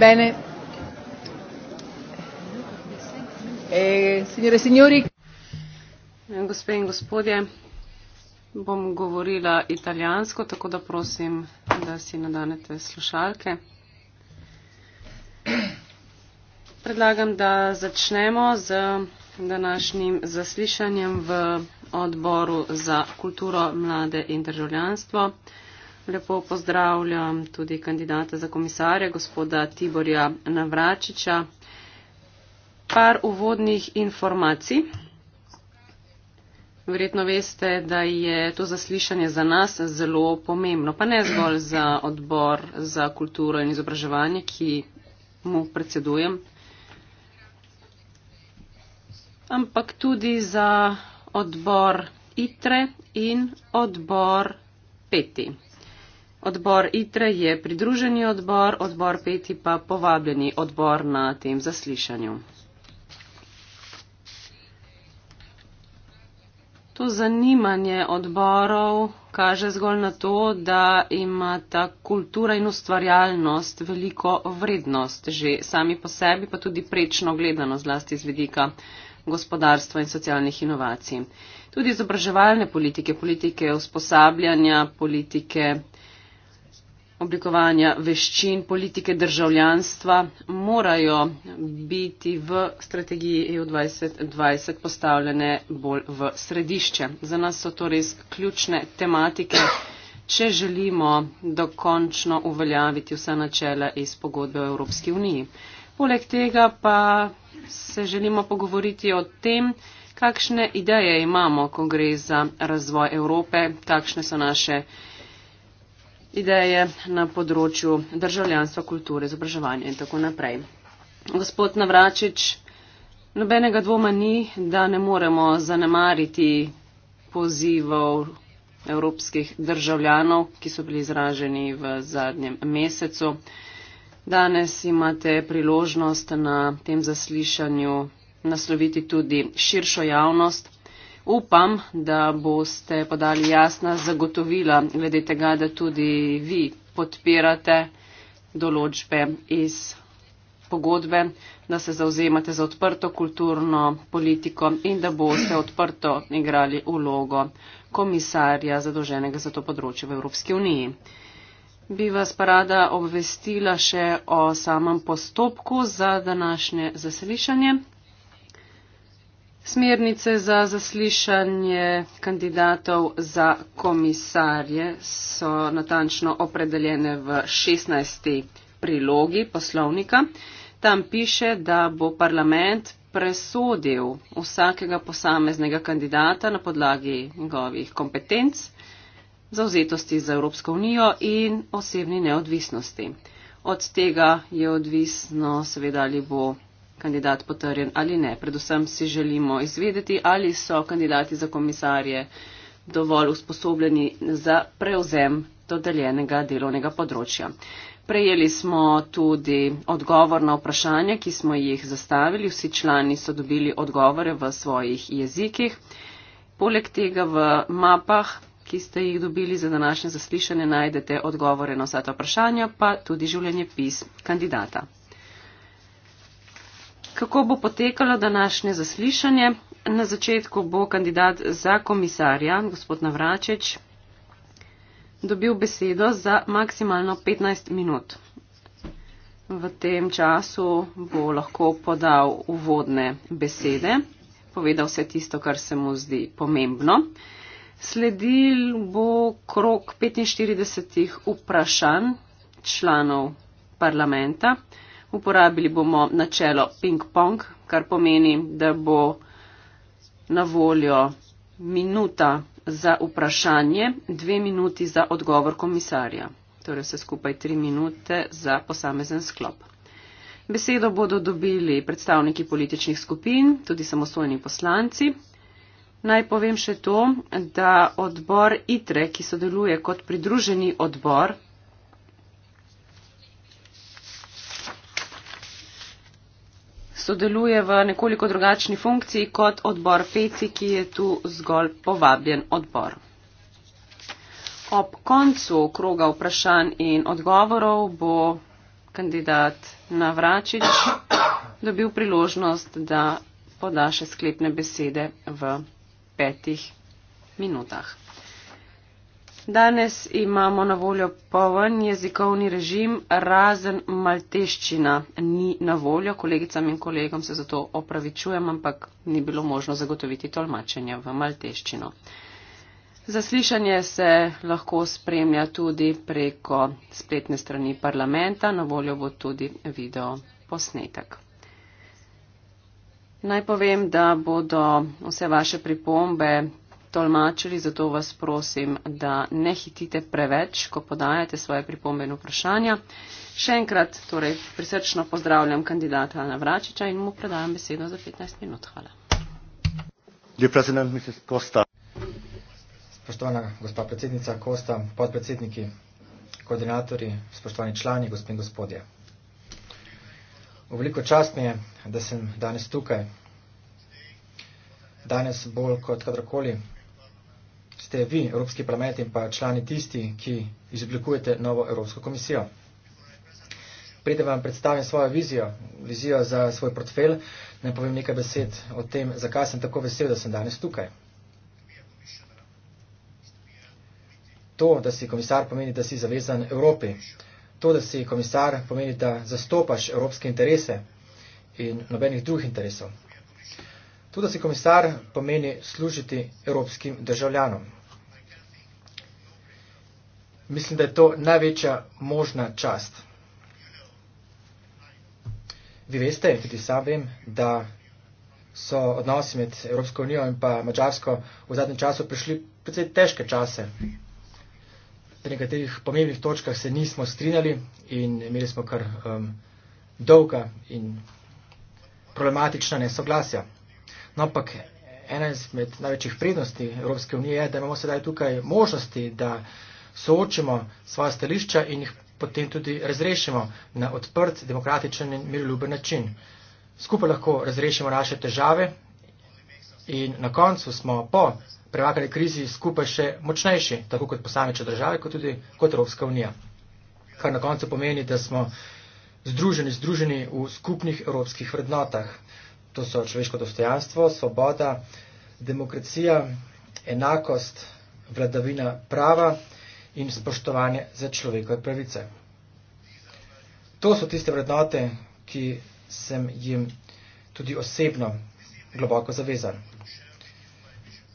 Bene. Eh, signore e signori. Gospe in gospodje, bom govorila italijansko, tako da prosim, da si nadanete slušalke. Predlagam, da začnemo z današnjim zaslišanjem v odboru za kulturo, mlade in državljanstvo. Lepo pozdravljam tudi kandidata za komisarja, gospoda Tiborja Navračiča. Par uvodnih informacij. Verjetno veste, da je to zaslišanje za nas zelo pomembno, pa ne zgolj za odbor za kulturo in izobraževanje, ki mu predsedujem, ampak tudi za odbor ITRE in odbor PETI. Odbor ITRE je pridruženi odbor, odbor PETI pa povabljeni odbor na tem zaslišanju. To zanimanje odborov kaže zgolj na to, da ima ta kultura in ustvarjalnost veliko vrednost že sami po sebi, pa tudi prečno gledano zlasti z vidika gospodarstva in socialnih inovacij. Tudi izobraževalne politike, politike usposabljanja, politike oblikovanja veščin politike državljanstva morajo biti v strategiji EU 2020 postavljene bolj v središče. Za nas so to res ključne tematike, če želimo dokončno uveljaviti vsa načela iz pogodbe o Evropski uniji. Poleg tega pa se želimo pogovoriti o tem, kakšne ideje imamo, ko gre za razvoj Evrope, kakšne so naše ideje na področju državljanstva, kulture, izobraževanja in tako naprej. Gospod Navračič, nobenega dvoma ni, da ne moremo zanemariti pozivov evropskih državljanov, ki so bili izraženi v zadnjem mesecu. Danes imate priložnost na tem zaslišanju nasloviti tudi širšo javnost. Upam, da boste podali jasna zagotovila glede tega, da tudi vi podpirate določbe iz pogodbe, da se zauzemate za odprto kulturno politiko in da boste odprto igrali ulogo komisarja zadolženega za to področje v Evropski uniji. Bi vas pa rada obvestila še o samem postopku za današnje zaslišanje smernice za zaslišanje kandidatov za komisarje so natančno opredeljene v 16. prilogi poslovnika. Tam piše, da bo parlament presodil vsakega posameznega kandidata na podlagi njegovih kompetenc, zauzetosti za Evropsko unijo in osebni neodvisnosti. Od tega je odvisno, seveda, ali bo kandidat potrjen ali ne. Predvsem si želimo izvedeti, ali so kandidati za komisarje dovolj usposobljeni za prevzem dodeljenega delovnega področja. Prejeli smo tudi odgovor na vprašanje, ki smo jih zastavili. Vsi člani so dobili odgovore v svojih jezikih. Poleg tega v mapah, ki ste jih dobili za današnje zaslišanje, najdete odgovore na vsa ta vprašanja, pa tudi življenje pis kandidata kako bo potekalo današnje zaslišanje. Na začetku bo kandidat za komisarja, gospod Navračeč, dobil besedo za maksimalno 15 minut. V tem času bo lahko podal uvodne besede, povedal vse tisto, kar se mu zdi pomembno. Sledil bo krok 45 vprašanj članov parlamenta. Uporabili bomo načelo ping-pong, kar pomeni, da bo na voljo minuta za vprašanje, dve minuti za odgovor komisarja. Torej vse skupaj tri minute za posamezen sklop. Besedo bodo dobili predstavniki političnih skupin, tudi samostojni poslanci. Naj povem še to, da odbor ITRE, ki sodeluje kot pridruženi odbor, sodeluje v nekoliko drugačni funkciji kot odbor FECI, ki je tu zgolj povabljen odbor. Ob koncu kroga vprašanj in odgovorov bo kandidat Navračič dobil priložnost, da poda še sklepne besede v petih minutah. Danes imamo na voljo poven jezikovni režim, razen malteščina ni na voljo. Kolegicam in kolegom se zato opravičujem, ampak ni bilo možno zagotoviti tolmačenja v malteščino. Zaslišanje se lahko spremlja tudi preko spletne strani parlamenta, na voljo bo tudi video posnetek. Naj povem, da bodo vse vaše pripombe tolmačili, zato vas prosim, da ne hitite preveč, ko podajate svoje pripombe in vprašanja. Še enkrat torej prisrčno pozdravljam kandidata Ana Vračiča in mu predajam besedo za 15 minut. Hvala. Spoštovana gospa predsednica Kosta, podpredsedniki, koordinatori, spoštovani člani, gospe in gospodje. Veliko čast mi je, da sem danes tukaj. Danes bolj kot kadarkoli ste vi, Evropski parlament in pa člani tisti, ki izoblikujete novo Evropsko komisijo. Prede vam predstavim svojo vizijo, vizijo za svoj portfel, ne povem nekaj besed o tem, zakaj sem tako vesel, da sem danes tukaj. To, da si komisar, pomeni, da si zavezan Evropi. To, da si komisar, pomeni, da zastopaš evropske interese in nobenih drugih interesov. To, da si komisar, pomeni služiti evropskim državljanom. Mislim, da je to največja možna čast. Vi veste, tudi sam vem, da so odnosi med Evropsko unijo in pa Mačarsko v zadnjem času prišli precej težke čase. Pri nekaterih pomembnih točkah se nismo strinjali in imeli smo kar um, dolga in problematična nesoglasja. No, ampak ena izmed največjih prednosti Evropske unije je, da imamo sedaj tukaj možnosti, da soočimo svoje stališča in jih potem tudi razrešimo na odprt, demokratičen in miroljuben način. Skupaj lahko razrešimo naše težave in na koncu smo po prevakani krizi skupaj še močnejši, tako kot posamečne države, kot tudi kot Evropska unija. Kar na koncu pomeni, da smo združeni, združeni v skupnih evropskih vrednotah. To so človeško dostojanstvo, svoboda, demokracija, enakost, vladavina prava in spoštovanje za človekove pravice. To so tiste vrednote, ki sem jim tudi osebno globoko zavezan.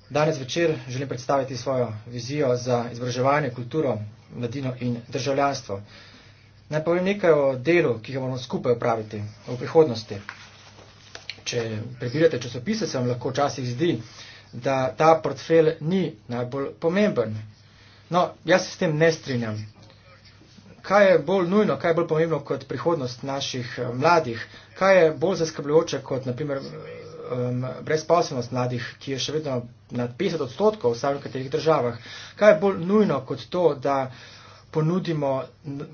Danes večer želim predstaviti svojo vizijo za izobraževanje, kulturo, mladino in državljanstvo. Naj povem nekaj o delu, ki ga bomo skupaj upraviti v prihodnosti. Če prebirate časopise, se vam lahko včasih zdi, da ta portfel ni najbolj pomemben No, jaz se s tem ne strinjam. Kaj je bolj nujno, kaj je bolj pomembno kot prihodnost naših eh, mladih? Kaj je bolj zaskrbljujoče kot naprimer um, brezposobnost mladih, ki je še vedno nad 50 odstotkov v samih katerih državah? Kaj je bolj nujno kot to, da ponudimo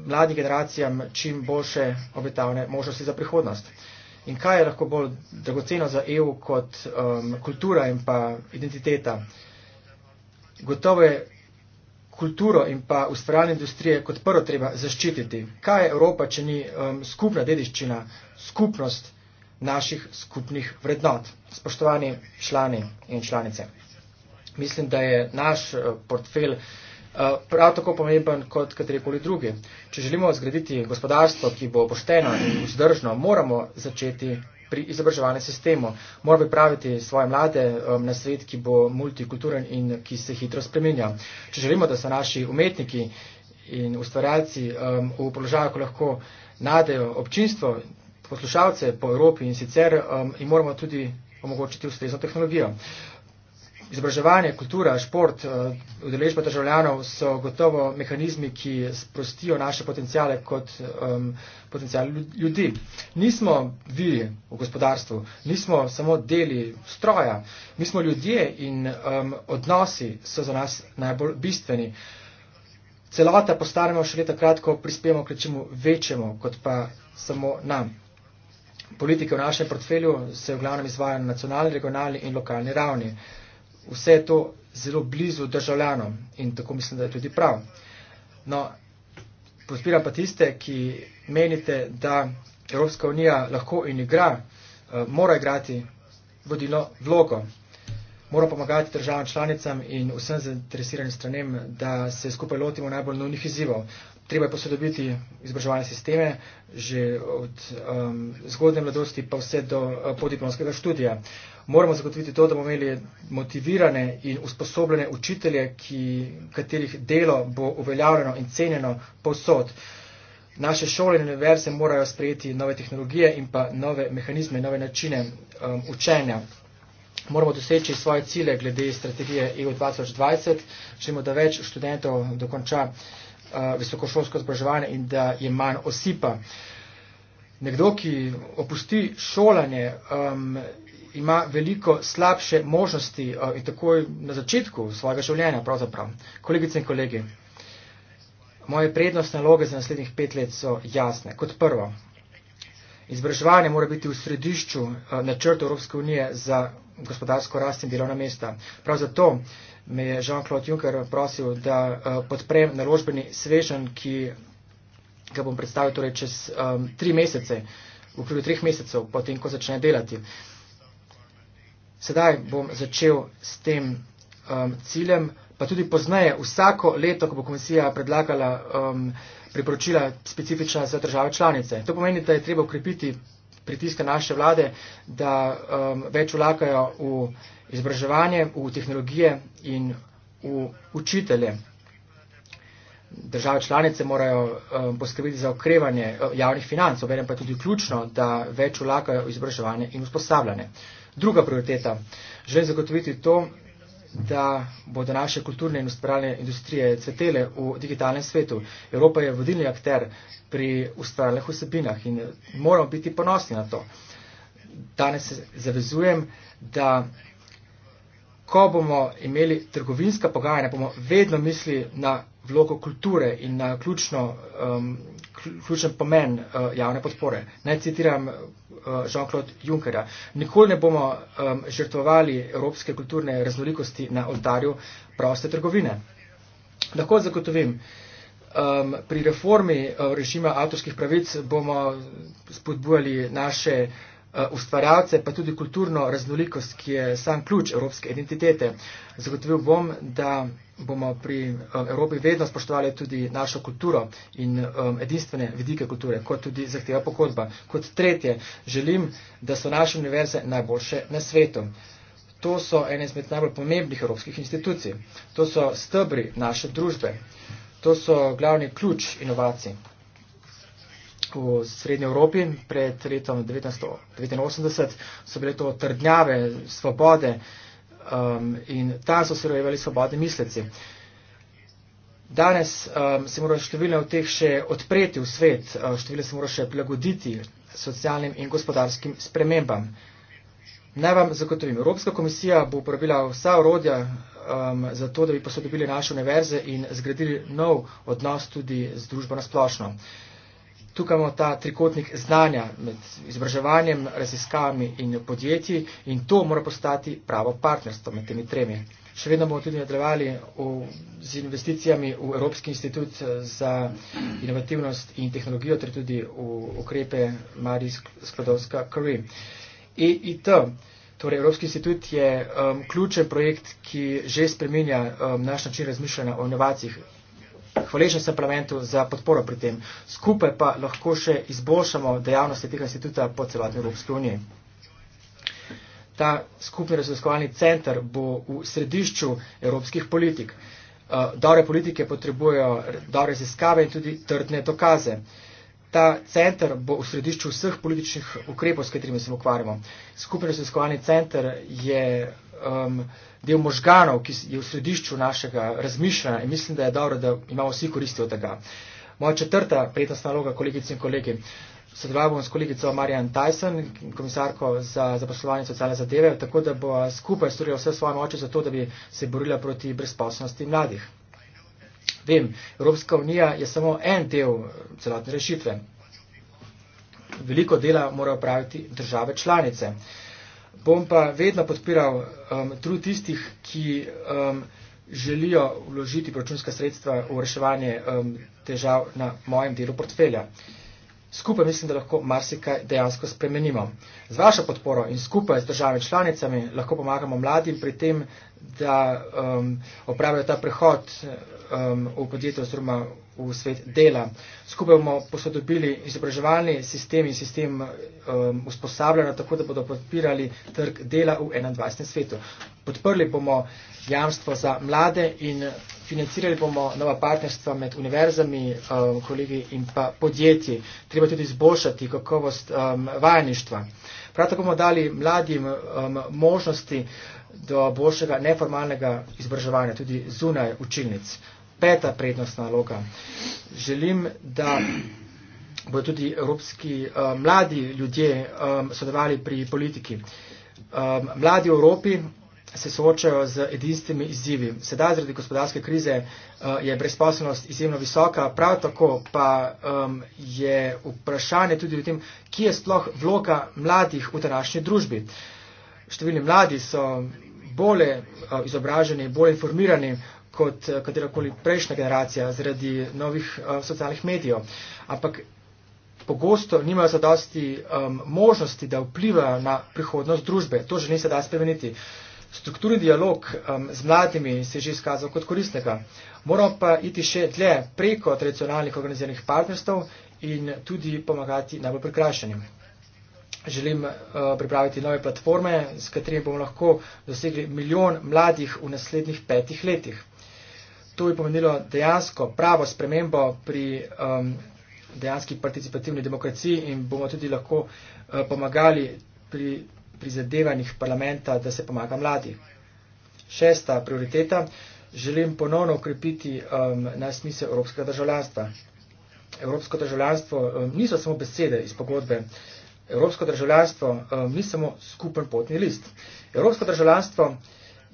mladim generacijam čim boljše obetavne možnosti za prihodnost? In kaj je lahko bolj dragoceno za EU kot um, kultura in pa identiteta? Gotovo je kulturo in pa ustvarjalne industrije kot prvo treba zaščititi. Kaj je Evropa, če ni um, skupna dediščina, skupnost naših skupnih vrednot, spoštovani člani in članice. Mislim, da je naš uh, portfel uh, prav tako pomemben kot katerikoli drugi. Če želimo zgraditi gospodarstvo, ki bo pošteno in vzdržno, moramo začeti pri izobraževalnem sistemu. Mora pripraviti svoje mlade um, na svet, ki bo multikulturen in ki se hitro spremenja. Če želimo, da so naši umetniki in ustvarjalci um, v položaju, ko lahko nadejo občinstvo, poslušalce po Evropi in sicer, um, in moramo tudi omogočiti ustrezno tehnologijo. Izobraževanje, kultura, šport, eh, udeležba državljanov so gotovo mehanizmi, ki sprostijo naše potencijale kot um, potencijale ljudi. Nismo vi v gospodarstvu, nismo samo deli stroja, mi smo ljudje in um, odnosi so za nas najbolj bistveni. Celota postanemo še leta kratko, prispemo k čemu večjemu, kot pa samo nam. Politike v našem portfelju se v glavnem izvajajo na nacionalni, regionalni in lokalni ravni vse to zelo blizu državljanom in tako mislim, da je tudi prav. No, pospiram pa tiste, ki menite, da Evropska unija lahko in igra, eh, mora igrati vodilno vlogo. Mora pomagati državam članicam in vsem zainteresiranim stranem, da se skupaj lotimo najbolj nujnih izzivov treba je posodobiti izobraževalne sisteme že od um, zgodne mladosti pa vse do uh, podiplomskega študija. Moramo zagotoviti to, da bomo imeli motivirane in usposobljene učitelje, ki, katerih delo bo uveljavljeno in cenjeno povsod. Naše šole in univerze morajo sprejeti nove tehnologije in pa nove mehanizme, nove načine um, učenja. Moramo doseči svoje cilje glede strategije EU 2020. Želimo, da več študentov dokonča uh, visokošolsko izobraževanje in da je manj osipa. Nekdo, ki opusti šolanje, um, ima veliko slabše možnosti uh, in tako je na začetku svojega življenja pravzaprav. Kolegice in kolegi, moje prednostne naloge za naslednjih pet let so jasne. Kot prvo, izobraževanje mora biti v središču uh, načrta Evropske unije za gospodarsko rast in delovna mesta. Prav zato uh, me je Jean-Claude Juncker prosil, da eh, podprem naložbeni svežen, ki ga bom predstavil torej čez um, tri mesece, v okviru treh mesecev, potem, ko začne delati. Sedaj bom začel s tem um, ciljem, pa tudi poznaje, vsako leto, ko bo komisija predlagala um, priporočila specifična za države članice. To pomeni, da je treba ukrepiti pritiska naše vlade, da um, več vlakajo v izobraževanje, v tehnologije in v učitelje. Države članice morajo um, poskrbiti za okrevanje uh, javnih financ, obenem pa je tudi ključno, da več vlakajo v izobraževanje in usposabljanje. Druga prioriteta. Želim zagotoviti to, da bodo naše kulturne in ustvarjalne industrije cvetele v digitalnem svetu. Evropa je vodilni akter pri ustvarjalnih vsebinah in moramo biti ponosni na to. Danes se zavezujem, da ko bomo imeli trgovinska pogajanja, bomo vedno mislili na vlogo kulture in na ključno, um, ključen pomen uh, javne podpore. Naj citiram uh, Jean-Claude Junckera. Nikoli ne bomo um, žrtvovali evropske kulturne raznolikosti na oltarju proste trgovine. Lahko zagotovim, um, pri reformi uh, režima avtorskih pravic bomo spodbujali naše uh, Eh, ustvarjalce, pa tudi kulturno raznolikost, ki je sam ključ evropske identitete. Zagotovil bom, da bomo pri eh, Evropi vedno spoštovali tudi našo kulturo in eh, edinstvene vidike kulture, kot tudi zahteva pogodba. Kot tretje, želim, da so naše univerze najboljše na svetu. To so ene izmed najbolj pomembnih evropskih institucij. To so stebri naše družbe. To so glavni ključ inovacij v Srednji Evropi pred letom 1989, so bile to trdnjave, svobode um, in tam so se rojevali svobodni misleci. Danes um, se morajo številne od teh še odpreti v svet, uh, številne se morajo še prilagoditi socialnim in gospodarskim spremembam. Naj vam zagotovim, Evropska komisija bo uporabila vsa urodja um, za to, da bi posodobili naše univerze in zgradili nov odnos tudi z družbo nasplošno. splošno tukaj imamo ta trikotnik znanja med izobraževanjem, raziskavami in podjetji in to mora postati pravo partnerstvo med temi tremi. Še vedno bomo tudi nadaljevali z investicijami v Evropski institut eh, za inovativnost in tehnologijo, ter tudi v ukrepe Marija Skladovska Curry. EIT, e torej Evropski institut, je um, ključen projekt, ki že spreminja um, naš način razmišljanja o inovacijah. Hvaležen sem parlamentu za podporo pri tem. Skupaj pa lahko še izboljšamo dejavnosti tega instituta po celotni Evropski uniji. Ta skupni raziskovalni center bo v središču evropskih politik. Eh, dobre politike potrebujejo dobre raziskave in tudi trdne dokaze. Ta center bo v središču vseh političnih ukrepov, s katerimi se ukvarjamo. Skupni raziskovalni center je um, del možganov, ki je v središču našega razmišljanja in mislim, da je dobro, da imamo vsi koristi od tega. Moja četrta prednost naloga, kolegice in kolegi. Sodeloval bom s kolegico Marijan Tyson, komisarko za zaposlovanje in socialne zadeve, tako da bo skupaj storila vse svoje moče za to, da bi se borila proti brezposobnosti mladih. Vem, Evropska unija je samo en del uh, celotne rešitve. Veliko dela morajo praviti države članice. Uh, bom pa vedno podpiral um, trud tistih, ki um, želijo vložiti proračunska sredstva v reševanje um, težav na mojem delu portfelja. Skupaj mislim, da lahko marsikaj dejansko spremenimo. Z vašo podporo in skupaj z državami članicami lahko pomagamo mladim pri tem, da um, opravijo ta prehod um, v podjetje oziroma v svet dela. Skupaj bomo posodobili izobraževalni sistem in sistem um, usposabljanja, tako da bodo podpirali trg dela v 21. svetu. Podprli bomo jamstvo za mlade in financirali bomo nova partnerstva med univerzami, um, kolegi in pa podjetji. Treba tudi izboljšati kakovost um, vajeništva. Prav tako bomo dali mladim um, možnosti, do boljšega neformalnega izobraževanja, tudi zunaj učilnic. Peta prednostna naloga. Želim, da bodo tudi evropski um, mladi ljudje um, sodelovali pri politiki. Um, mladi v Evropi se soočajo z edinstvenimi izzivi. Sedaj zaradi gospodarske krize uh, je brezposobnost izjemno visoka, prav tako pa um, je vprašanje tudi o tem, kje je sploh vloga mladih v današnji družbi. Številni mladi so bolje eh, izobraženi, bolje informirani kot eh, katerakoli prejšnja generacija zaradi novih eh, socialnih medijev. Ampak pogosto nimajo zadosti um, možnosti, da vplivajo na prihodnost družbe. To želim se da spremeniti. Strukturni dialog um, z mladimi se je že izkazal kot koristnega. Moramo pa iti še dlje preko tradicionalnih organiziranih partnerstv in tudi pomagati najbolj prikrašenim želim eh, pripraviti nove platforme, s katerimi bomo lahko dosegli milijon mladih v naslednjih petih letih. To bi pomenilo dejansko pravo spremembo pri um, dejanski participativni demokraciji in bomo tudi lahko uh, pomagali pri prizadevanjih parlamenta, da se pomaga mladi. Šesta prioriteta. Želim ponovno ukrepiti um, na smisel evropskega državljanstva. Evropsko državljanstvo um, niso samo besede iz pogodbe. Uh, Evropsko državljanstvo um, ni samo skupen potni list. Evropsko državljanstvo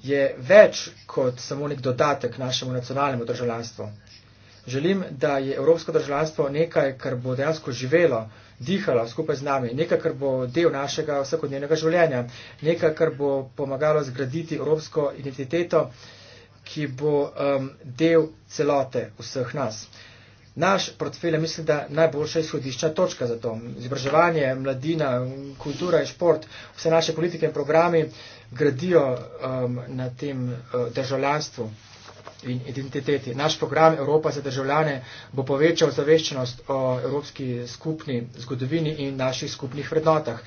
je več kot samo nek dodatek našemu nacionalnemu državljanstvu. Želim, da je evropsko državljanstvo nekaj, kar bo dejansko živelo, dihalo skupaj z nami, nekaj, kar bo del našega vsakodnevnega življenja, nekaj, kar bo pomagalo zgraditi evropsko identiteto, ki bo um, del celote vseh nas. Naš portfelj je, mislim, da najboljša izhodišča točka za to. Izobraževanje, mladina, kultura in šport, vse naše politike in programi gradijo um, na tem uh, državljanstvu in identiteti. Naš program Evropa za državljane bo povečal zaveščenost o evropski skupni zgodovini in naših skupnih vrednotah.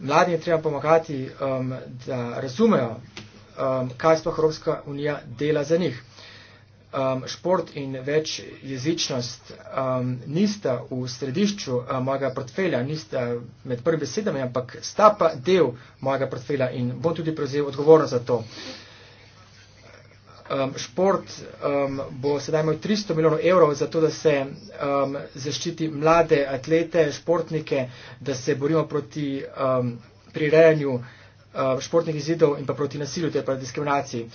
Mladim je treba pomagati, um, da razumejo, um, kaj sploh Evropska unija dela za njih um, šport in večjezičnost um, nista v središču uh, mojega portfelja, nista med prvimi besedami, ampak sta pa del mojega portfelja in bom tudi prevzel odgovornost za to. Um, šport um, bo sedaj imel 300 milijonov evrov za to, da se um, zaščiti mlade atlete, športnike, da se borimo proti um, prirejanju. Eh, športnih izidov in pa proti nasilju ter pa diskriminaciji.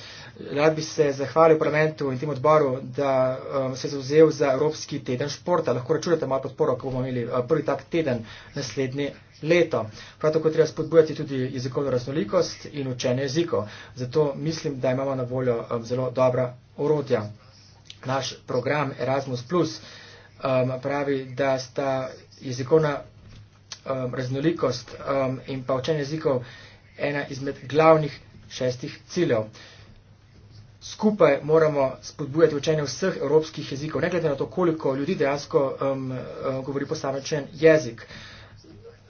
Rad bi se zahvalil parlamentu in tem odboru, da um, se je zauzel za Evropski teden športa. Lahko računate malo podporo, ko bomo imeli eh, prvi tak teden naslednje leto. Prav tako treba spodbujati tudi jezikovno raznolikost in učenje jezikov. Zato mislim, da imamo na voljo um, zelo dobra orodja. Naš program Erasmus Plus um, pravi, da sta jezikovna um, raznolikost um, in pa učenje jezikov ena izmed glavnih šestih ciljev. Skupaj moramo spodbujati učenje vseh evropskih jezikov, ne glede na to, koliko ljudi dejansko um, uh, govori posamečen jezik.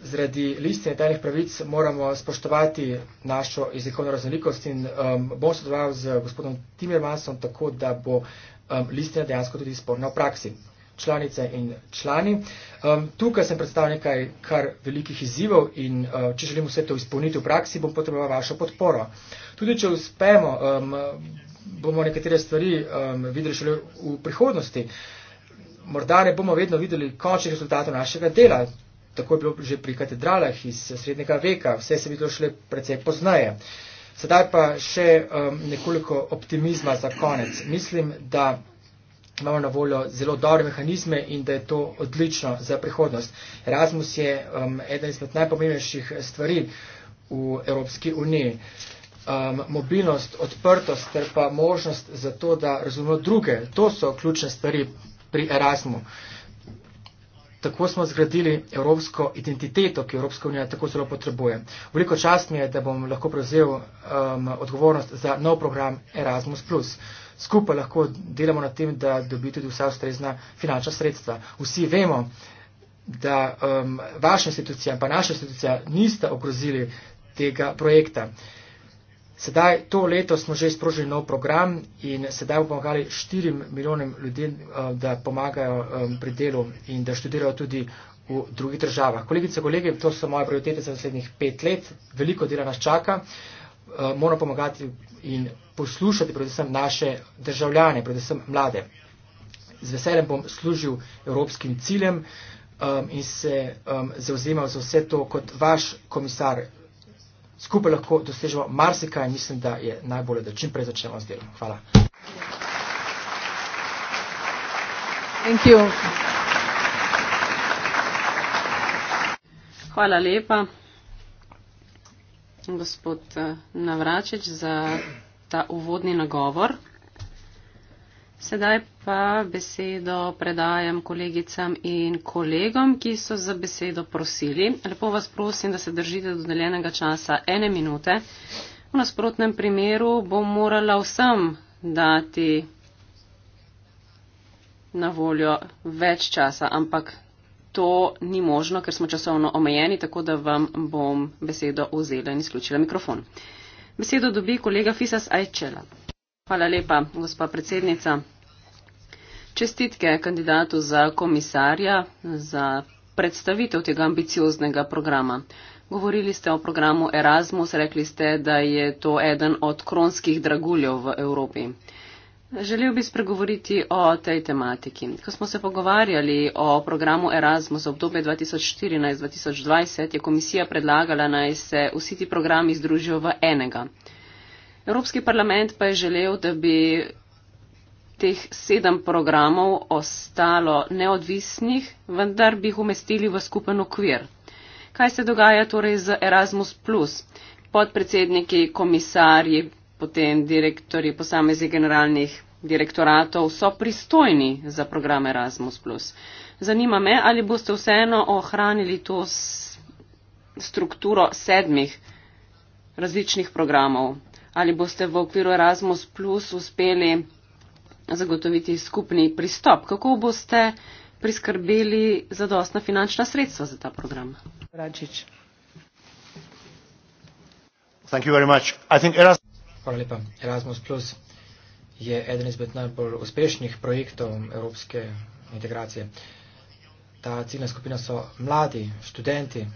Zradi listine tajnih pravic moramo spoštovati našo jezikovno raznolikost in um, bom sodeloval z gospodom Timmermansom tako, da bo um, listina dejansko tudi izpolnjena v praksi članice in člani. Um, tukaj sem predstavil nekaj kar velikih izzivov in uh, če želimo vse to izpolniti v praksi, bom potreboval vašo podporo. Tudi če uspemo, um, bomo nekatere stvari um, videli šele v prihodnosti. Morda ne bomo vedno videli končnih rezultatov našega dela. Tako je bilo že pri katedralah iz srednjega veka. Vse se je videlo šele precej poznaje. Sedaj pa še um, nekoliko optimizma za konec. Mislim, da imamo na voljo zelo dobre mehanizme in da je to odlično za prihodnost. Erasmus je um, eden izmed najpomembnejših stvari v Evropski uniji. Um, mobilnost, odprtost ter pa možnost za to, da razumemo druge, to so ključne stvari pri Erasmu. Tako smo zgradili evropsko identiteto, ki Evropska unija tako zelo potrebuje. Veliko čast mi je, da bom lahko prevzel um, odgovornost za nov program Erasmus. Skupaj lahko delamo na tem, da dobi tudi vsa ustrezna finančna sredstva. Vsi vemo, da um, vaša institucija in pa naša institucija nista ogrozili tega projekta. Uh, Sedaj, to leto smo že sprožili nov program in sedaj bomo pomagali 4 milijonom ljudi, eh, da pomagajo eh, pri delu in da študirajo tudi v drugih državah. Kolegice in kolege, to so moje prioritete za naslednjih pet let. Veliko dela nas čaka. Eh, moramo pomagati in poslušati predvsem naše državljane, predvsem mlade. Z veseljem bom služil evropskim ciljem in se zauzemal za vse to kot vaš komisar skupaj lahko dosežemo marsikaj in mislim, da je najbolje, da čim prej začnemo z delom. Hvala. Thank you. Hvala lepa, gospod eh, Navračič, za ta uvodni nagovor. Sedaj pa besedo predajam kolegicam in kolegom, ki so za besedo prosili. Lepo vas prosim, da se držite do deljenega časa ene minute. V nasprotnem primeru bom morala vsem dati na voljo več časa, ampak to ni možno, ker smo časovno omejeni, tako da vam bom besedo vzela in izključila mikrofon. Besedo dobi kolega Fisas Ajčela. Hvala lepa, gospa predsednica. Čestitke kandidatu za komisarja za predstavitev tega ambicioznega programa. Govorili ste o programu Erasmus, rekli ste, da je to eden od kronskih draguljev v Evropi. Želel bi spregovoriti o tej tematiki. Ko smo se pogovarjali o programu Erasmus obdobje 2014-2020, je komisija predlagala naj se vsi ti programi združijo v enega. Evropski parlament pa je želel, da bi teh sedem programov ostalo neodvisnih, vendar bi jih umestili v skupen okvir. Kaj se dogaja torej z Erasmus Plus? Podpredsedniki, komisarji, potem direktori posameznih generalnih direktoratov so pristojni za program Erasmus Plus. Zanima me, ali boste vseeno ohranili to strukturo sedmih različnih programov ali boste v okviru Erasmus Plus uspeli zagotoviti skupni pristop. Kako boste priskrbeli zadostna finančna sredstva za ta program? Račič. Hvala lepa. Erasmus Plus je eden izmed najbolj uspešnih projektov evropske integracije. Ta ciljna skupina so mladi, študenti,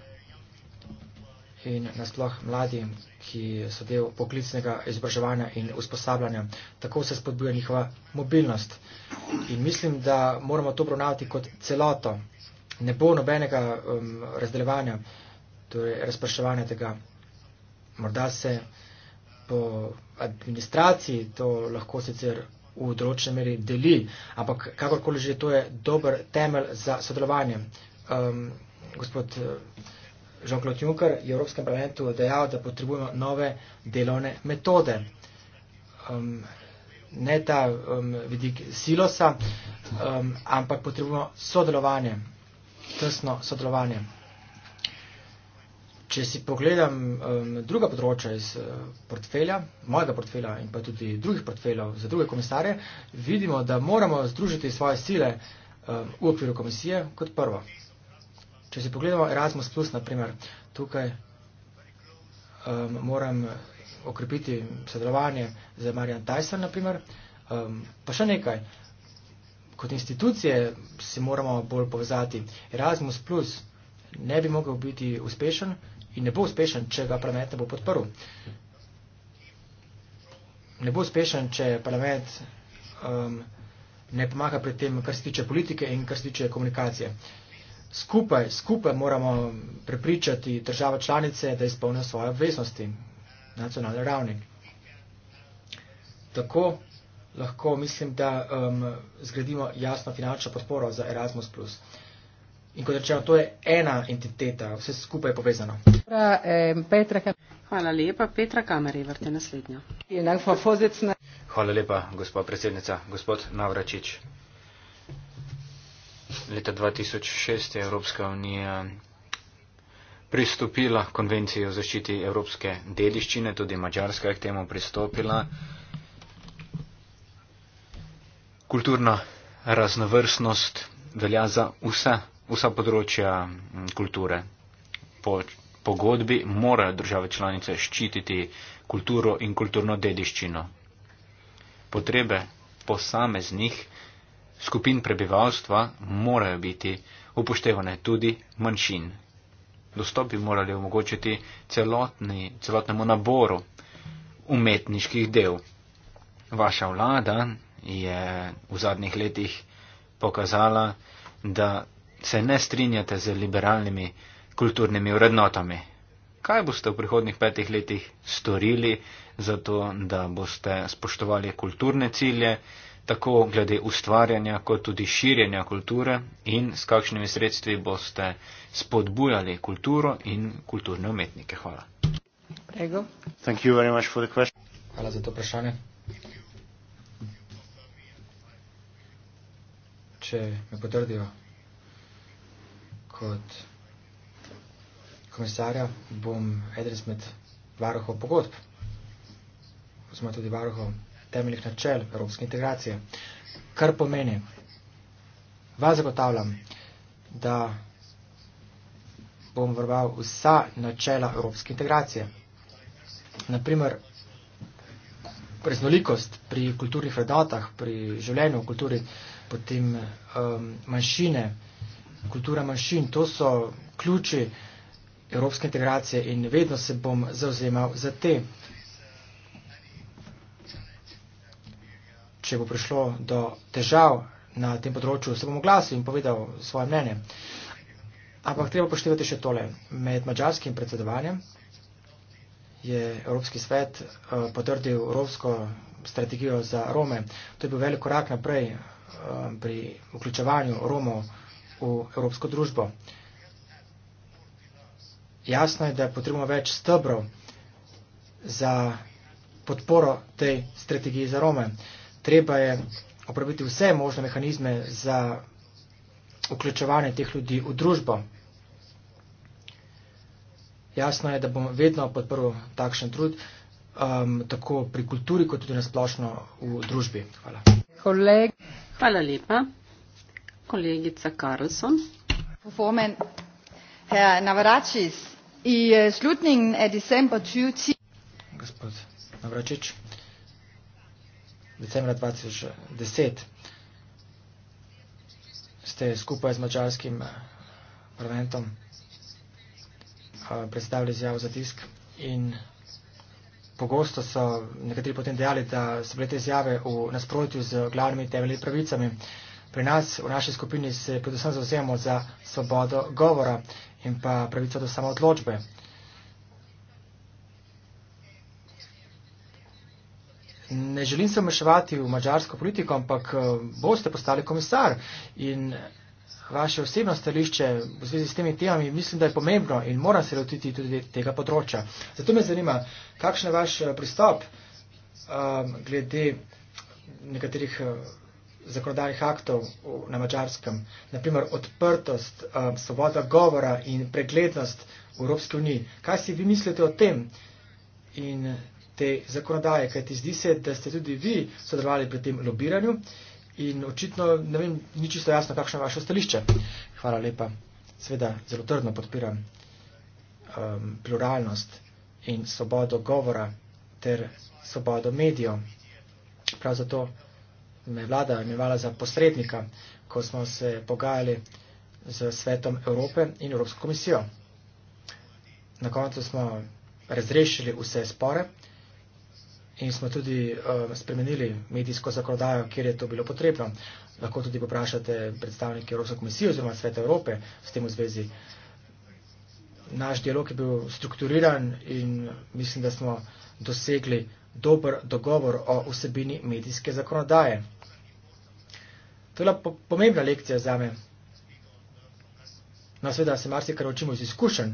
in nasploh mladi, ki so del poklicnega izobraževanja in usposabljanja. Tako se spodbuja njihova mobilnost. In mislim, da moramo to obravnavati kot celoto. Ne bo nobenega um, razdeljevanja, torej razpraševanja tega. Morda se po administraciji to lahko sicer v določenem meri deli, ampak kakorkoli že, to je dober temelj za sodelovanje. Um, gospod, Jean-Claude Juncker je v Evropskem parlamentu dejal, da potrebujemo nove delovne metode. Um, ne ta um, vidik silosa, um, ampak potrebujemo sodelovanje, tesno sodelovanje. Če si pogledam um, druga področja iz uh, portfelja, mojega portfelja in pa tudi drugih portfeljev za druge komisarje, vidimo, da moramo združiti svoje sile um, v okviru komisije kot prvo. Če si pogledamo Erasmus+, Plus, naprimer, tukaj um, moram okrepiti sodelovanje z Marian Tyson, naprimer, um, pa še nekaj. Kot institucije se moramo bolj povezati. Erasmus+, Plus ne bi mogel biti uspešen in ne bo uspešen, če ga parlament ne bo podprl. Ne bo uspešen, če parlament um, ne pomaga pri tem, kar se tiče politike in kar se tiče komunikacije. Uh, Skupaj, skupaj moramo prepričati država članice, da izpolne svoje obveznosti na nacionalni ravni. Tako lahko mislim, da um, zgradimo jasno finančno podporo za Erasmus. In kot rečeno, to je ena entiteta, vse skupaj je povezano. Hvala lepa, Petra Kamer, vrte naslednjo. Hvala lepa, gospod predsednica, gospod Navračič leta 2006 je Evropska unija pristopila k konvenciji o zaščiti evropske dediščine, tudi Mačarska je k temu pristopila. Kulturna raznovrstnost velja za vsa, vsa področja mm, kulture. Po pogodbi morajo države članice ščititi kulturo in kulturno dediščino. Potrebe posameznih skupin prebivalstva morajo biti upoštevane tudi manjšin. Dostop bi morali omogočiti celotni, celotnemu naboru umetniških del. Vaša vlada je v zadnjih letih pokazala, da se ne strinjate z liberalnimi kulturnimi vrednotami. Kaj boste v prihodnih petih letih storili za to, da boste spoštovali kulturne cilje, tako glede ustvarjanja, kot tudi širjenja kulture in s kakšnimi sredstvi boste spodbujali kulturo in kulturne umetnike. Hvala. Hvala za to vprašanje. Če me potrdijo kot komisarja, bom eden izmed varohov pogodb, oziroma tudi varohov temeljih načel evropske integracije. Kar pomeni, vas zagotavljam, da bom vrval vsa načela evropske integracije. Naprimer, preznolikost pri kulturnih vrednotah, pri življenju v kulturi, potem um, manjšine, kultura manjšin, to so ključi evropske integracije in vedno se bom zauzemal za te. če bo prišlo do težav na tem področju, se bom oglasil in povedal svoje mnenje. Ampak treba poštevati še tole. Med mačarskim predsedovanjem je Evropski svet eh, potrdil evropsko strategijo za Rome. To je bil velik korak naprej eh, pri vključevanju Romov v evropsko družbo. Jasno je, da potrebujemo več stebrov za podporo tej strategiji za Rome treba je opraviti vse možne mehanizme za vključevanje teh ljudi v družbo. Jasno je, da bom vedno podprl takšen trud, um, tako pri kulturi, kot tudi nasplošno v družbi. Hvala. Koleg. Hvala lepa. Kolegica Karlsson. Formen, herr Navaračis, i eh, slutningen af december 2010. Gospod Navaračič decembra 2010 ste skupaj z mačarskim eh, parlamentom eh, predstavili izjavo za tisk in pogosto so nekateri potem dejali, da so bile te izjave v nasprotju z glavnimi temeljnimi pravicami. Pri nas, v naši skupini, se predvsem zauzemamo za svobodo govora in pa pravico do samootločbe. ne želim se vmešavati v mačarsko politiko, ampak eh, boste postali komisar in eh, vaše osebno stališče v zvezi s temi temami mislim, da je pomembno in moram se lotiti tudi tega področja. Zato me zanima, kakšen je vaš eh, pristop um, glede nekaterih zakonodajnih aktov na mačarskem, naprimer odprtost, um, svoboda govora in preglednost v Evropski uniji. Kaj si vi mislite o tem? In te zakonodaje, kajti zdi se, da ste tudi vi sodelovali pri tem lobiranju in očitno ne vem, ni čisto jasno, kakšno je vaše stališče. Hvala lepa. Sveda zelo trdno podpiram um, pluralnost in svobodo govora ter svobodo medijo. Prav zato me je vlada imenovala za posrednika, ko smo se pogajali z svetom Evrope in Evropsko komisijo. Na koncu smo razrešili vse spore in smo tudi uh, spremenili medijsko zakonodajo, kjer je to bilo potrebno. Lahko tudi poprašate predstavnike Evropske komisije oziroma Sveta Evrope s tem v zvezi. Naš dialog je bil strukturiran in mislim, da smo dosegli dober dogovor o vsebini medijske zakonodaje. To je bila po pomembna lekcija za me. No, sveda se marsikaj učimo iz izkušenj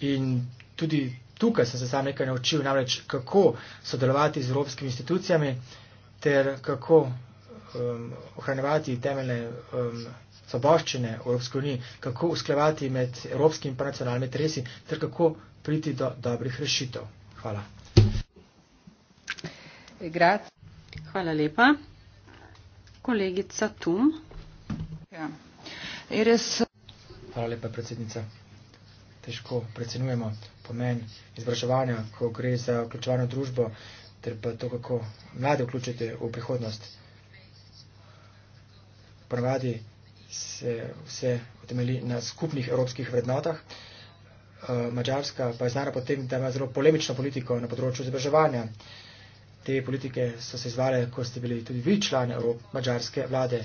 in tudi tukaj sem se sam nekaj naučil, namreč kako sodelovati z evropskimi institucijami ter kako um, ohranjevati temeljne um, svoboščine v Evropski uniji, kako usklevati med evropskimi in nacionalnimi interesi ter kako priti do dobrih rešitev. Hvala. Grat. Hvala lepa. Kolegica Tum. Ja. Res... Hvala lepa, predsednica. Težko predsednujemo pomen izobraževanja, ko gre za vključevanje družbo, ter pa to, kako mlade vključite v prihodnost. Ponavadi se vse utemeli na skupnih evropskih vrednotah. Eh, Mačarska pa je znana potem, da ima zelo polemično politiko na področju izobraževanja. Te politike so se izvale, ko ste bili tudi vi člani mačarske vlade.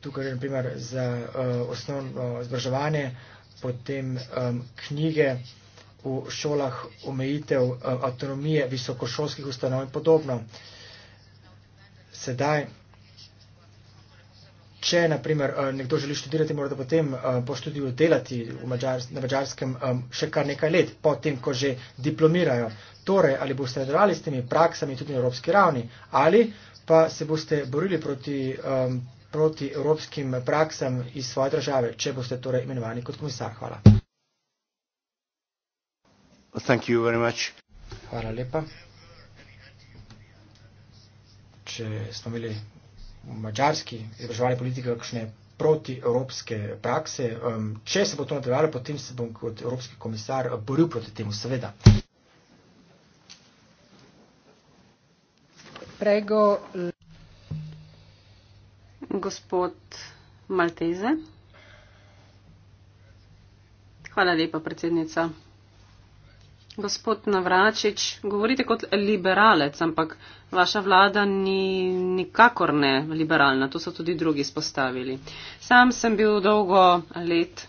Tukaj je primer za uh, osnovno izobraževanje, potem um, knjige v šolah omejitev eh, avtonomije visokošolskih ustanov in podobno. Sedaj, če naprimer eh, nekdo želi študirati, mora da potem eh, po študiju delati v Mađars na mađarskem še kar nekaj let, potem, ko že diplomirajo. Torej, ali boste nadaljali s temi praksami tudi na evropski ravni, ali pa se boste borili proti, um, proti evropskim praksam iz svoje države, če boste torej imenovani kot komisar. Hvala. Thank you very much. Hvala lepa. Če smo imeli v mađarski izobraževalni politiki kakšne protievropske prakse, če se bo to nadaljevalo, potem se bom kot evropski komisar boril proti temu, seveda. Prego gospod Malteze. Hvala lepa, predsednica. Gospod Navračič, govorite kot liberalec, ampak vaša vlada ni nikakor ne liberalna, to so tudi drugi spostavili. Sam sem bil dolgo let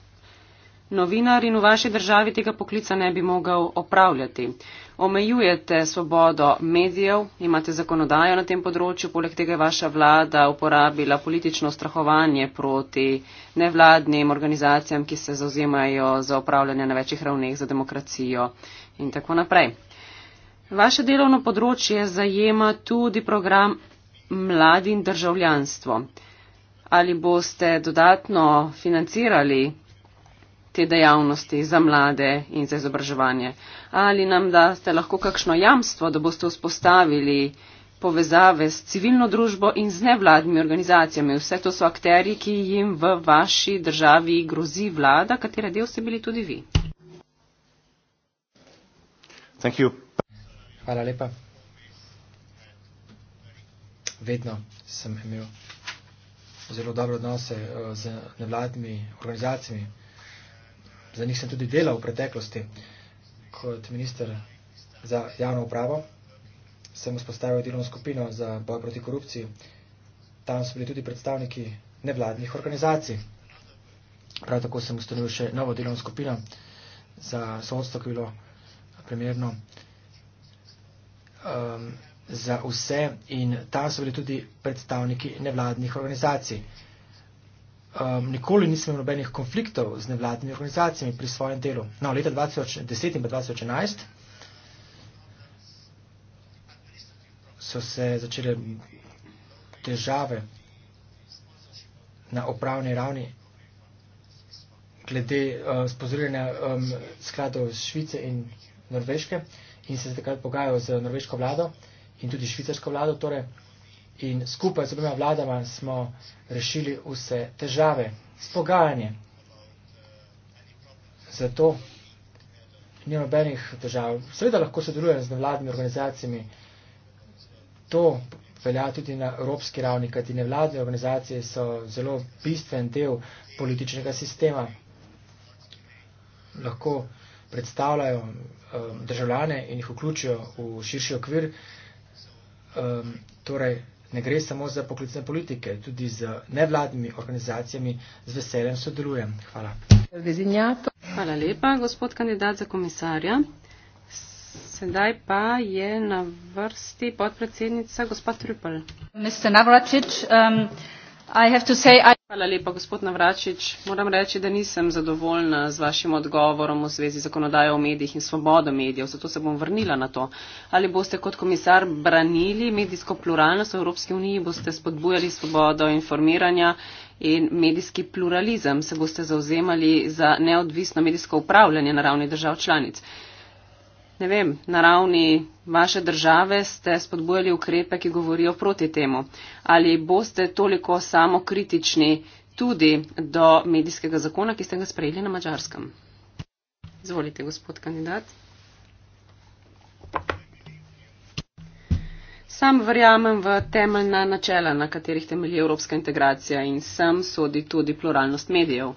novinar in v vaši državi tega poklica ne bi mogel opravljati. Omejujete svobodo medijev, imate zakonodajo na tem področju, poleg tega je vaša vlada uporabila politično strahovanje proti nevladnim organizacijam, ki se zauzemajo za upravljanje na večjih ravneh za demokracijo in tako naprej. Vaše delovno področje zajema tudi program Mladin državljanstvo. Ali boste dodatno financirali te dejavnosti za mlade in za izobraževanje? Ali nam daste lahko kakšno jamstvo, da boste vzpostavili povezave s civilno družbo in z nevladnimi organizacijami? Vse to so akteri, ki jim v vaši državi grozi vlada, katere del ste bili tudi vi. Hvala lepa. Vedno sem imel zelo dobre odnose eh, z nevladnimi organizacijami za njih sem tudi delal v preteklosti kot minister za javno upravo. Sem vzpostavil delovno skupino za boj proti korupciji. Tam so bili tudi predstavniki nevladnih organizacij. Prav tako sem ustanovil še novo delovno skupino za sodstvo, ki je bilo primerno um, za vse. In tam so bili tudi predstavniki nevladnih organizacij. Uh, Um, nikoli nisem imel nobenih konfliktov z nevladnimi organizacijami pri svojem delu. No, leta 2010 in pa 2011 so se začele težave na upravni ravni glede um, uh, spozorjenja um, skladov iz Švice in Norveške in se takrat pogajajo z norveško vlado in tudi švicarsko vlado. Torej, in skupaj z obima vladama smo rešili vse težave s pogajanjem. Zato ni nobenih težav. Seveda lahko sodelujem z nevladnimi organizacijami. To velja tudi na evropski ravni, kajti nevladne organizacije so zelo bistven del političnega sistema. Lahko predstavljajo um, državljane in jih vključijo v širši okvir. Um, torej, ne gre samo za poklicne politike, tudi z nevladnimi organizacijami z veseljem sodelujem. Hvala. Hvala lepa, gospod kandidat za komisarja. Sedaj pa je na vrsti podpredsednica gospod Trupel. Mr. Navratič, um, Hvala lepa, gospod Navračič. Moram reči, da nisem zadovoljna z vašim odgovorom v zvezi z zakonodajo o medijih in svobodo medijev, zato se bom vrnila na to. Ali boste kot komisar branili medijsko pluralnost v Evropski uniji, boste spodbujali svobodo informiranja in medijski pluralizem, se boste zauzemali za neodvisno medijsko upravljanje na ravni držav članic? ne vem, na ravni vaše države ste spodbujali ukrepe, ki govorijo proti temu? Ali boste toliko samokritični tudi do medijskega zakona, ki ste ga sprejeli na mačarskem? Izvolite, gospod kandidat. Sam verjamem v temeljna načela, na katerih temelji evropska integracija in sem sodi tudi pluralnost medijev.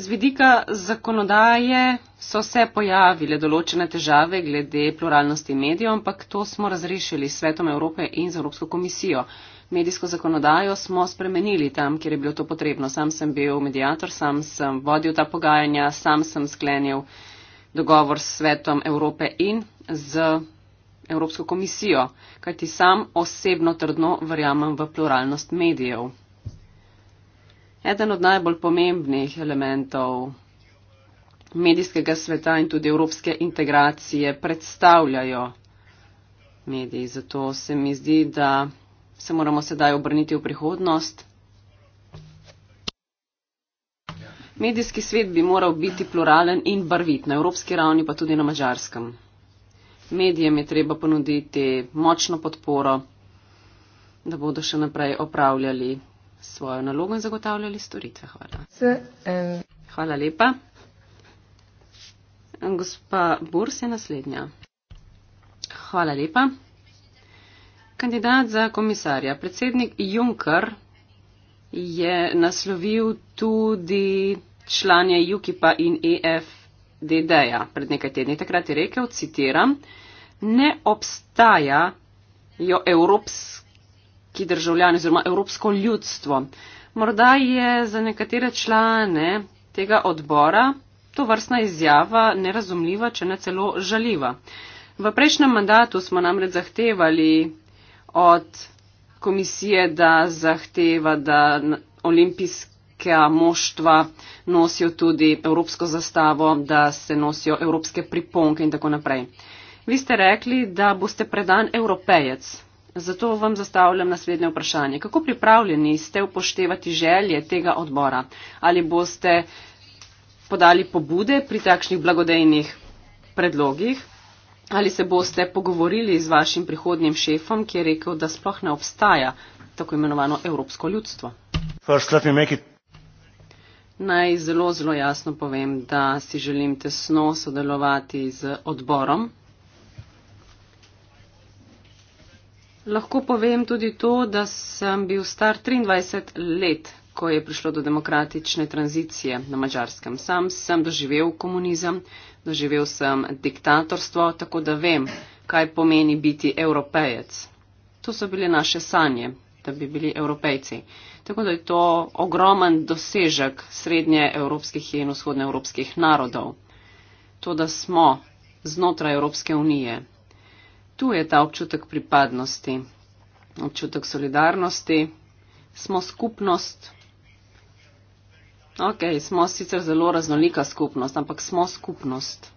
Z vidika zakonodaje so se pojavile določene težave glede pluralnosti medijev, ampak to smo razrešili s Svetom Evrope in z Evropsko komisijo. Medijsko zakonodajo smo spremenili tam, kjer je bilo to potrebno. Sam sem bil medijator, sam sem vodil ta pogajanja, sam sem sklenil dogovor s Svetom Evrope in z Evropsko komisijo, kajti sam osebno trdno verjamem v pluralnost medijev. Eden od najbolj pomembnih elementov medijskega sveta in tudi evropske integracije predstavljajo mediji. Zato se mi zdi, da se moramo sedaj obrniti v prihodnost. Medijski svet bi moral biti pluralen in barvit, na evropski ravni pa tudi na mačarskem. Medijem je treba ponuditi močno podporo, da bodo še naprej opravljali svojo nalogo in zagotavljali storitve. Hvala. Se, eh. Hvala lepa. Gospa Burs je naslednja. Hvala lepa. Kandidat za komisarja, predsednik Juncker je naslovil tudi članje UKIP-a in EFDD-ja pred nekaj tedni. Takrat je rekel, citiram, ne obstajajo evropske ki državljani oziroma evropsko ljudstvo. Morda je za nekatere člane tega odbora to vrstna izjava nerazumljiva, če ne celo žaljiva. V prejšnjem mandatu smo namreč zahtevali od komisije, da zahteva, da olimpijska moštva nosijo tudi evropsko zastavo, da se nosijo evropske priponke in tako naprej. Vi ste rekli, da boste predan evropejec. Zato vam zastavljam naslednje vprašanje. Kako pripravljeni ste upoštevati želje tega odbora? Ali boste podali pobude pri takšnih blagodejnih predlogih? Ali se boste pogovorili z vašim prihodnjim šefom, ki je rekel, da sploh ne obstaja tako imenovano evropsko ljudstvo? Naj zelo, zelo jasno povem, da si želim tesno sodelovati z odborom Lahko povem tudi to, da sem bil star 23 let, ko je prišlo do demokratične tranzicije na mačarskem. Sam sem doživel komunizem, doživel sem diktatorstvo, tako da vem, kaj pomeni biti evropejec. To so bile naše sanje, da bi bili evropejci. Tako da je to ogromen dosežek srednje evropskih in vzhodne evropskih narodov. To, da smo znotraj Evropske unije tu je ta občutek pripadnosti, občutek solidarnosti, smo skupnost. Ok, smo sicer zelo raznolika skupnost, ampak smo skupnost.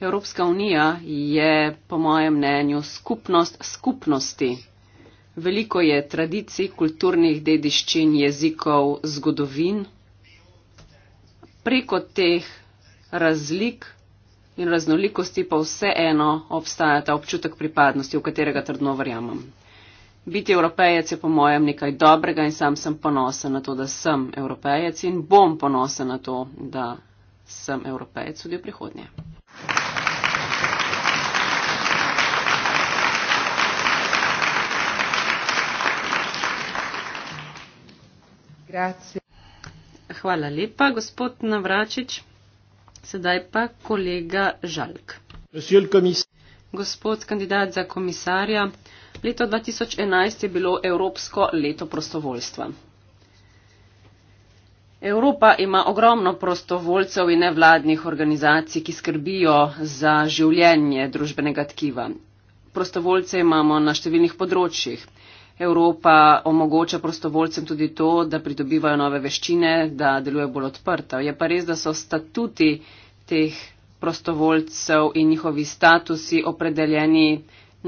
Evropska unija je, po mojem mnenju, skupnost skupnosti. Veliko je tradicij, kulturnih dediščin, jezikov, zgodovin. Preko teh razlik in raznolikosti pa vseeno obstajata občutek pripadnosti, v katerega trdno verjamem. Biti evropejec je po mojem nekaj dobrega in sam sem ponosen na to, da sem evropejec in bom ponosen na to, da sem evropejec tudi v prihodnje. Grazie. Hvala lepa, gospod Navračič. Sedaj pa kolega Žalk. Gospod kandidat za komisarja, leto 2011 je bilo Evropsko leto prostovoljstva. Evropa ima ogromno prostovoljcev in nevladnih organizacij, ki skrbijo za življenje družbenega tkiva. Prostovoljce imamo na številnih področjih. Evropa omogoča prostovoljcem tudi to, da pridobivajo nove veščine, da deluje bolj odprto. Je pa res, da so statuti teh prostovoljcev in njihovi statusi opredeljeni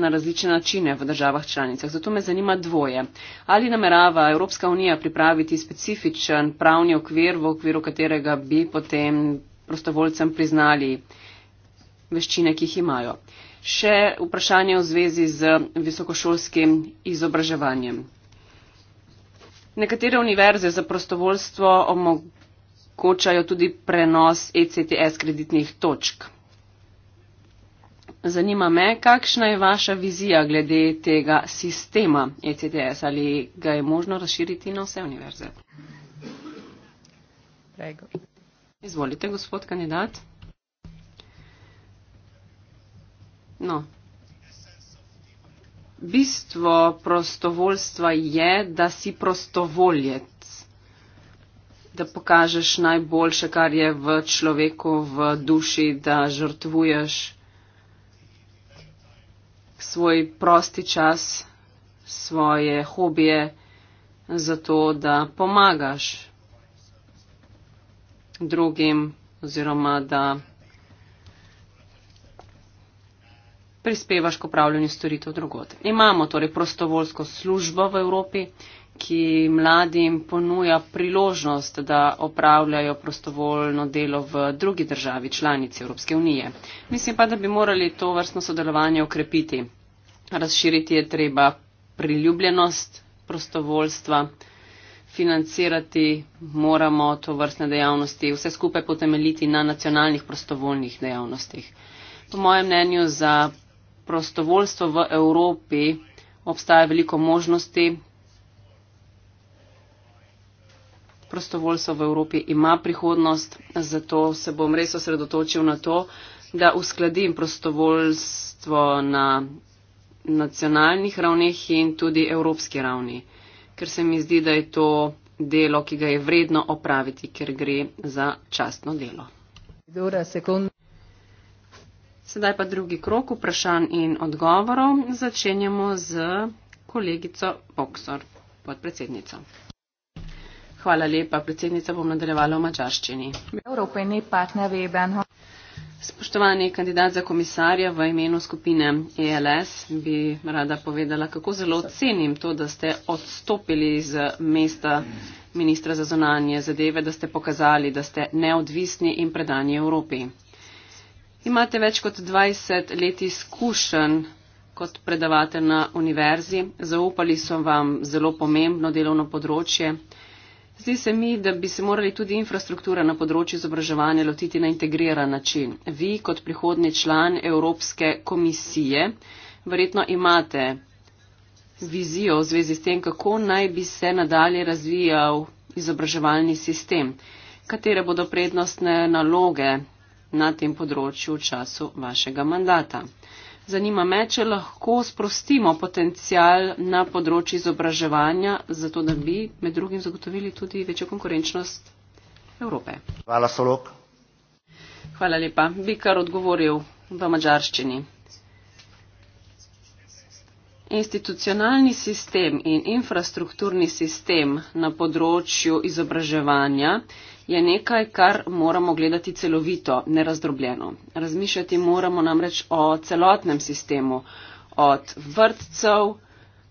na različne načine v državah članicah. Zato me zanima dvoje. Ali namerava Evropska unija pripraviti specifičen pravni okvir, v okviru katerega bi potem prostovoljcem priznali veščine, ki jih imajo? še vprašanje v zvezi z visokošolskim izobraževanjem. Nekatere univerze za prostovoljstvo omogočajo tudi prenos ECTS kreditnih točk. Zanima me, kakšna je vaša vizija glede tega sistema ECTS ali ga je možno razširiti na vse univerze? Izvolite, gospod kandidat. No. Bistvo prostovoljstva je, da si prostovoljec, da pokažeš najboljše, kar je v človeku, v duši, da žrtvuješ svoj prosti čas, svoje hobije, zato da pomagaš drugim oziroma da prispevaš k upravljanju storitev drugot. Imamo torej prostovoljsko službo v Evropi, ki mladim ponuja priložnost, da opravljajo prostovoljno delo v drugi državi, članici Evropske unije. Mislim pa, da bi morali to vrstno sodelovanje okrepiti. Razširiti je treba priljubljenost prostovoljstva, financirati moramo to vrstne dejavnosti, vse skupaj potemeliti na nacionalnih prostovoljnih dejavnostih. Po mojem mnenju za prostovoljstvo v Evropi obstaja veliko možnosti. Prostovoljstvo v Evropi ima prihodnost, zato se bom res osredotočil na to, da uskladim prostovoljstvo na nacionalnih ravneh in tudi evropski ravni, ker se mi zdi, da je to delo, ki ga je vredno opraviti, ker gre za častno delo. Dora, sekund... Sedaj pa drugi krok vprašanj in odgovorov. Začenjamo z kolegico Boksor, podpredsednico. Hvala lepa, predsednica bom nadaljevala v mačarščini. Spoštovani kandidat za komisarja v imenu skupine ELS, bi rada povedala, kako zelo cenim to, da ste odstopili z mesta ministra za zonanje zadeve, da ste pokazali, da ste neodvisni in predani Evropi. Imate več kot 20 let izkušenj kot predavatelj na univerzi. Zaupali so vam zelo pomembno delovno področje. Zdi se mi, da bi se morali tudi infrastruktura na področju izobraževanja lotiti na integriran način. Vi kot prihodni član Evropske komisije verjetno imate vizijo v zvezi s tem, kako naj bi se nadalje razvijal izobraževalni sistem, katere bodo prednostne naloge na tem področju v času vašega mandata. Zanima me, če lahko sprostimo potencial na področju izobraževanja, zato da bi med drugim zagotovili tudi večjo konkurenčnost Evrope. Hvala, Solok. Hvala lepa. Bi kar odgovoril v mađarščini. Institucionalni sistem in infrastrukturni sistem na področju izobraževanja je nekaj, kar moramo gledati celovito, nerazdrobljeno. Razmišljati moramo namreč o celotnem sistemu, od vrtcev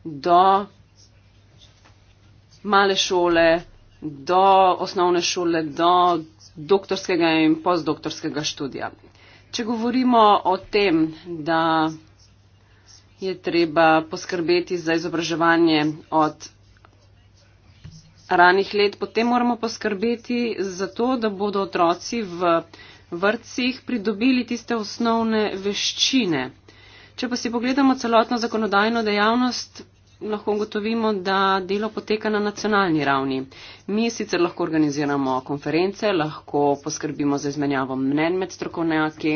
do male šole, do osnovne šole, do doktorskega in postdoktorskega študija. Če govorimo o tem, da je treba poskrbeti za izobraževanje od ranih let, potem moramo poskrbeti za to, da bodo otroci v vrtcih pridobili tiste osnovne veščine. Če pa si pogledamo celotno zakonodajno dejavnost, lahko ugotovimo, da delo poteka na nacionalni ravni. Mi sicer lahko organiziramo konference, lahko poskrbimo za izmenjavo mnen med strokovnjaki,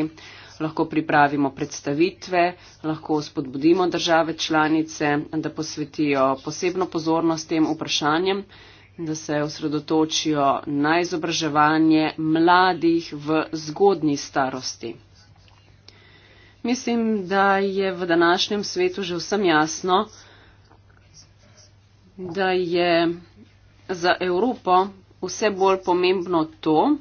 lahko pripravimo predstavitve, lahko spodbudimo države članice, da posvetijo posebno pozornost tem vprašanjem da se osredotočijo na izobraževanje mladih v zgodni starosti. Mislim, da je v današnjem svetu že vsem jasno, da je za Evropo vse bolj pomembno to,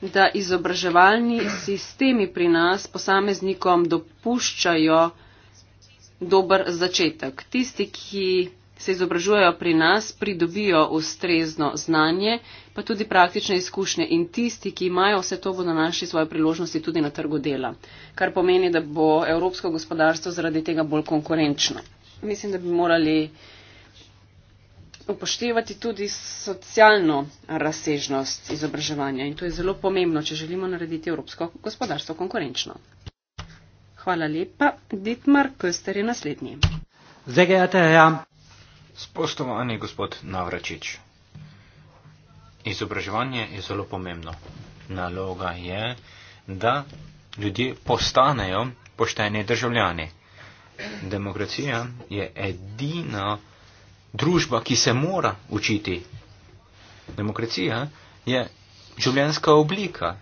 da izobraževalni sistemi pri nas posameznikom dopuščajo dober začetek. Tisti, ki se izobražujejo pri nas, pridobijo ustrezno znanje, pa tudi praktične izkušnje in tisti, ki imajo vse to, bodo našli svoje priložnosti tudi na trgu dela, kar pomeni, da bo evropsko gospodarstvo zaradi tega bolj konkurenčno. Mislim, da bi morali upoštevati tudi socialno razsežnost izobraževanja in to je zelo pomembno, če želimo narediti evropsko gospodarstvo konkurenčno. Hvala lepa. Dietmar Köster je naslednji. Sehr geehrter Herr Spoštovani gospod Navračič, izobraževanje je zelo pomembno. Naloga je, da ljudje postanejo pošteni državljani. Demokracija je edina družba, ki se mora učiti. Demokracija je življenska oblika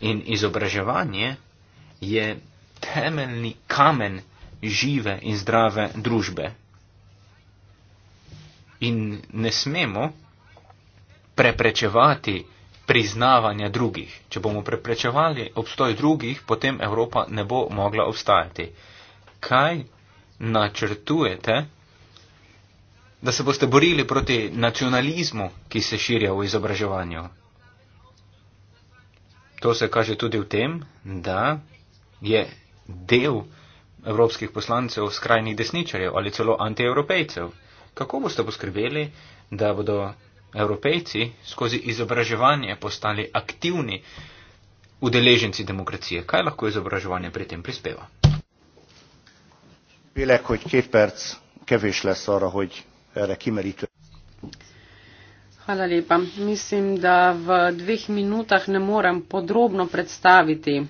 in izobraževanje je temeljni kamen žive in zdrave družbe in ne smemo preprečevati priznavanja drugih. Če bomo preprečevali obstoj drugih, potem Evropa ne bo mogla obstajati. Kaj načrtujete, da se boste borili proti nacionalizmu, ki se širja v izobraževanju? To se kaže tudi v tem, da je del evropskih poslancev skrajnih desničarjev ali celo antievropejcev. Kako boste poskrbeli, da bodo evropejci skozi izobraževanje postali aktivni udeleženci demokracije? Kaj lahko izobraževanje pri tem prispeva? Vélek, hogy két perc kevés lesz arra, hogy erre kimerítő. Hvala lepa. Mislim, da v dveh minutah ne morem podrobno predstaviti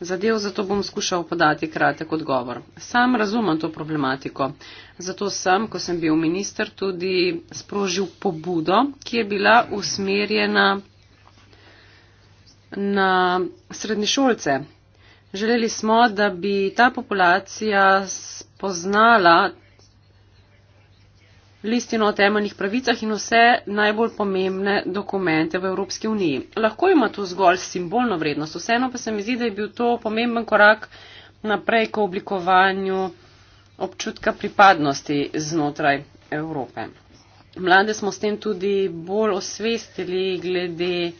zadev, zato bom skušal podati kratek odgovor. Sam razumem to problematiko. Zato sem, ko sem bil minister, tudi sprožil pobudo, ki je bila usmerjena na srednješolce. Želeli smo, da bi ta populacija spoznala listino o temeljnih pravicah in vse najbolj pomembne dokumente v Evropski uniji. Lahko ima to zgolj simbolno vrednost, vseeno pa se mi zdi, da je bil to pomemben korak naprej k oblikovanju občutka pripadnosti znotraj Evrope. Mlade smo s tem tudi bolj osvestili glede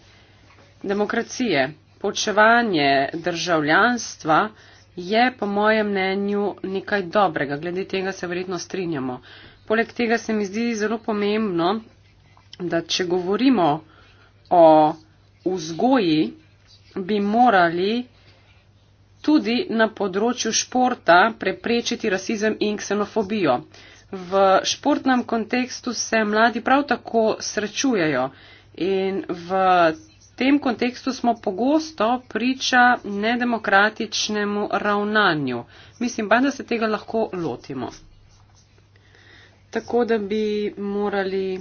demokracije. Počevanje državljanstva je po mojem mnenju nekaj dobrega, glede tega se verjetno strinjamo. Poleg tega se mi zdi zelo pomembno, da če govorimo o vzgoji, bi morali tudi na področju športa preprečiti rasizem in ksenofobijo. V športnem kontekstu se mladi prav tako srečujejo in v tem kontekstu smo pogosto priča nedemokratičnemu ravnanju. Mislim pa, da se tega lahko lotimo tako da bi morali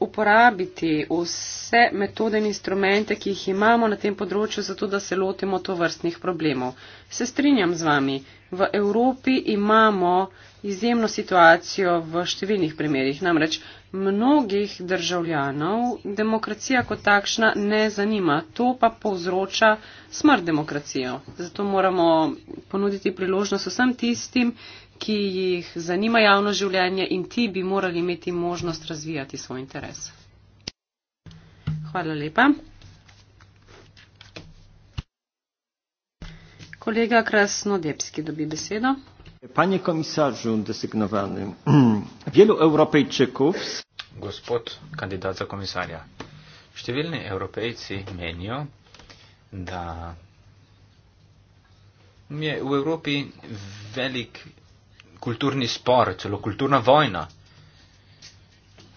uporabiti vse metode in instrumente, ki jih imamo na tem področju, zato da se lotimo to vrstnih problemov. Se strinjam z vami, v Evropi imamo izjemno situacijo v številnih primerjih, namreč mnogih državljanov demokracija kot takšna ne zanima, to pa povzroča uh, smrt demokracijo. Zato moramo ponuditi priložnost vsem tistim, ki jih zanima javno življenje in ti bi morali imeti možnost razvijati svoj interes. Hvala lepa. Kolega Krasnodebski dobi besedo. Panie komisarzu desygnowany, wielu Europejczyków. Gospod kandydat za komisarza. Szczególni Europejcy mienią, da je v Evropi velik kulturni spor, celo kulturna vojna.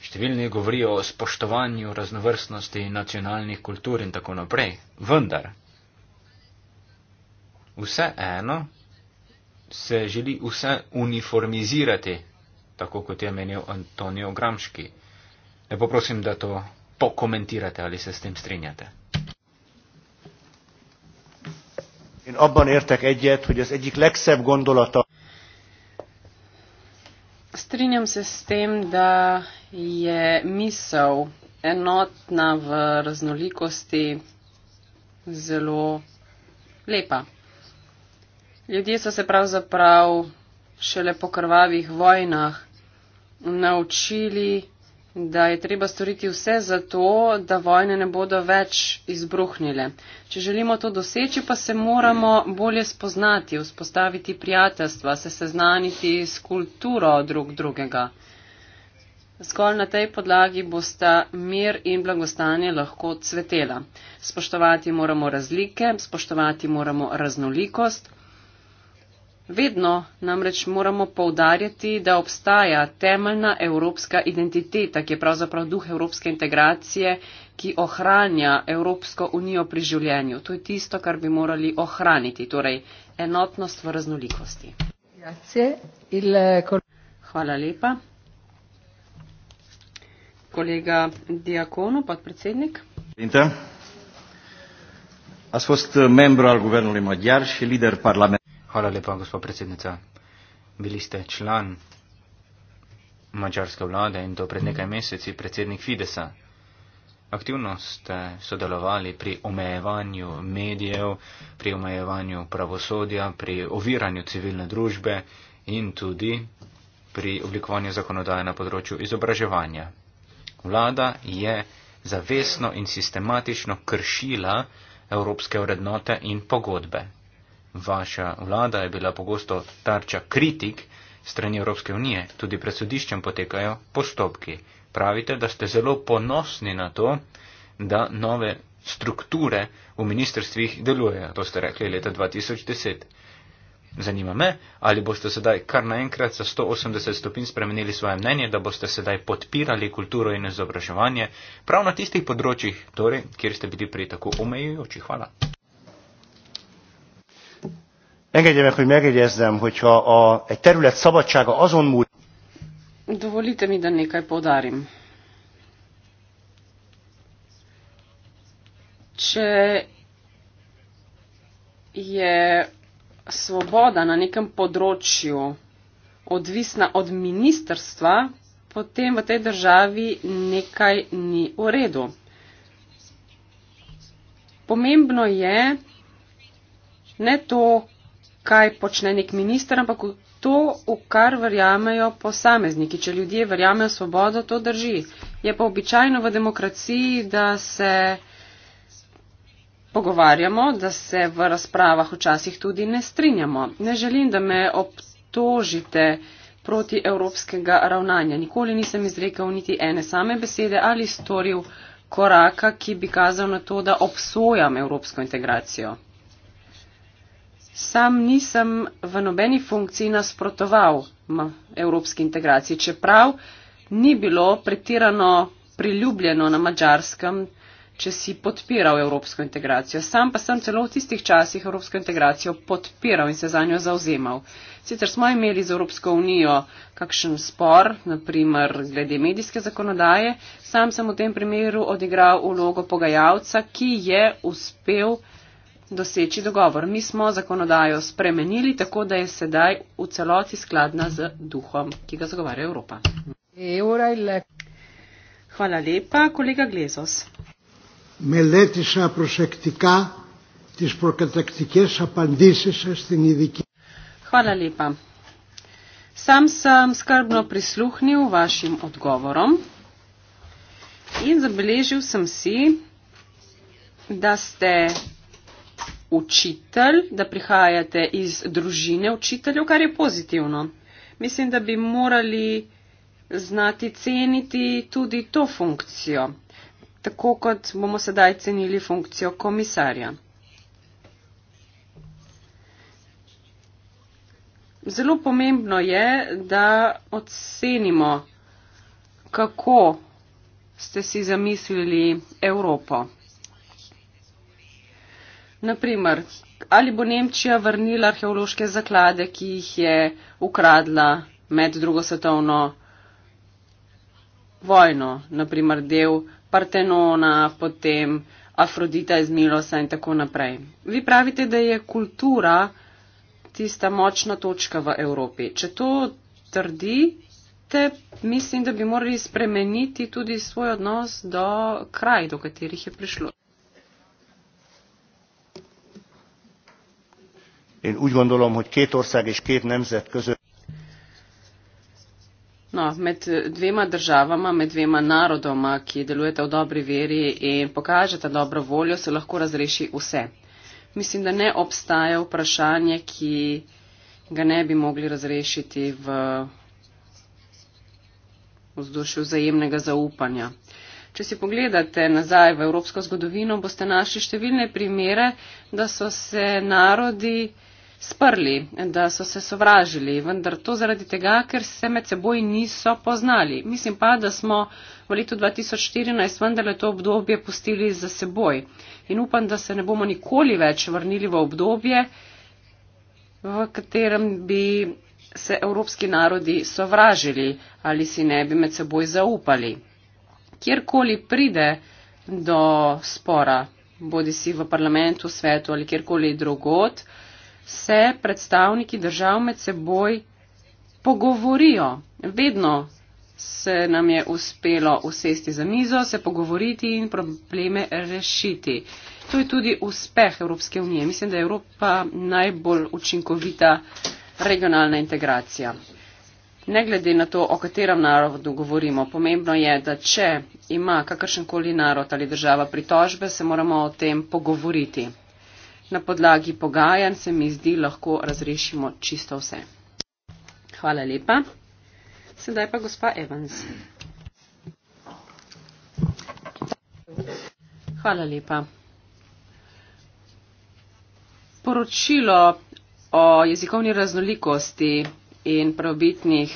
Številni govorijo o spoštovanju raznovrstnosti nacionalnih kultur in tako naprej. Vendar, vse eno se želi vse uniformizirati, tako kot je menil Antonijo Gramški. Lepo prosim, da to pokomentirate ali se s tem strinjate. Én abban értek egyet, hogy az egyik legszebb gondolata. Strinjam se s tem, da je misel enotna v raznolikosti zelo lepa. Ljudje so se pravzaprav šele po krvavih vojnah naučili, da je treba storiti vse za to, da vojne ne bodo več izbruhnile. Če želimo to doseči, pa se moramo bolje spoznati, vzpostaviti prijateljstva, se seznaniti s kulturo drug drugega. Skolj na tej podlagi bosta mir in blagostanje lahko cvetela. Spoštovati moramo razlike, spoštovati moramo raznolikost. Vedno namreč moramo povdarjati, da obstaja temeljna evropska identiteta, ki je pravzaprav duh evropske integracije, ki ohranja Evropsko unijo pri življenju. To je tisto, kar bi morali ohraniti, torej enotnost v raznolikosti. Hvala lepa. Kolega Diakonu, podpredsednik. Vinte. A svost membro al guvernuli Madjarši, lider parlamenta. Hvala lepa, gospod predsednica. Bili ste član mačarske vlade in to pred nekaj meseci predsednik Fidesa. Aktivno ste sodelovali pri omejevanju medijev, pri omejevanju pravosodja, pri oviranju civilne družbe in tudi pri oblikovanju zakonodaje na področju izobraževanja. Vlada je zavesno in sistematično kršila evropske vrednote in pogodbe vaša vlada je bila pogosto tarča kritik strani Evropske unije, tudi pred sodiščem potekajo postopki. Pravite, da ste zelo ponosni na to, da nove strukture v ministrstvih delujejo. To ste rekli leta 2010. Zanima me, ali boste sedaj kar naenkrat za 180 stopinj spremenili svoje mnenje, da boste sedaj podpirali kulturo in izobraževanje prav na tistih področjih, torej, kjer ste bili prej tako omejujoči. Hvala. Engedje meg, hogy megjegyezzem, hogyha a, egy terület szabadsága azon múlt. Dovolite mi, da nekaj podarim. Če je svoboda na nekem področju odvisna od ministrstva, potem v tej državi nekaj ni v redu. Pomembno je ne to, kaj počne nek minister, ampak v to, v kar verjamejo posamezniki. Če ljudje verjamejo svobodo, to drži. Je pa običajno v demokraciji, da se pogovarjamo, da se v razpravah včasih tudi ne strinjamo. Ne želim, da me obtožite proti evropskega ravnanja. Nikoli nisem izrekel niti ene same besede ali storil koraka, ki bi kazal na to, da obsojam evropsko integracijo. Sam nisem v nobeni funkciji nasprotoval evropski integraciji, čeprav ni bilo pretirano priljubljeno na mačarskem, če si podpiral evropsko integracijo. Sam pa sem celo v tistih časih evropsko integracijo podpiral in se za njo zauzemal. Sicer smo imeli z Evropsko unijo kakšen spor, naprimer glede medijske zakonodaje, sam sem v tem primeru odigral ulogo pogajalca, ki je uspel doseči dogovor. Mi smo zakonodajo spremenili tako, da je sedaj v celoti skladna z duhom, ki ga zagovarja Evropa. E, Hvala lepa, kolega Glezos. Hvala lepa. Sam sem skrbno prisluhnil vašim odgovorom in zabeležil sem si, da ste učitelj, da prihajate iz družine učiteljev, kar je pozitivno. Mislim, da bi morali znati ceniti tudi to funkcijo, tako kot bomo sedaj cenili funkcijo komisarja. Zelo pomembno je, da ocenimo, kako ste si zamislili Evropo. Naprimer, ali bo Nemčija vrnila arheološke zaklade, ki jih je ukradla med drugo svetovno vojno, naprimer del Partenona, potem Afrodita iz Milosa in tako naprej. Vi pravite, da je kultura tista močna točka v Evropi. Če to trdite, mislim, da bi morali spremeniti tudi svoj odnos do kraj, do katerih je prišlo. én úgy gondolom, hogy két ország és két nemzet között. No, med dvema državama, med dvema narodoma, ki delujete v dobri veri in pokažete dobro voljo, se lahko razreši vse. Mislim, da ne obstaja vprašanje, ki ga ne bi mogli razrešiti v vzdušju vzajemnega zaupanja. Če si pogledate nazaj v evropsko zgodovino, boste našli številne primere, da so se narodi sprli, da so se sovražili, vendar to zaradi tega, ker se med seboj niso poznali. Mislim pa, da smo v letu 2014 vendarle to obdobje pustili za seboj in upam, da se ne bomo nikoli več vrnili v obdobje, v katerem bi se evropski narodi sovražili ali si ne bi med seboj zaupali. Kjerkoli pride do spora, bodi si v parlamentu, svetu ali kjerkoli drugot, se predstavniki držav med seboj pogovorijo. Vedno se nam je uspelo usesti za mizo, se pogovoriti in probleme rešiti. To je tudi uspeh Evropske unije. Mislim, da je Evropa najbolj učinkovita regionalna integracija. Ne glede na to, o katerem narodu govorimo, pomembno je, da če ima kakršenkoli narod ali država pritožbe, se moramo o tem pogovoriti na podlagi pogajanj se mi zdi lahko razrešimo čisto vse. Hvala lepa. Sedaj pa gospa Evans. Hvala lepa. Poročilo o jezikovni raznolikosti in pravobitnih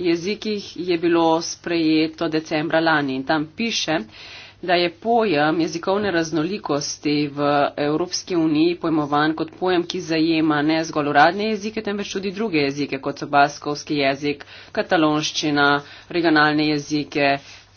jezikih je bilo sprejeto decembra lani in tam piše, da je pojem jezikovne raznolikosti v Evropski uniji pojmovan kot pojem, ki zajema ne zgolj uradne jezike, temveč tudi druge jezike, kot so baskovski jezik, katalonščina, regionalne jezike,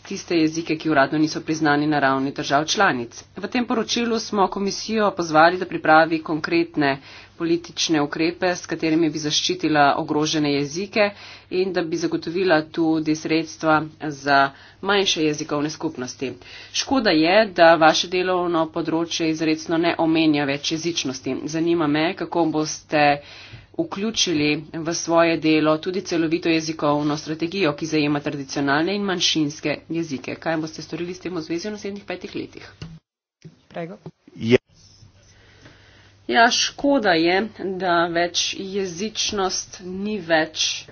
tiste jezike, ki uradno niso priznani na ravni držav članic. V tem poročilu smo komisijo pozvali, da pripravi konkretne politične ukrepe, s katerimi bi zaščitila ogrožene jezike in da bi zagotovila tudi sredstva za manjše jezikovne skupnosti. Škoda je, da vaše delovno področje izredno ne omenja več jezičnosti. Zanima me, kako boste vključili v svoje delo tudi celovito jezikovno strategijo, ki zajema tradicionalne in manjšinske jezike. Kaj boste storili s tem v zvezi v naslednjih petih letih? Prego. Ja, škoda je, da več jezičnost ni več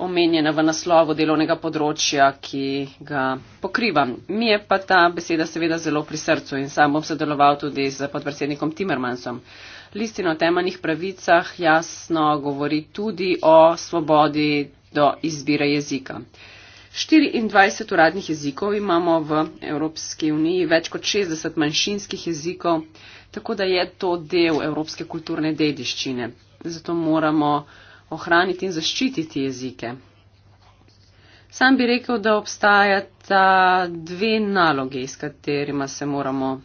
omenjena v naslovu delovnega področja, ki ga pokrivam. Mi je pa ta beseda seveda zelo pri srcu in sam bom sodeloval tudi z podpredsednikom Timmermansom. Uh, listino o temeljnih pravicah jasno govori tudi o svobodi do izbire jezika. 24 uradnih jezikov imamo v Evropski uniji, več kot 60 manjšinskih jezikov, tako da je to del evropske kulturne dediščine. Zato moramo ohraniti in zaščititi jezike. Sam bi rekel, da obstajata dve nalogi, s katerima se moramo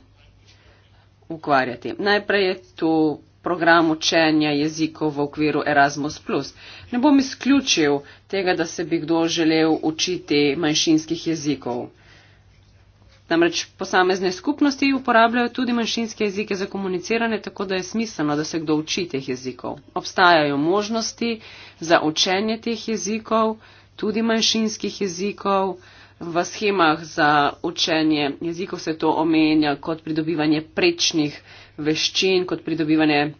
ukvarjati. Najprej je tu program učenja jezikov v okviru Erasmus. Ne bom izključil tega, da se bi kdo želel učiti manjšinskih jezikov. Namreč posamezne skupnosti uporabljajo tudi manjšinske jezike za komuniciranje, tako da je smiselno, da se kdo uči teh jezikov. Obstajajo možnosti za učenje teh jezikov, tudi manjšinskih jezikov. Uh, v schemah za učenje jezikov se to omenja kot pridobivanje prečnih veščin, kot pridobivanje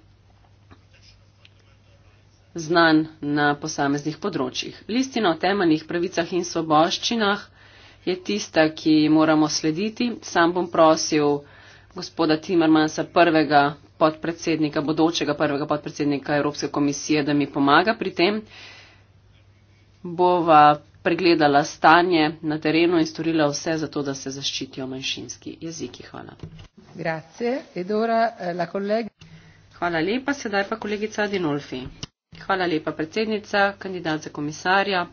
znanj na posameznih področjih. Listina o temeljnih pravicah in svoboščinah je tista, ki moramo slediti. Sam bom prosil gospoda Timmermansa, prvega podpredsednika, bodočega prvega podpredsednika Evropske komisije, da mi pomaga pri tem. Bova pregledala stanje na terenu in storila vse za to, da se zaščitijo manjšinski jeziki. Hvala. Grazie. Edora, eh, la collega. Hvala lepa, sedaj pa kolegica Dinolfi. Hvala lepa, predsednica, kandidat za komisarja.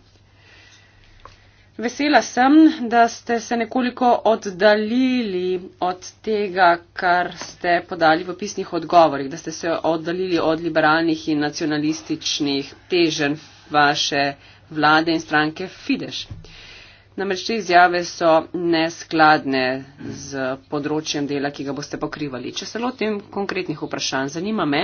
Vesela sem, da ste se nekoliko oddaljili od tega, kar ste podali v pisnih odgovorih, da ste se oddaljili od liberalnih in nacionalističnih teženj vaše vlade in stranke Fidesz. Namreč te izjave so neskladne z področjem dela, ki ga boste pokrivali. Če se lotim konkretnih vprašanj, zanima me,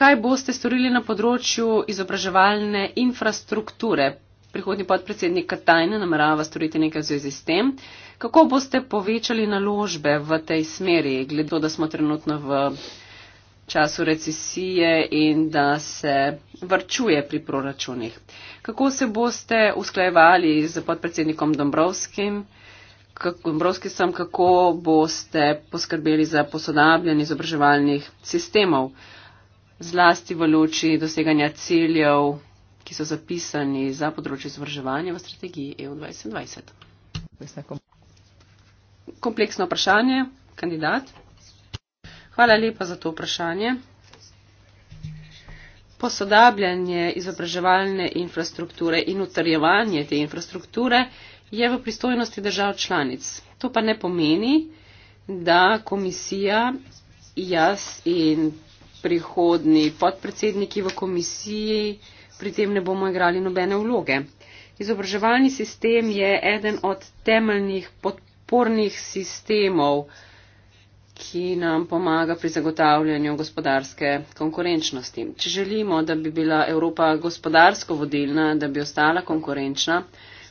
kaj boste storili na področju izobraževalne infrastrukture. Prihodni podpredsednik Katajne namerava storiti nekaj v zvezi s tem. Kako boste povečali naložbe v tej smeri, glede to, da smo trenutno v času recesije in da se vrčuje pri proračunih. Kako se boste usklajevali z podpredsednikom Dombrovskim? Dombrovski sem, kako boste poskrbeli za posodabljanje izobraževalnih sistemov, zlasti v luči doseganja ciljev, ki so zapisani za področje izobraževanja v strategiji EU 2020? Kompleksno vprašanje, kandidat. Hvala lepa za to vprašanje. Posodabljanje izobraževalne infrastrukture in utrjevanje te infrastrukture je v pristojnosti držav članic. To pa ne pomeni, da komisija, jaz in prihodni podpredsedniki v komisiji pri tem ne bomo igrali nobene vloge. Izobraževalni sistem je eden od temeljnih podpornih sistemov, ki nam pomaga pri zagotavljanju gospodarske konkurenčnosti. Če želimo, da bi bila Evropa gospodarsko vodilna, da bi ostala konkurenčna,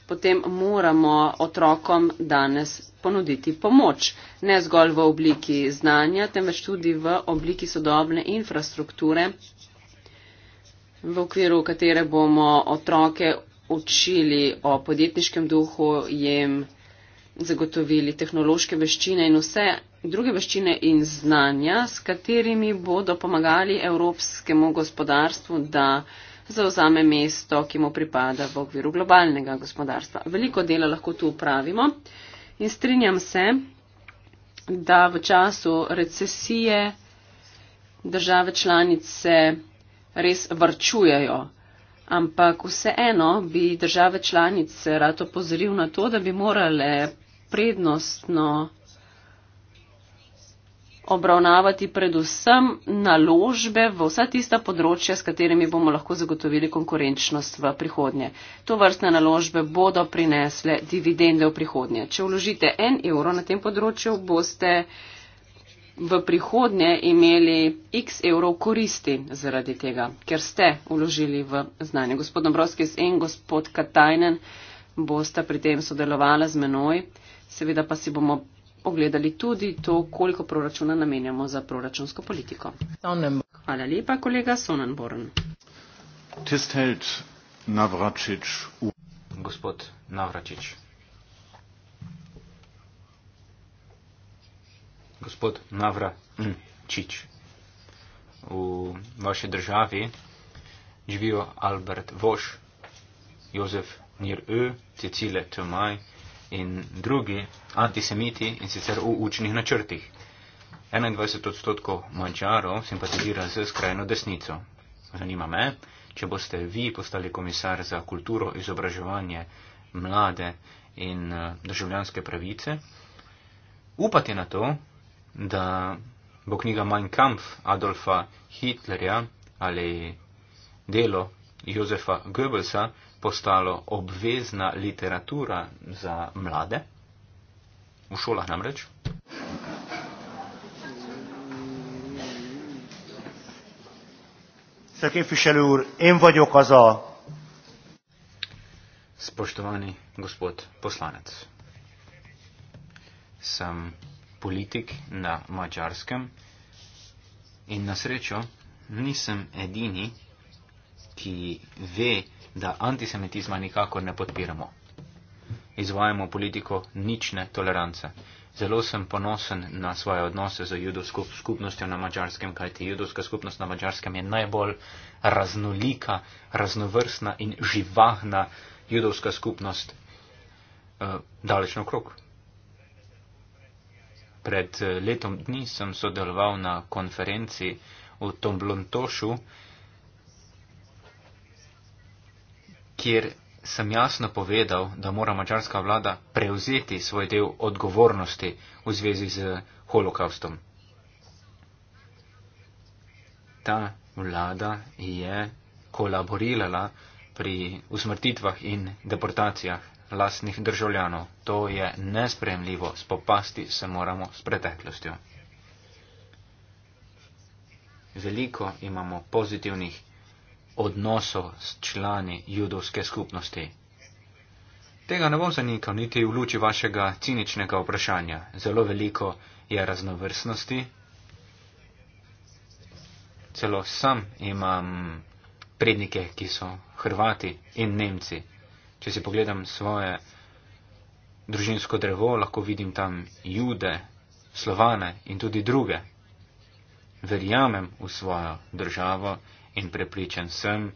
potem moramo otrokom danes ponuditi pomoč, ne zgolj v obliki znanja, temveč tudi v obliki sodobne infrastrukture, v okviru katere bomo otroke učili o podjetniškem duhu, jim zagotovili tehnološke veščine in vse druge veščine in znanja, s katerimi bodo pomagali evropskemu gospodarstvu, da zauzame mesto, ki mu pripada v okviru globalnega gospodarstva. Veliko dela lahko tu upravimo in strinjam se, da v času recesije države članice res vrčujejo. Ampak vseeno bi države članice rado pozoril na to, da bi morale prednostno obravnavati predvsem naložbe v vsa tista področja, s katerimi bomo lahko zagotovili konkurenčnost v prihodnje. To vrstne naložbe bodo prinesle dividende v prihodnje. Če vložite en evro na tem področju, boste v prihodnje imeli x evrov koristi zaradi tega, ker ste vložili v znanje. Gospod Dombrovskis in gospod Katajnen bosta pri tem sodelovala z menoj. Seveda pa si bomo ogledali tudi to, koliko proračuna namenjamo za proračunsko politiko. Hvala lepa, kolega Sonanborn. Gospod Navračič. Gospod Navračič. V vaši državi živijo Albert Voš, Jozef Nir Ö, Cecile Tomaj, in drugi antisemiti in sicer v učnih načrtih. 21 odstotkov mančarov simpatizira z skrajno desnico. Zanima me, če boste vi postali komisar za kulturo, izobraževanje, mlade in eh, državljanske pravice, upate na to, da bo knjiga Mein Kampf Adolfa Hitlerja ali delo Jozefa Goebbelsa postalo obvezna literatura za mlade, v šolah namreč. Képviselő úr, én vagyok az a... Spoštovani gospod poslanec. Sem politik na Mačarskem in na srečo nisem edini, ki ve, da antisemitizma nikako ne podpiramo. Izvajamo politiko nične tolerance. Zelo sem ponosen na svoje odnose z judovsko skupnostjo na mačarskem, kajti judovska skupnost na mačarskem je najbolj raznolika, raznovrstna in živahna judovska skupnost eh, dalečno krok. Pred eh, letom dni sem sodeloval na konferenci v Tomblontošu, eh, kjer sem jasno povedal, da mora mačarska vlada prevzeti svoj del odgovornosti v zvezi z holokaustom. Ta vlada je kolaborirala pri usmrtitvah in deportacijah lastnih državljanov. To je nespremljivo, spopasti se moramo s preteklostjo. Veliko imamo pozitivnih odnosov s člani judovske skupnosti. Tega ne bom zanikal niti v luči vašega ciničnega vprašanja. Zelo veliko je raznovrstnosti. Celo sam imam prednike, ki so Hrvati in Nemci. Če si pogledam svoje družinsko drevo, lahko vidim tam jude, slovane in tudi druge. Verjamem v svojo državo in prepričan sem,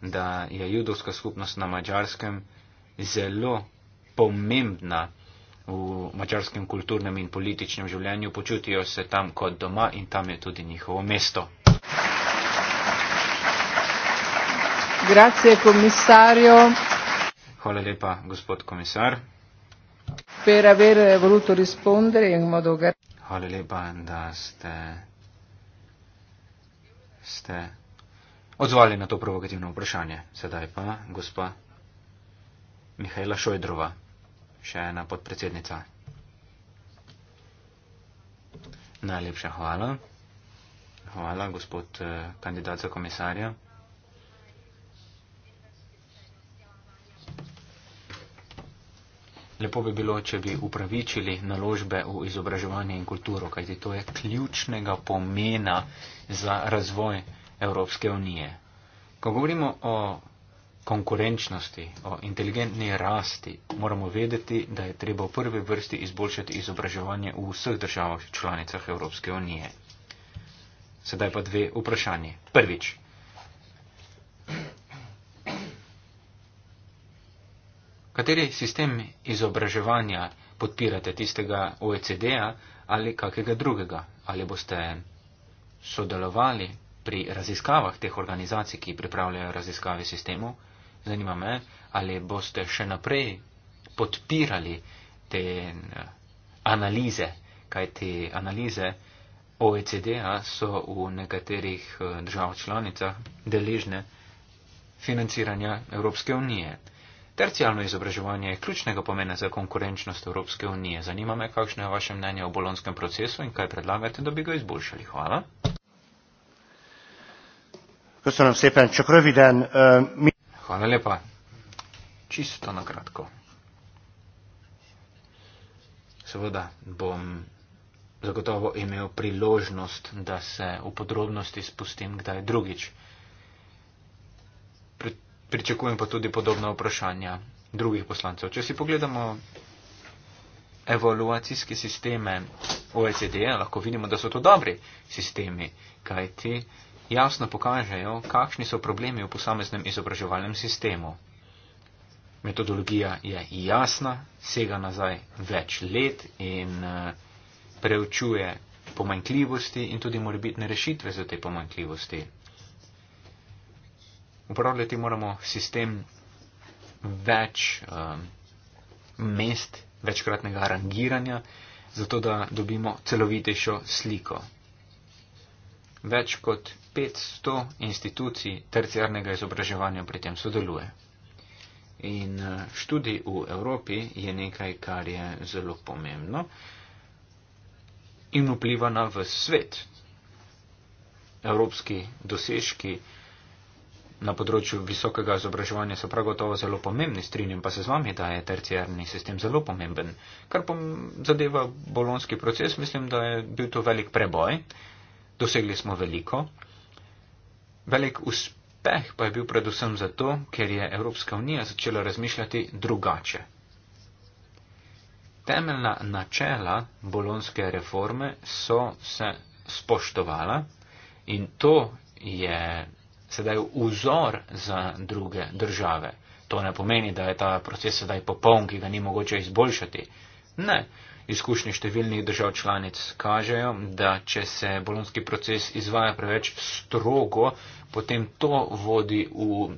da je judovska skupnost na mačarskem zelo pomembna v mačarskem kulturnem in političnem življenju. Počutijo se tam kot doma in tam je tudi njihovo mesto. Grazie, komisarjo. Hvala lepa, gospod komisar. Per aver voluto rispondere in modo. Hvala lepa, da ste. ste odzvali na to provokativno vprašanje. Sedaj pa gospa Mihajla Šojdrova, še ena podpredsednica. Najlepša hvala. Hvala, gospod eh, kandidat za komisarja. Lepo bi bilo, če bi upravičili naložbe v izobraževanje in kulturo, kajti to je ključnega pomena za razvoj. Evropske unije. Ko govorimo o konkurenčnosti, o inteligentni rasti, moramo vedeti, da je treba v prvi vrsti izboljšati izobraževanje v vseh državah članicah Evropske unije. Sedaj pa dve vprašanje. Prvič. Kateri sistem izobraževanja podpirate tistega OECD-a ali kakega drugega? Ali boste sodelovali pri raziskavah teh organizacij, ki pripravljajo raziskave sistemov, zanima me, ali boste še naprej podpirali te eh, analize, kaj te analize OECD-a so v nekaterih eh, držav članicah deležne financiranja Evropske unije. Tercijalno izobraževanje je ključnega pomena za konkurenčnost Evropske unije. Zanima me, kakšno je vaše mnenje o bolonskem procesu in kaj predlagate, da bi ga izboljšali. Hvala. Köszönöm szépen, csak röviden. Uh, mi... Hvala lepa. Čisto na kratko. Seveda bom zagotovo imel priložnost, da se v podrobnosti spustim kdaj drugič. Pri, pričakujem pa tudi podobna vprašanja drugih poslancev. Če si pogledamo evaluacijske sisteme OECD, lahko vidimo, da so to dobri sistemi, kajti jasno pokažejo, kakšni so problemi v posameznem izobraževalnem sistemu. Metodologija je jasna, sega nazaj več let in eh, preučuje pomankljivosti in tudi morebitne rešitve za te pomankljivosti. Uporabljati moramo sistem več um, mest, večkratnega rangiranja, zato da dobimo celovitejšo sliko. Več kot 500 institucij terciarnega izobraževanja pri tem sodeluje. In eh, študij v Evropi je nekaj, kar je zelo pomembno in vpliva na v svet. Evropski dosežki na področju visokega izobraževanja so prav gotovo zelo pomembni, strinjam pa se z vami, da je terciarni sistem zelo pomemben. Kar pa zadeva bolonski proces, mislim, da je bil to velik preboj. Dosegli smo veliko. Velik uspeh pa je bil predvsem zato, ker je Evropska unija začela razmišljati drugače. Temeljna načela bolonske reforme so se spoštovala in to je sedaj vzor za druge države. To ne pomeni, da je ta proces sedaj popoln, ki ga ni mogoče izboljšati. Ne, Izkušnje številnih držav članic kažejo, da če se bolonski proces izvaja preveč strogo, potem to vodi v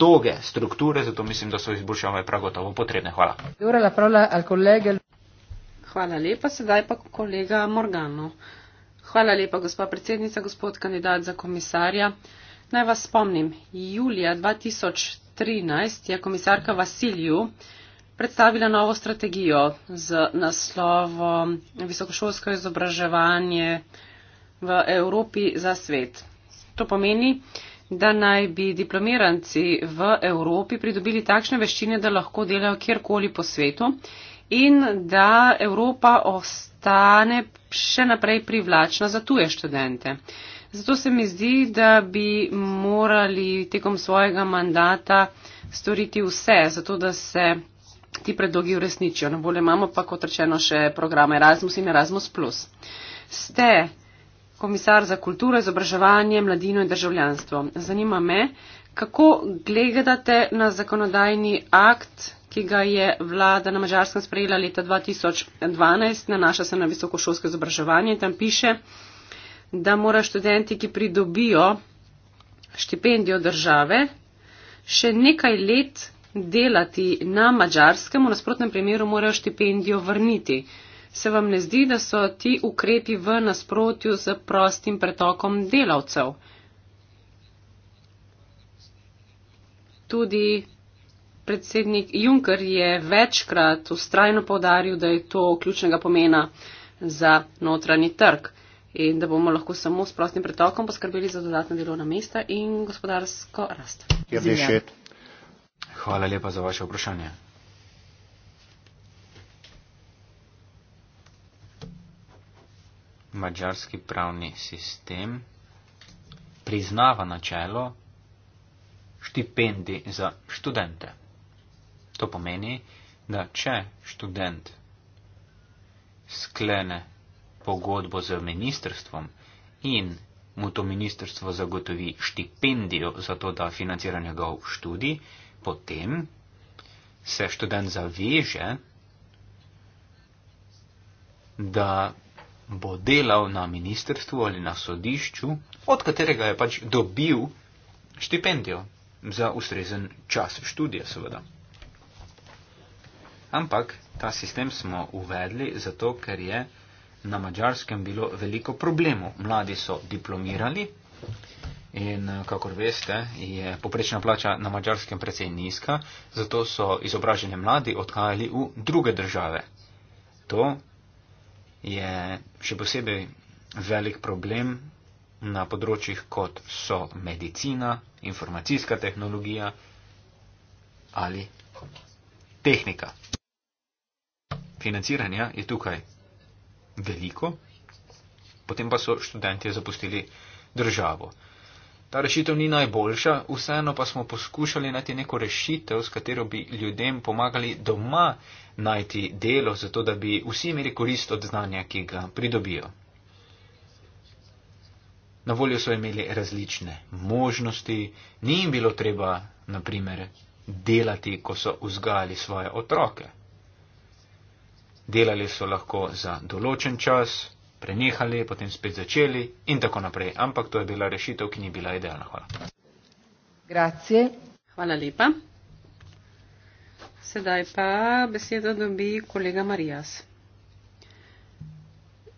toge strukture, zato mislim, da so izboljšave prav gotovo potrebne. Hvala. Hvala lepa, sedaj pa kolega Morgano. Hvala lepa, gospod predsednica, gospod kandidat za komisarja. Naj vas spomnim, julija 2013 je komisarka Vasilju predstavila novo strategijo z naslovom Visokošolsko izobraževanje v Evropi za svet. To pomeni, da naj bi diplomiranci v Evropi pridobili takšne veščine, da lahko delajo kjerkoli po svetu in da Evropa ostane še naprej privlačna za tuje študente. Zato se mi zdi, da bi morali tekom svojega mandata storiti vse, zato da se ti predlogi uresničijo. Na voljo imamo pa, kot rečeno, še programe Erasmus in Erasmus. Ste komisar za kulturo, izobraževanje, mladino in državljanstvo. Zanima me, kako gledate na zakonodajni akt, ki ga je vlada na Mačarskem sprejela leta 2012, nanaša se na visokošolsko izobraževanje in tam piše, da mora študenti, ki pridobijo štipendijo države, še nekaj let delati na mačarskem, v nasprotnem primeru morajo štipendijo vrniti. Se vam ne zdi, da so ti ukrepi v nasprotju z prostim pretokom delavcev? Tudi predsednik Juncker je večkrat ustrajno povdaril, da je to ključnega pomena za notranji trg in da bomo lahko samo s prostim pretokom poskrbeli za dodatna delovna mesta in gospodarsko rast. Zimljan. Hvala lepa za vaše vprašanje. Mačarski pravni sistem priznava načelo štipendij za študente. To pomeni, da če študent sklene pogodbo z ministrstvom in mu to ministrstvo zagotovi štipendijo za to, da financira njegov študij, potem se študent zaveže, da bo delal na ministrstvu ali na sodišču, od katerega je pač dobil štipendijo za ustrezen čas študija, seveda. Ampak ta sistem smo uvedli zato, ker je na mačarskem bilo veliko problemov. Mladi so diplomirali, In eh, kakor veste, je poprečna plača na mačarskem precej nizka, zato so izobraženi mladi odhajali v druge države. To je še posebej velik problem na področjih, kot so medicina, informacijska tehnologija ali tehnika. Financiranja je tukaj veliko, potem pa so študenti zapustili državo. Ta rešitev ni najboljša, vseeno pa smo poskušali najti neko rešitev, s katero bi ljudem pomagali doma najti delo, zato da bi vsi imeli korist od znanja, ki ga pridobijo. Na voljo so imeli različne možnosti, ni jim bilo treba, naprimer, delati, ko so vzgajali svoje otroke. Delali so lahko za določen čas, prenehali, potem spet začeli in tako naprej. Ampak to je bila rešitev, ki ni bila idealna. Hvala. Grazie. Hvala lepa. Sedaj pa besedo dobi kolega Marijas.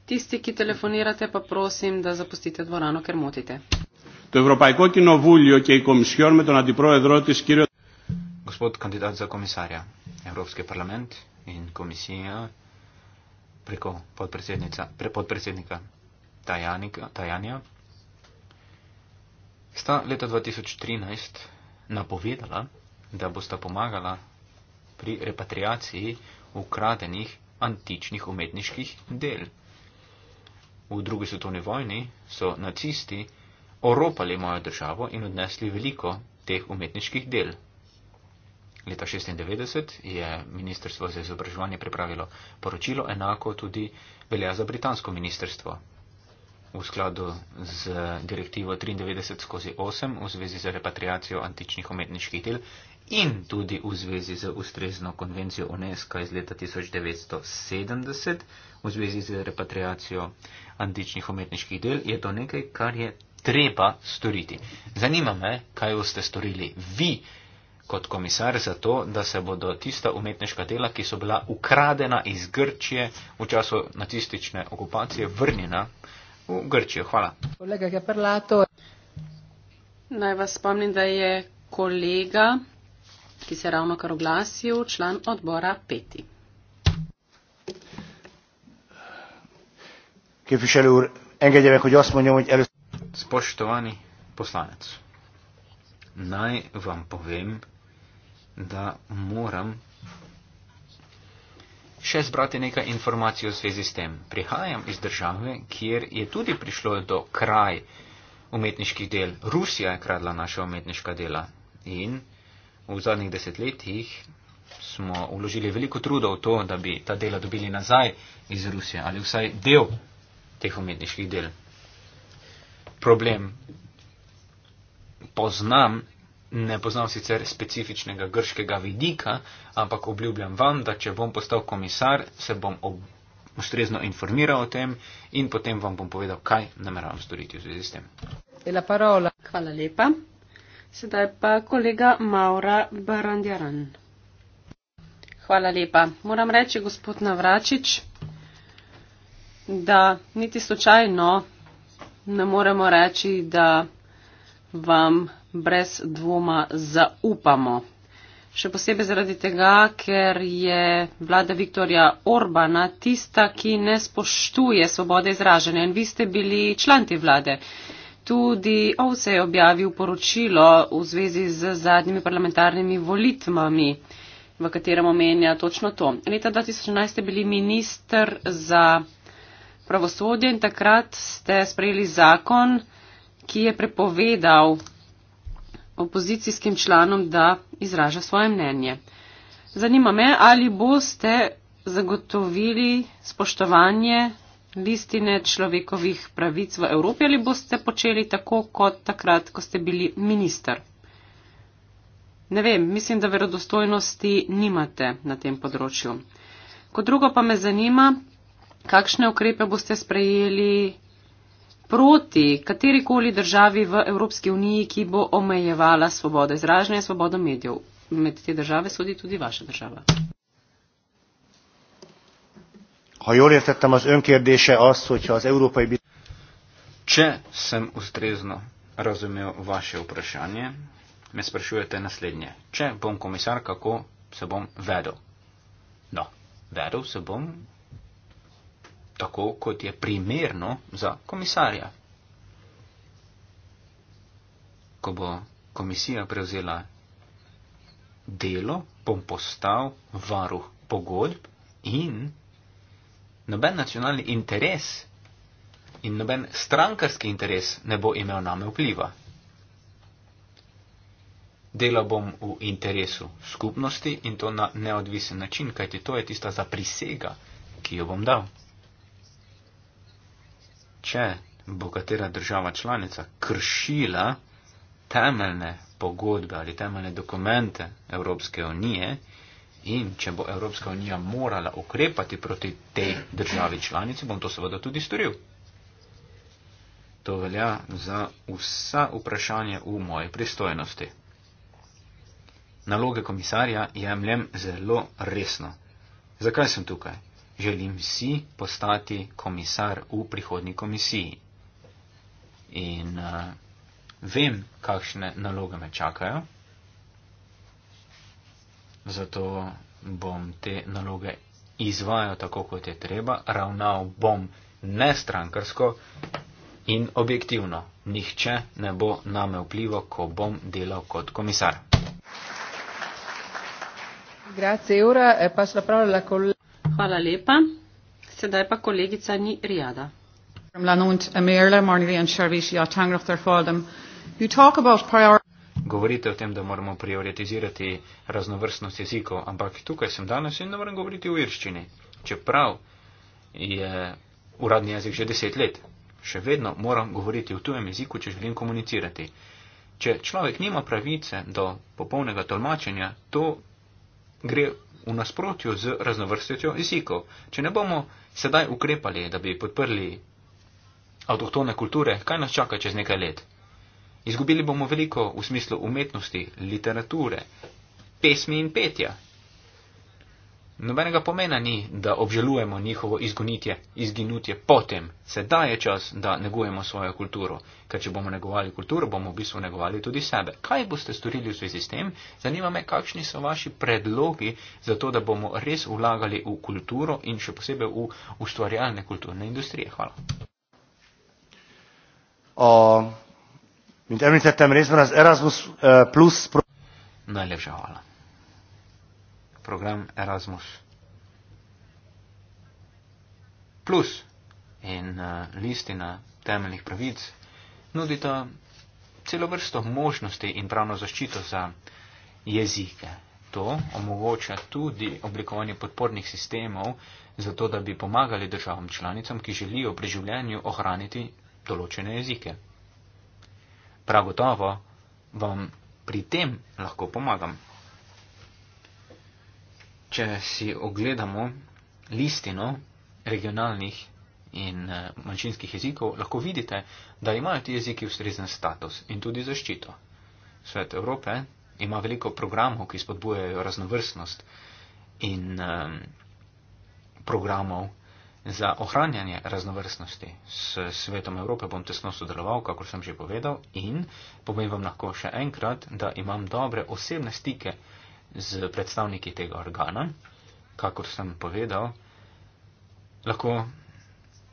Tisti, ki telefonirate, pa prosim, da zapustite dvorano, ker motite. To Evropsko kino voljo, ki je komisijo, me to na diprove droti skirijo. Gospod kandidat za komisarja Evropske parlament in komisija preko pre, podpredsednika Tajanja, sta leta 2013 napovedala, da bosta pomagala pri repatriaciji ukradenih antičnih umetniških del. V drugi svetovni vojni so nacisti oropali mojo državo in odnesli veliko teh umetniških del leta 1996 je Ministrstvo za izobraževanje pripravilo poročilo, enako tudi velja za britansko ministrstvo. V skladu z direktivo 93 skozi 8 v zvezi z repatriacijo antičnih umetniških del in tudi v zvezi z ustrezno konvencijo UNESCO iz leta 1970 v zvezi z repatriacijo antičnih umetniških del, je to nekaj, kar je treba storiti. Zanima me, kaj boste storili vi, kot komisar za to, da se bodo tista umetniška dela, ki so bila ukradena iz Grčije v času nacistične okupacije, vrnjena v Grčijo. Hvala. Naj vas spomnim, da je kolega, ki se ravno kar oglasil, član odbora peti. Spoštovani poslanec, naj vam povem, da moram še zbrati nekaj informacij v zvezi s tem. Prihajam iz države, kjer je tudi prišlo do kraj umetniških del. Rusija je kradla naše umetniška dela in v zadnjih desetletjih smo vložili veliko truda v to, da bi ta dela dobili nazaj iz Rusije ali vsaj del teh umetniških del. Problem poznam ne poznam sicer specifičnega grškega vidika, ampak obljubljam vam, da če bom postal komisar, se bom ob, ustrezno informiral o tem in potem vam bom povedal, kaj nameravam storiti v zvezi s tem. Hvala lepa. Sedaj pa kolega Maura Barandjaran. Hvala lepa. Moram reči, gospod Navračič, da niti slučajno ne moremo reči, da vam brez dvoma zaupamo. Še posebej zaradi tega, ker je vlada Viktorja Orbana tista, ki ne spoštuje svobode izražanja. In vi ste bili član te vlade. Tudi OVSE je objavil poročilo v zvezi z zadnjimi parlamentarnimi volitvami, v katerem omenja točno to. Leta 2011 ste bili minister za pravosodje in takrat ste sprejeli zakon, ki je prepovedal opozicijskim članom, da izraža svoje mnenje. Zanima me, ali boste zagotovili spoštovanje listine človekovih pravic v Evropi ali boste počeli tako kot takrat, ko ste bili minister. Ne vem, mislim, da verodostojnosti nimate na tem področju. Kot drugo pa me zanima, kakšne ukrepe boste sprejeli proti katerikoli državi v Evropski uniji, ki bo omejevala svobodo izražanja in svobodo medijev. Med te države sodi tudi vaša država. Če sem ustrezno razumel vaše vprašanje, me sprašujete naslednje. Če bom komisar, kako se bom vedel? No, vedel se bom tako kot je primerno za komisarja. Ko bo komisija prevzela delo, bom postal varuh pogodb in noben nacionalni interes in noben strankarski interes ne bo imel name vpliva. Dela bom v interesu skupnosti in to na neodvisen način, kajti to je tista zaprisega, ki jo bom dal če bo katera država članica kršila temeljne pogodbe ali temeljne dokumente Evropske unije in če bo Evropska unija morala ukrepati proti tej državi članici, bom to seveda tudi storil. To velja za vsa vprašanja v moji pristojnosti. Naloge komisarja jemljem zelo resno. Zakaj sem tukaj? želim si postati komisar v prihodnji komisiji. In uh, vem, kakšne naloge me čakajo, zato bom te naloge izvajal tako, kot je treba, ravnal bom nestrankarsko in objektivno. Nihče ne bo name vplival, ko bom delal kot komisar. Grazie, ora e passo la parola alla collega. Hvala lepa. Sedaj pa kolegica ni Rijada. Ja Govorite o tem, da moramo prioritizirati raznovrstnost jezikov, ampak tukaj sem danes in ne morem govoriti v irščini. Čeprav je uradni jezik že deset let, še vedno moram govoriti v tujem jeziku, če želim komunicirati. Če človek nima pravice do popolnega tolmačenja, to gre v nasprotju z raznovrstjo jezikov. Če ne bomo sedaj ukrepali, da bi podprli avtohtone kulture, kaj nas čaka čez nekaj let? Izgubili bomo veliko v smislu umetnosti, literature, pesmi in petja, Nobenega pomena ni, da obžalujemo njihovo izgonitje, izginutje potem. Sedaj je čas, da negujemo svojo kulturo. Ker če bomo negovali kulturo, bomo v bistvu negovali tudi sebe. Kaj boste storili v zvezi s tem? Zanima me, kakšni so vaši predlogi za to, da bomo res vlagali v kulturo in še posebej v ustvarjalne kulturne industrije. Hvala. Uh, Najlepša hvala program Erasmus. Plus in uh, listina temeljnih pravic nudita celo vrsto možnosti in pravno zaščito za jezike. To omogoča tudi oblikovanje podpornih sistemov, zato da bi pomagali državam članicam, ki želijo pri življenju ohraniti določene jezike. Prav gotovo vam pri tem lahko pomagam če si ogledamo listino regionalnih in eh, manjšinskih jezikov, lahko vidite, da imajo ti jeziki ustrezen status in tudi zaščito. Svet Evrope ima veliko programov, ki spodbujajo raznovrstnost in um, programov za ohranjanje raznovrstnosti. S Svetom Evrope bom tesno sodeloval, kako sem že povedal, in povem vam lahko še enkrat, da imam dobre osebne stike z predstavniki tega organa, kakor sem povedal, lahko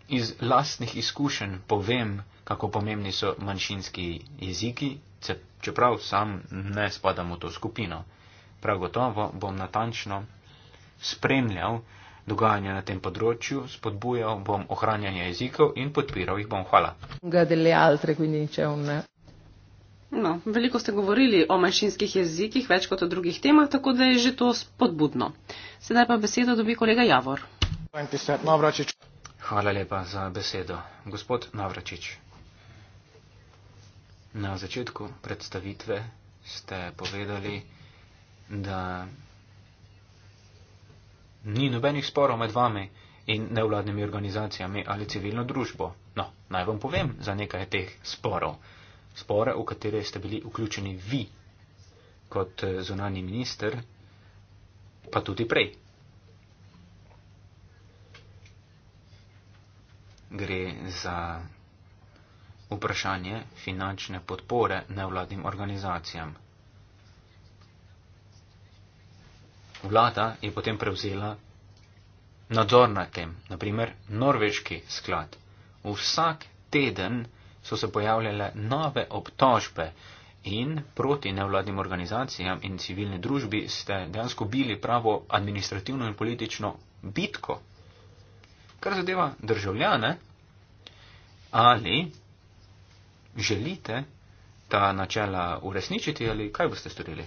iz lastnih izkušenj povem, kako pomembni so manjšinski jeziki, čeprav sam ne spadam v to skupino. Prav gotovo bom natančno spremljal dogajanje na tem področju, spodbujal bom ohranjanje jezikov in podpiral jih bom. Hvala. No, veliko ste govorili o manjšinskih jezikih, več kot o drugih temah, tako da je že to spodbudno. Sedaj pa besedo dobi kolega Javor. Hvala lepa za besedo. Gospod Navračič, na začetku predstavitve ste povedali, da ni nobenih sporov med vami in nevladnimi organizacijami ali civilno družbo. No, naj vam povem za nekaj teh sporov spore, v katere ste bili vključeni vi kot eh, zunani minister, pa tudi prej. Gre za vprašanje finančne podpore nevladnim organizacijam. Vlada je potem prevzela nadzor nad tem, naprimer norveški sklad. Vsak teden so se pojavljale nove obtožbe in proti nevladnim organizacijam in civilni družbi ste dejansko bili pravo administrativno in politično bitko. Kar zadeva državljane, ali želite ta načela uresničiti ali kaj boste storili?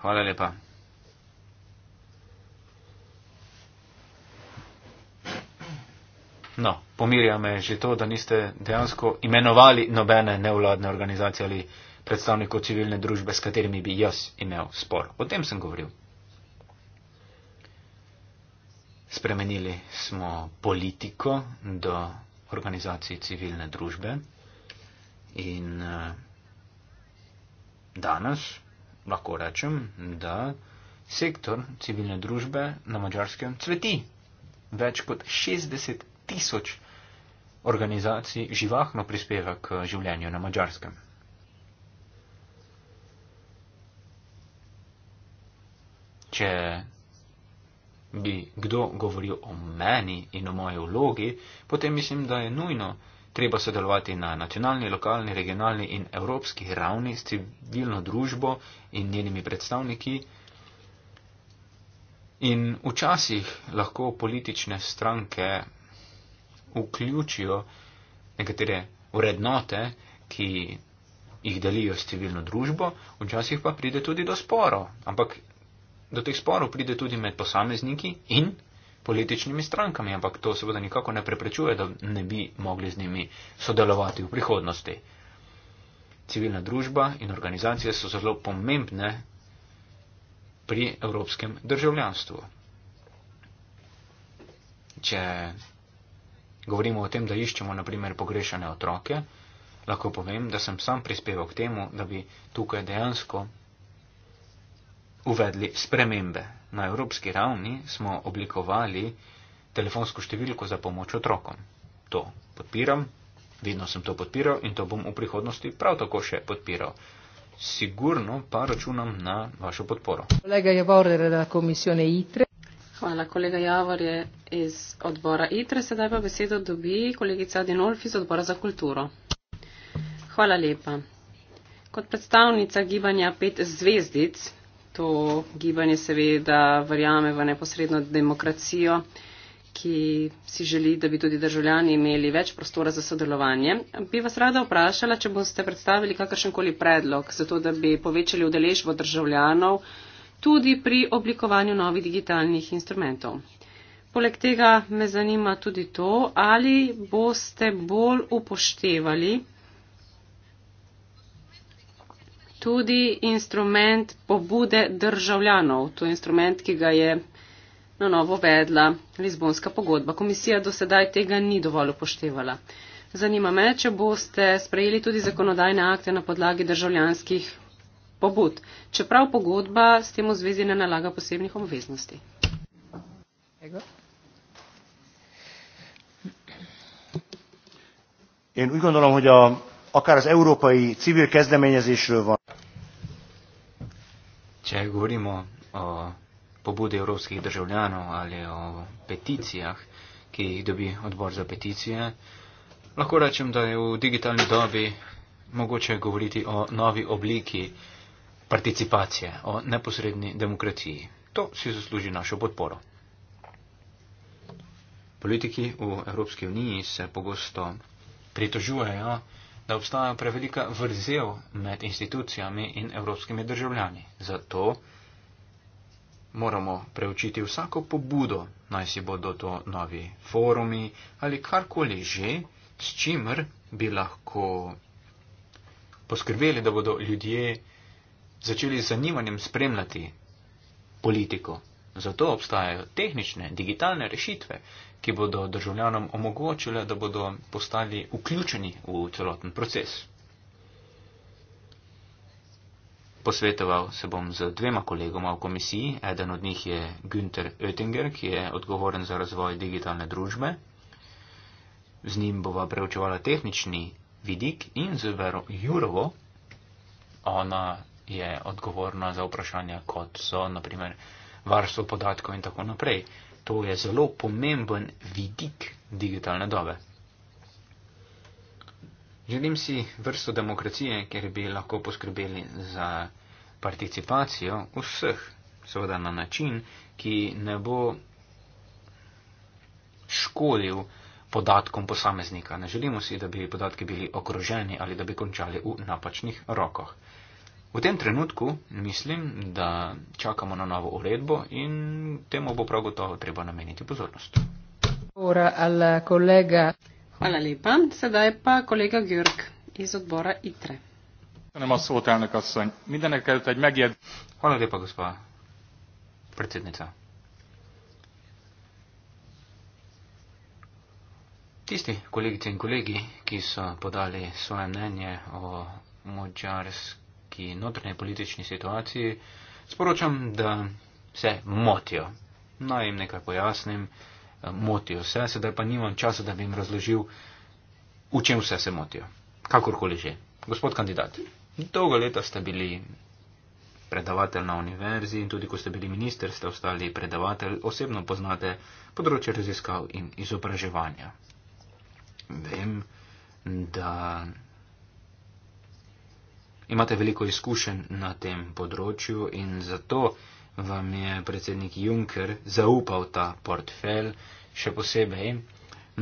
Hvala lepa. No, pomirja me že to, da niste dejansko imenovali nobene nevladne organizacije ali predstavnikov civilne družbe, s katerimi bi jaz imel spor. O tem sem govoril. Spremenili smo politiko do organizacij civilne družbe in eh, danes lahko rečem, da sektor civilne družbe na mačarskem cveti. Več kot 60 tisoč organizacij živahno prispeva k življenju na mačarskem. Če bi kdo govoril o meni in o moji vlogi, potem mislim, da je nujno treba sodelovati na nacionalni, lokalni, regionalni in evropski ravni s civilno družbo in njenimi predstavniki. In včasih lahko politične stranke vključijo nekatere vrednote, ki jih delijo s civilno družbo, včasih pa pride tudi do sporov. Ampak do teh sporov pride tudi med posamezniki in političnimi strankami, ampak to seveda nikako ne preprečuje, da ne bi mogli z njimi sodelovati v prihodnosti. Civilna družba in organizacije so zelo pomembne pri evropskem državljanstvu. Če Govorimo o tem, da iščemo naprimer pogrešane otroke. Lahko povem, da sem sam prispeval k temu, da bi tukaj dejansko uvedli spremembe. Na evropski ravni smo oblikovali telefonsko številko za pomoč otrokom. To podpiram, vedno sem to podpiral in to bom v prihodnosti prav tako še podpiral. Sigurno pa računam na vašo podporo. Kolega je vore, da komisijo ne itre. Hvala, kolega Javor je iz odbora ITRE, sedaj pa besedo dobi kolegica Dinolf iz odbora za kulturo. Hvala lepa. Kot predstavnica gibanja pet zvezdic, to gibanje seveda verjame v neposredno demokracijo, ki si želi, da bi tudi državljani imeli več prostora za sodelovanje, bi vas rada vprašala, če boste predstavili kakršenkoli predlog za to, da bi povečali udeležbo državljanov tudi pri oblikovanju novih digitalnih instrumentov. Poleg tega me zanima tudi to, ali boste bolj upoštevali tudi instrument pobude državljanov, to je instrument, ki ga je na novo vedla Lizbonska pogodba. Komisija do sedaj tega ni dovolj upoštevala. Zanima me, če boste sprejeli tudi zakonodajne akte na podlagi državljanskih pobud, čeprav pogodba s tem v zvezi ne nalaga posebnih obveznosti. Ego. Én úgy gondolom, hogy a, akár az európai civil kezdeményezésről van. Če govorimo o pobudi evropskih državljanov ali o peticijah, ki jih dobi odbor za peticije, lahko rečem, da je v digitalni dobi mogoče govoriti o novi obliki uh, participacije, o neposredni demokraciji. To si zasluži našo podporo. Politiki v Evropski uniji se pogosto pritožujejo, da obstaja prevelika vrzel med institucijami in evropskimi državljani. Zato moramo preučiti vsako pobudo, naj si bodo to novi forumi ali karkoli že, s čimer bi lahko poskrbeli, da bodo ljudje začeli z zanimanjem spremljati politiko. Zato obstajajo tehnične, digitalne rešitve, ki bodo državljanom omogočile, da bodo postali vključeni v celoten proces. Posvetoval se bom z dvema kolegoma v komisiji. Eden od njih je Günter Oettinger, ki je odgovoren za razvoj digitalne družbe. Z njim bova preučevala tehnični vidik in z Vero Jurovo. Ona je odgovorna za vprašanja, kot so naprimer varstvo podatkov in tako naprej. To je zelo pomemben vidik digitalne dobe. Želim si vrsto demokracije, kjer bi lahko poskrbeli za participacijo vseh, seveda na način, ki ne bo škodil podatkom posameznika. Ne želimo si, da bi podatki bili okroženi ali da bi končali v napačnih rokah. V tem trenutku mislim, da čakamo na novo uredbo in temu bo prav gotovo treba nameniti pozornost. Hvala lepa. Sedaj pa kolega Gjurk iz odbora ITRE. Hvala lepa, gospa predsednica. Tisti kolegice in kolegi, ki so podali svoje mnenje o močarskem politiki in notrne politični situaciji, sporočam, da se motijo. Naj jim nekaj pojasnim, motijo se, sedaj pa nimam časa, da bi jim razložil, v čem vse se motijo. Kakorkoli že. Gospod kandidat, dolgo leta ste bili predavatelj na univerzi in tudi ko ste bili minister, ste ostali predavatelj, osebno poznate področje raziskav in izobraževanja. Vem, da Imate veliko izkušenj na tem področju in zato vam je predsednik Juncker zaupal ta portfelj, še posebej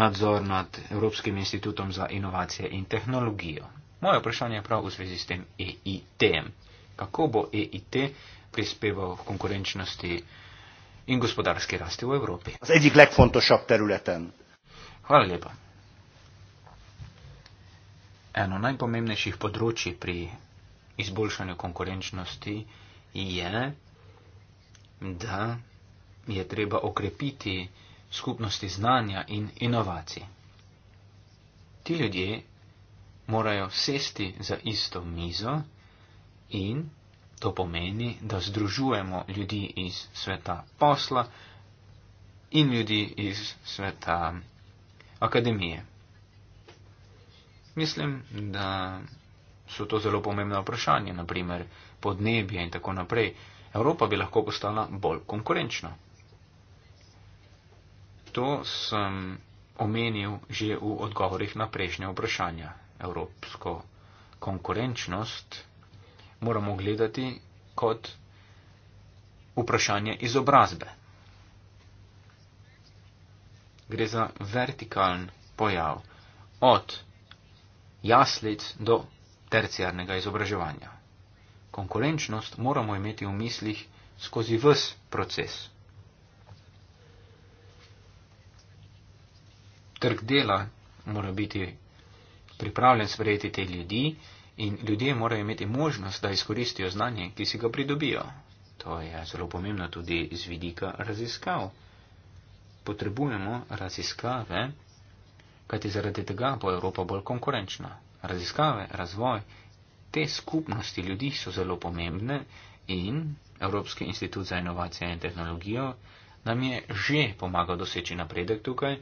nadzor nad Evropskim institutom za inovacije in tehnologijo. Moje vprašanje je prav v zvezi s tem EIT. Kako bo EIT prispeval v konkurenčnosti in gospodarski rasti v Evropi? Z edik legfontosabb területen. Hvala lepa. Eno najpomembnejših področji pri izboljšanju konkurenčnosti je, da je treba okrepiti skupnosti znanja in inovacij. Ti ljudje morajo sesti za isto mizo in to pomeni, da združujemo ljudi iz sveta posla in ljudi iz sveta akademije. Mislim, da so to zelo pomembna vprašanja, naprimer podnebje in tako naprej, Evropa bi lahko postala bolj konkurenčna. To sem omenil že v odgovorih na prejšnje vprašanja. Evropsko konkurenčnost moramo gledati kot vprašanje izobrazbe. Gre za vertikalen pojav od jaslic do terciarnega izobraževanja. Konkurenčnost moramo imeti v mislih skozi vse proces. Trg dela mora biti pripravljen sprejeti te ljudi in ljudje morajo imeti možnost, da izkoristijo znanje, ki si ga pridobijo. To je zelo pomembno tudi z vidika raziskav. Potrebujemo raziskave, kajti zaradi tega bo Evropa bolj konkurenčna raziskave, razvoj te skupnosti ljudi so zelo pomembne in Evropski institut za inovacije in tehnologijo nam je že pomagal doseči napredek tukaj.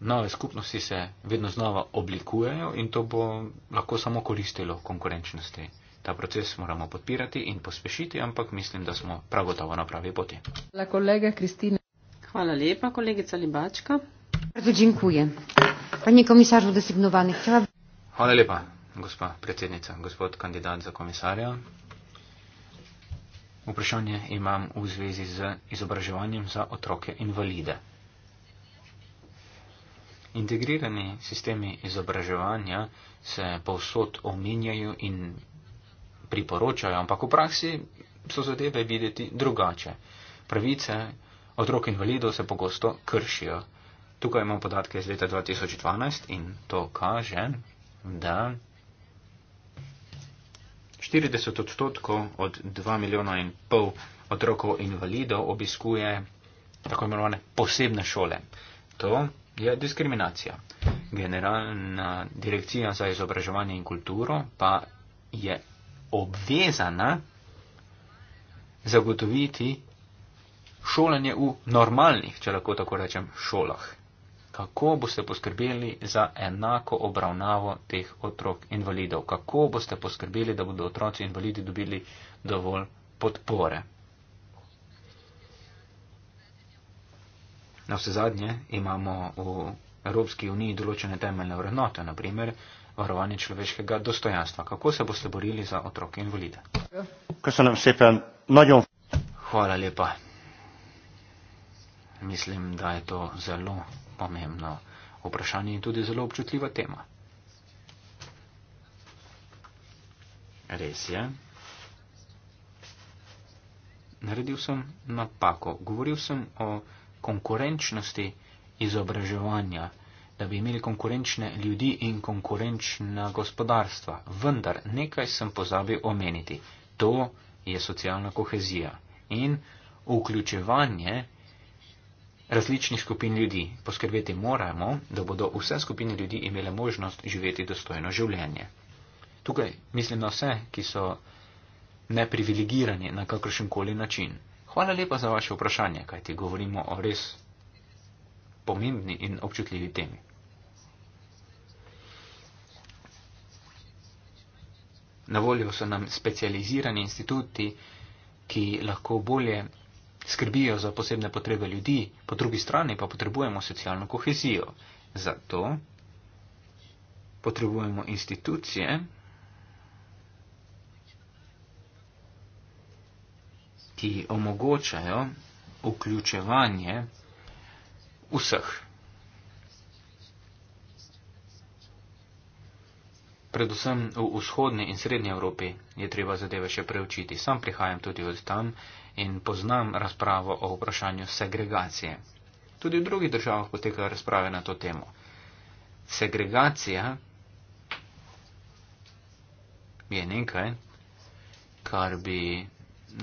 Nove skupnosti se vedno znova oblikujejo in to bo lahko samo koristilo konkurenčnosti. Ta proces moramo podpirati in pospešiti, ampak mislim, da smo prav gotovo na pravi poti. Hvala, kolega Kristina. Hvala lepa, kolegica Libačka. Hvala, Panie komisarzu desygnowany, chciałabym... Hvala lepa, gospa predsednica, gospod kandidat za komisarja. Vprašanje imam v zvezi z izobraževanjem za otroke invalide. Integrirani sistemi izobraževanja se povsod omenjajo in priporočajo, ampak v praksi so zadeve videti drugače. Pravice otrok invalidov se pogosto kršijo. Tukaj imamo podatke iz leta 2012 in to kaže, da 40 odstotkov od 2 milijona in pol otrokov invalidov obiskuje tako imenovane posebne šole. To je diskriminacija. Generalna direkcija za izobraževanje in kulturo pa je obvezana zagotoviti šolanje v normalnih, če lahko tako rečem, šolah kako boste poskrbeli za enako obravnavo teh otrok invalidov, kako boste poskrbeli, da bodo otroci invalidi dobili dovolj podpore. Na vse zadnje imamo v Evropski uniji določene temeljne vrednote, naprimer varovanje človeškega dostojanstva. Kako se boste borili za otroke invalide? Hvala lepa. Mislim, da je to zelo pomembno vprašanje in tudi zelo občutljiva tema. Res je. Naredil sem napako. Govoril sem o konkurenčnosti izobraževanja, da bi imeli konkurenčne ljudi in konkurenčna gospodarstva. Vendar nekaj sem pozabil omeniti. To je socialna kohezija in vključevanje različnih skupin ljudi. Poskrbeti moramo, da bodo vse skupine ljudi imele možnost živeti dostojno življenje. Tukaj mislim na vse, ki so neprivilegirani na kakršen koli način. Hvala lepa za vaše vprašanje, kajti govorimo o res pomembni in občutljivi temi. Na voljo so nam specializirani instituti, ki lahko bolje skrbijo za posebne potrebe ljudi, po drugi strani pa potrebujemo socialno kohezijo. Zato potrebujemo institucije, ki omogočajo vključevanje vseh. Predvsem v vzhodni in srednji Evropi je treba zadeve še preučiti. Sam prihajam tudi od tam in poznam razpravo o vprašanju segregacije. Tudi v drugih državah potekajo razprave na to temo. Segregacija je nekaj, kar bi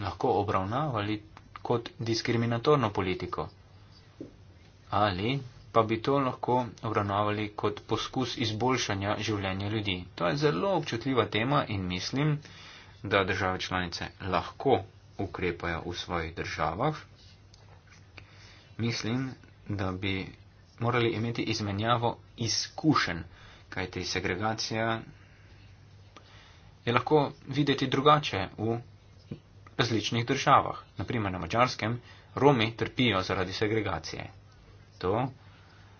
lahko obravnavali kot diskriminatorno politiko. Ali pa bi to lahko obravnavali kot poskus izboljšanja življenja ljudi. To je zelo občutljiva tema in mislim, da države članice lahko ukrepajo v svojih državah. Mislim, da bi morali imeti izmenjavo izkušenj, kajti segregacija je lahko videti drugače v različnih državah. Naprimer na mačarskem Romi trpijo zaradi segregacije. To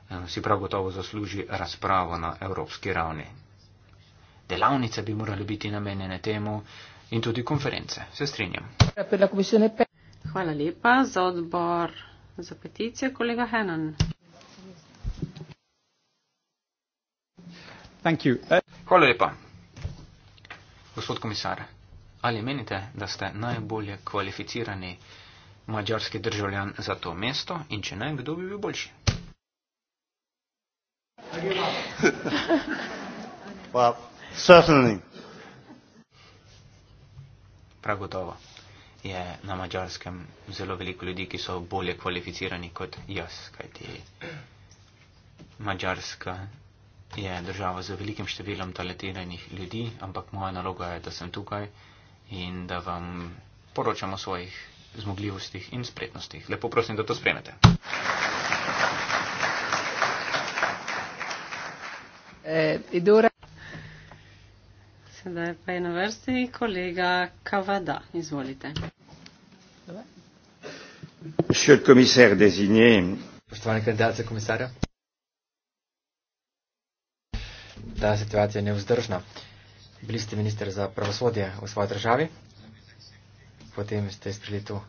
eh, si prav gotovo zasluži razpravo na evropski ravni. Delavnice bi morali biti namenjene temu, in tudi konference. Se strinjam. Hvala lepa za odbor za peticijo, kolega Henan. Uh, Hvala lepa. Gospod komisar, ali menite, da ste najbolje kvalificirani mađarski državljan za to mesto in če ne, kdo bi bil boljši? Well, certainly prav gotovo je na mačarskem zelo veliko ljudi, ki so bolje kvalificirani kot jaz, kajti mačarska je država z velikim številom talentiranih ljudi, ampak moja naloga je, da sem tukaj in da vam poročam o svojih zmogljivostih in spretnostih. Lepo prosim, da to spremete. Eh, Sedaj pa je na vrsti kolega Kavada. Izvolite. Poštovani kandidat za komisarja. Ta situacija je neuzdržna. Bili ste minister za pravosodje v svoji državi, potem ste izprili to,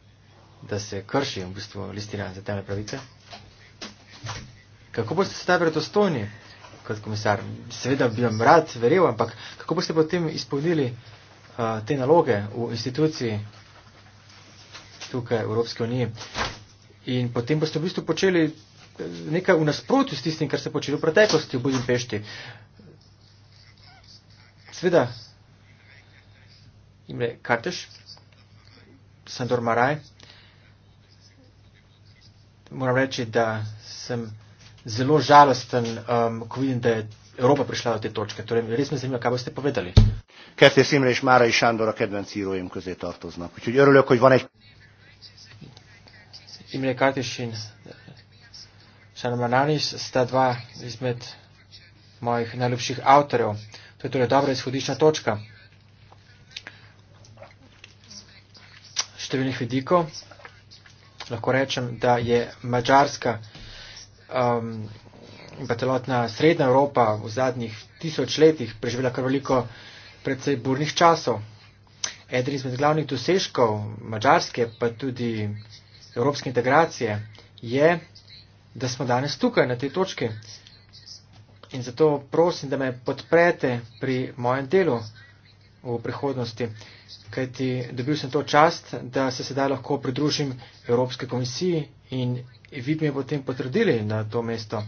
da se krši v bistvu listina za temne pravice. Kako boste sedaj verodostojni? kot komisar. Seveda bi vam rad verjel, ampak kako boste potem izpolnili uh, te naloge v instituciji tukaj v Evropski uniji? In potem boste v bistvu počeli eh, nekaj v nasprotju s tistim, kar ste počeli v preteklosti v Budimpešti. Sveda, Imre Karteš, Sandor Maraj, moram reči, da sem zelo žalosten, um, ko vidim, da je Evropa prišla do te točke. Torej, res me zanima, kaj boste povedali. Ker se jim reč Mara in Šandor, ker nam cirujem, ko se je to to znak. Čudi, Jorulio, ko je vanaj. Imre Kartiš in Šandor Mananiš sta dva izmed mojih najljubših avtorjev. To je torej dobra izhodišna točka. Številnih vidikov lahko rečem, da je Mačarska um, batalotna srednja Evropa v zadnjih tisoč letih preživela kar veliko predvsej burnih časov. Eden izmed glavnih dosežkov mađarske, pa tudi evropske integracije, je, da smo danes tukaj na tej točki. In zato prosim, da me podprete pri mojem delu v prihodnosti, kajti dobil sem to čast, da se sedaj lahko pridružim Evropske komisiji in in vi bi mi potem potrdili na to mesto.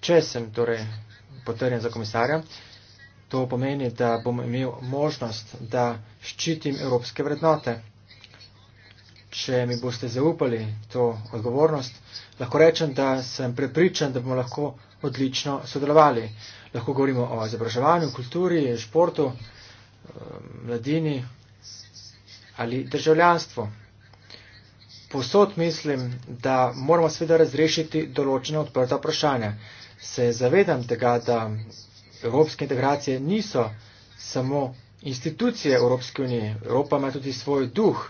Če sem torej potrjen za komisarja, to pomeni, da bom imel možnost, da ščitim evropske vrednote. Če mi boste zaupali to odgovornost, lahko rečem, da sem prepričan, da bomo lahko odlično sodelovali. Lahko govorimo o izobraževanju, kulturi, športu, eh, mladini ali državljanstvu. Posod mislim, da moramo seveda razrešiti določene odprta vprašanja. Se zavedam tega, da evropske integracije niso samo institucije Evropske unije. Evropa ima tudi svoj duh.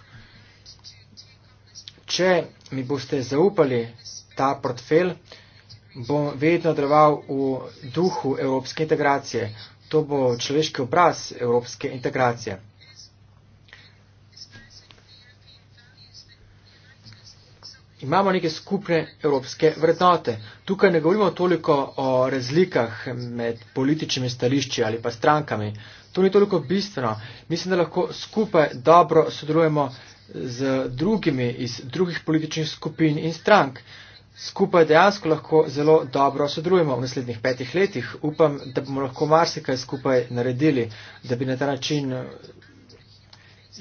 Če mi boste zaupali ta portfel, bom vedno odreval v duhu evropske integracije. To bo človeški obraz evropske integracije. imamo neke skupne evropske vrednote. Tukaj ne govorimo toliko o razlikah med političnimi stališči ali pa strankami. To ni toliko bistveno. Mislim, da lahko skupaj dobro sodelujemo z drugimi iz drugih političnih skupin in strank. Skupaj dejansko lahko zelo dobro sodelujemo v naslednjih petih letih. Upam, da bomo lahko marsikaj skupaj naredili, da bi na ta način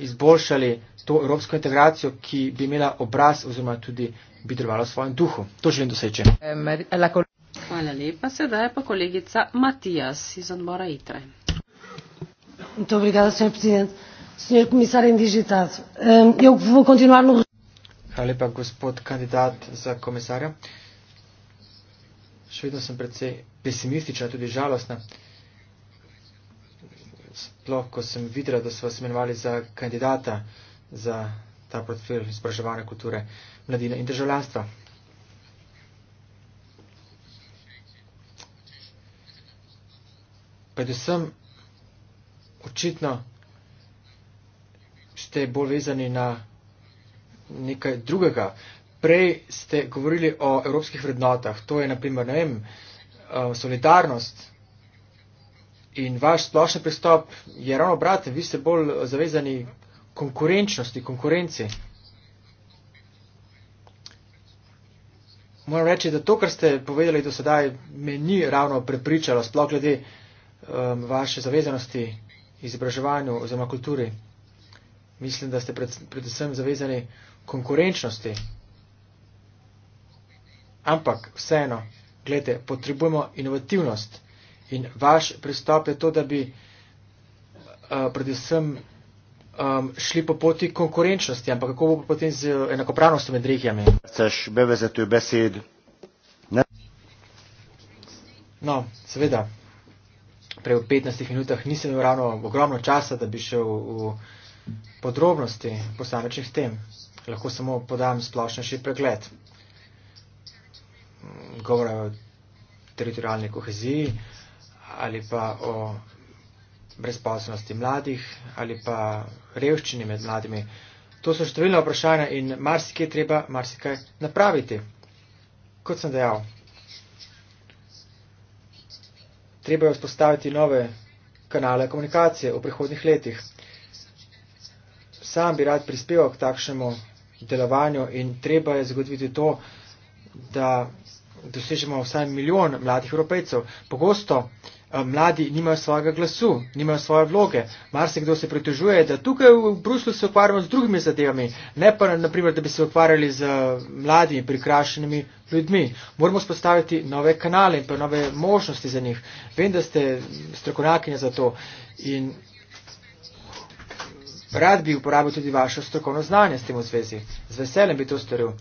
izboljšali to evropsko integracijo, ki bi imela obraz oziroma tudi bi delovala v svojem duhu. To želim doseči. Hvala lepa. Sedaj je pa kolegica Matijas iz odbora ITRE. No- Hvala lepa, gospod kandidat za komisarja. Še vedno sem predvsej pesimistična, tudi žalostna sploh, ko sem videla, da so vas imenovali za kandidata za ta portfelj izpraževanja kulture, mladine in državljanstva. Predvsem očitno ste bolj vezani na nekaj drugega. Prej ste govorili o evropskih vrednotah, to je naprimer, ne vem, eh, solidarnost, In vaš splošni pristop je ravno obraten, vi ste bolj zavezani konkurenčnosti, konkurenci. Moram reči, da to, kar ste povedali do sedaj, me ni ravno prepričalo, sploh glede um, vaše zavezanosti izobraževanju oziroma kulturi. Mislim, da ste pred, predvsem zavezani konkurenčnosti. Ampak vseeno, gledajte, potrebujemo inovativnost. In vaš pristop je to, da bi uh, predvsem um, šli po poti konkurenčnosti, ampak kako bo potem z enakopravnostjo med regijami? No, seveda, prej v 15 minutah nisem imel ravno ogromno časa, da bi šel v podrobnosti posamečnih tem. Lahko samo podam splošnejši pregled. Govora o teritorijalni koheziji ali pa o brezposobnosti mladih ali pa revščini med mladimi. To so številna vprašanja in marsikaj treba marsikaj napraviti. Kot sem dejal, treba je vzpostaviti nove kanale komunikacije v prihodnih letih. Sam bi rad prispeval k takšnemu delovanju in treba je zagotoviti to, da dosežemo vsaj milijon mladih evropejcev. Pogosto mladi nimajo svojega glasu, nimajo svoje vloge. Mar se kdo se pritožuje, da tukaj v Bruslu se ukvarjamo z drugimi zadevami, ne pa naprimer, da bi se ukvarjali z mladimi, prikrašenimi ljudmi. Moramo spostaviti nove kanale in pa nove možnosti za njih. Vem, da ste strokovnjakinja za to in rad bi uporabil tudi vaše strokovno znanje s tem v zvezi. Z veseljem bi to storil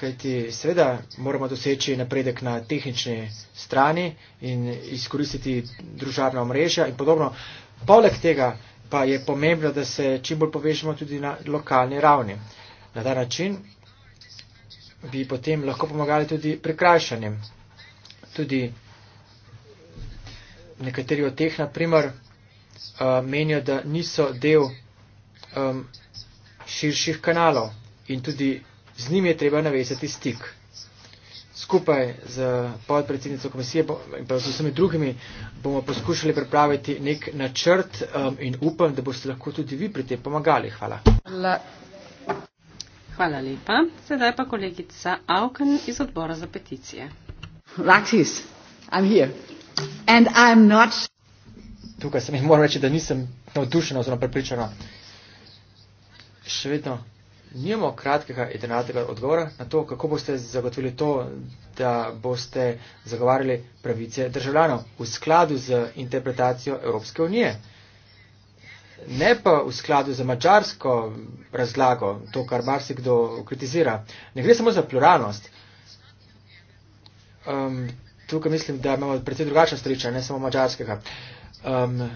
kajti seveda moramo doseči napredek na tehnični strani in izkoristiti družabna omrežja in podobno. Poleg tega pa je pomembno, da se čim bolj povežemo tudi na lokalni ravni. Na ta način bi potem lahko pomagali tudi prikrajšanjem. Tudi nekateri od teh, naprimer, eh, menijo, da niso del um, širših kanalov in tudi Z njim je treba navesati stik. Skupaj z podpredsednico komisije in pa z vsemi drugimi bomo poskušali pripraviti nek načrt um, in upam, da boste lahko tudi vi pri tem pomagali. Hvala. La. Hvala lepa. Sedaj pa kolegica Auken iz odbora za peticije. Laksis, I'm here. And I'm not... Tukaj sem in moram reči, da nisem navdušena oziroma prepričana. Še vedno nimamo kratkega jedenatega odgovora na to, kako boste zagotovili to, da boste zagovarjali pravice državljanov v skladu z interpretacijo Evropske unije. Ne pa v skladu z mačarsko razlago, to, kar marsikdo kritizira. Ne gre samo za pluralnost. Um, tukaj mislim, da imamo predvsej drugačna stališča, ne samo mačarskega. Um,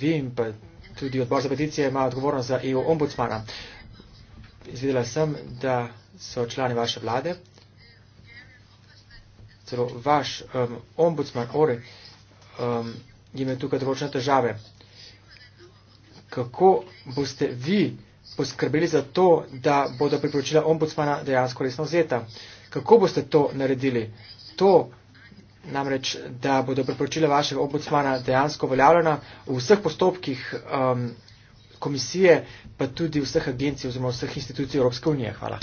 vi in pa tudi odbor za peticije ima odgovornost za EU ombudsmana. Uh, izvedela sem, da so člani vaše vlade, celo vaš um, ombudsman Ore, um, ima tukaj določene težave. Kako boste vi poskrbeli za to, da bodo priporočila ombudsmana dejansko resno vzeta? Kako boste to naredili? To namreč, da bodo priporočila vašega ombudsmana dejansko uveljavljena v vseh postopkih. Um, komisije, pa tudi vseh agencij oziroma vseh institucij Evropske unije. Hvala.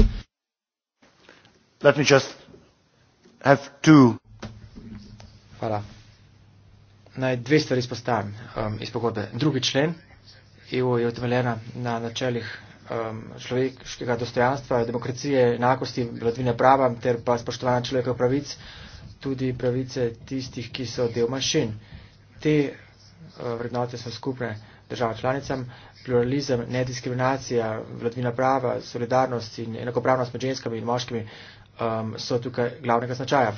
Let me just have two. Hvala. Naj dve stvari izpostavim um, iz pogodbe. Drugi člen EU je utemeljena na načelih um, človeškega dostojanstva, demokracije, enakosti, vladvine prava ter pa spoštovanja človekovih pravic, tudi pravice tistih, ki so del manjšin. Te uh, vrednote so skupne državam članicam, pluralizem, nediskriminacija, vladvina prava, solidarnost in enakopravnost med ženskami in moškimi um, so tukaj glavnega značaja.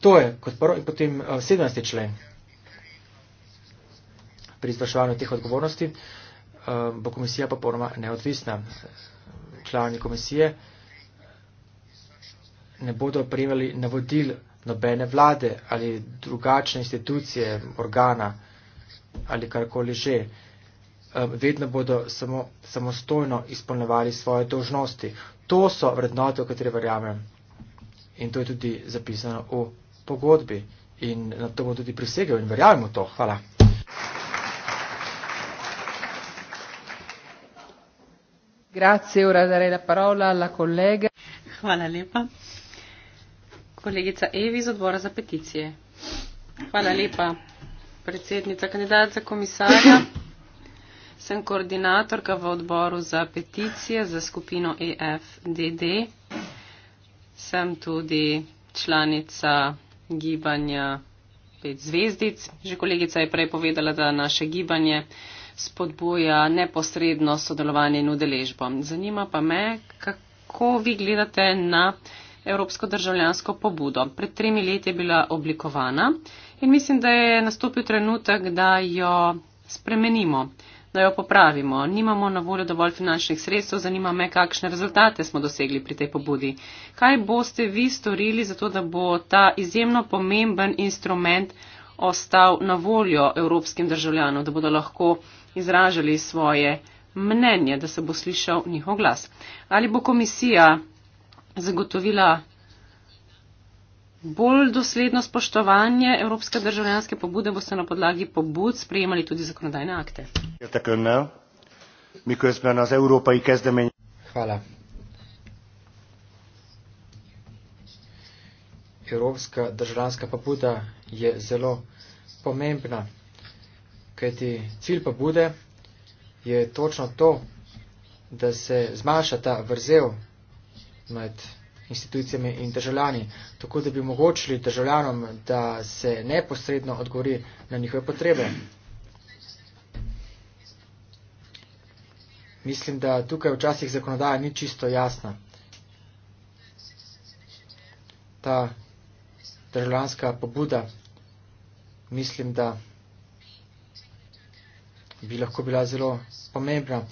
To je kot prvo in potem uh, 17. člen pri izvrševanju teh odgovornosti um, bo komisija popolnoma neodvisna. Člani komisije ne bodo prijemali navodil nobene vlade ali drugačne institucije, organa ali karkoli že. Eh, vedno bodo samo, samostojno izpolnevali svoje dožnosti. To so vrednote, v katere verjamem. In to je tudi zapisano v pogodbi. In na to bom tudi prisegel in verjamem v to. Hvala. Grazie, ora darei la parola alla collega. Hvala lepa. Kolegica Evi iz odbora za peticije. Hvala lepa, predsednica kandidata za komisarja sem koordinatorka v odboru za peticije za skupino EFDD. Sem tudi članica gibanja pet zvezdic. Že kolegica je prej povedala, da naše gibanje spodbuja neposredno sodelovanje in udeležbo. Zanima pa me, kako vi gledate na evropsko državljansko pobudo. Pred tremi leti je bila oblikovana in mislim, da je nastopil trenutek, da jo spremenimo da jo popravimo. Nimamo na voljo dovolj finančnih sredstev, zanima me, kakšne rezultate smo dosegli pri tej pobudi. Kaj boste vi storili za to, da bo ta izjemno pomemben instrument ostal na voljo evropskim državljanom, da bodo lahko izražali svoje mnenje, da se bo slišal njihov glas? Ali bo komisija zagotovila bolj dosledno spoštovanje evropske državljanske pobude boste na podlagi pobud sprejemali tudi zakonodajne akte. Hvala. Evropska državljanska pobuda je zelo pomembna, kajti cilj pobude je točno to, da se zmanjša ta vrzel med institucijami in državljani, tako da bi omogočili državljanom, da se neposredno odgovori na njihove potrebe. Mislim, da tukaj včasih zakonodaja ni čisto jasna. Ta državljanska pobuda, mislim, da bi lahko bila zelo pomembna.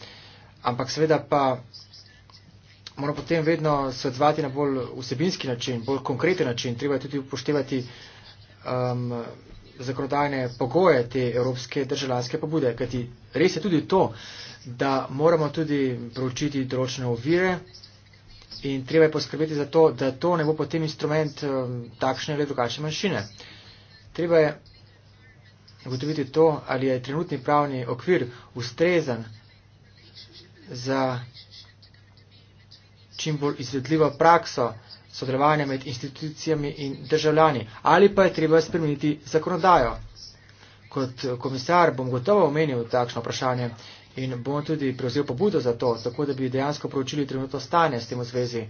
Ampak seveda pa moramo potem vedno se odzvati na bolj vsebinski način, bolj konkreten način. Treba je tudi upoštevati um, zakonodajne pogoje te evropske državljanske pobude. Kajti res je tudi to, da moramo tudi proučiti določene ovire in treba je poskrbeti za to, da to ne bo potem instrument um, takšne ali drugačne manjšine. Treba je ugotoviti to, ali je trenutni pravni okvir ustrezan za čim bolj izvedljivo prakso sodelovanja med institucijami in državljani. Ali pa je treba spremeniti zakonodajo? Kot komisar bom gotovo omenil takšno vprašanje in bom tudi prevzel pobudo za to, tako da bi dejansko proučili trenutno stanje s tem v zvezi,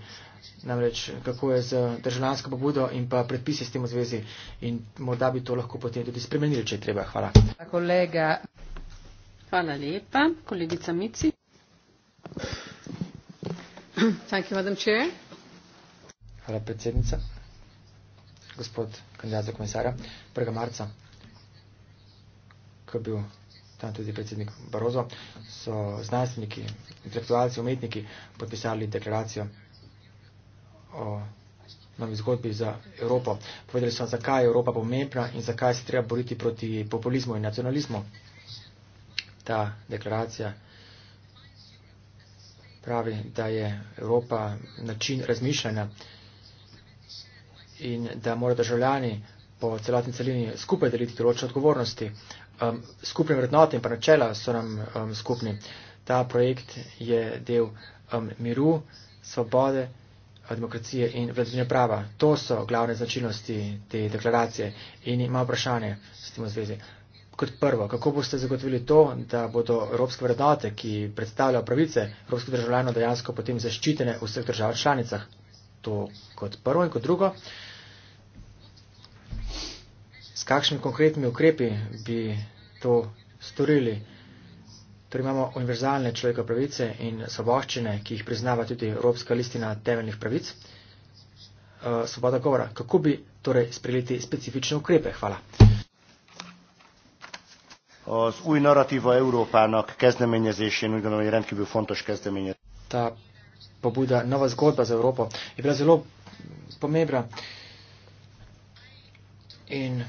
namreč kako je z državljansko pobudo in pa predpisi s tem v zvezi in morda bi to lahko potem tudi spremenili, če je treba. Hvala. Kolega. Hvala lepa. Kolegica Mici. Hvala predsednica, gospod kandidat za komisarja. 1. marca, ko je bil tam tudi predsednik Barozo, so znanstveniki, intelektualci, umetniki podpisali deklaracijo o novi zgodbi za Evropo. Povedali so, zakaj je Evropa pomembna in zakaj se treba boriti proti populizmu in nacionalizmu. Ta deklaracija je pravi, da je Evropa način razmišljanja in da mora državljani po celotni celini skupaj deliti določene odgovornosti. Um, skupne vrednote in pa načela so nam um, skupni. Ta projekt je del um, miru, svobode, demokracije in vladavine prava. To so glavne značilnosti te deklaracije in ima vprašanje s tem v zvezi kot prvo, kako boste zagotovili to, da bodo evropske vrednote, ki predstavljajo pravice evropskih državljanov, dejansko potem zaščitene v vseh državah članicah? To kot prvo in kot drugo. S kakšnimi konkretnimi ukrepi bi to storili? Torej imamo univerzalne človekove pravice in svoboščine, ki jih priznava tudi Evropska listina temeljnih pravic. Eh, svoboda govora. Kako bi torej sprejeli specifične ukrepe? Hvala az új narratíva Európának kezdeményezésén, úgy gondolom, hogy rendkívül fontos kezdeményez. Tá, pobuda, nova zgodba az Európa. I Brazilo, pomébra. In...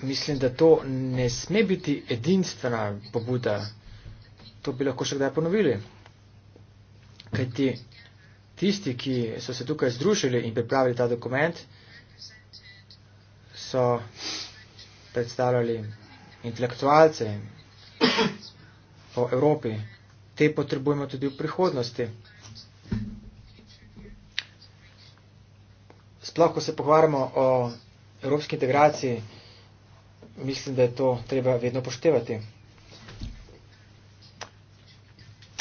Mislim, da to ne sme biti edinstvena pobuda. To bi lahko še kdaj ponovili. Kaj ti, tisti, ki so se tukaj združili in pripravili ta dokument, so predstavljali intelektualce po Evropi. Te potrebujemo tudi v prihodnosti. Sploh, ko se pogovarjamo o evropski integraciji, mislim, da je to treba vedno poštevati.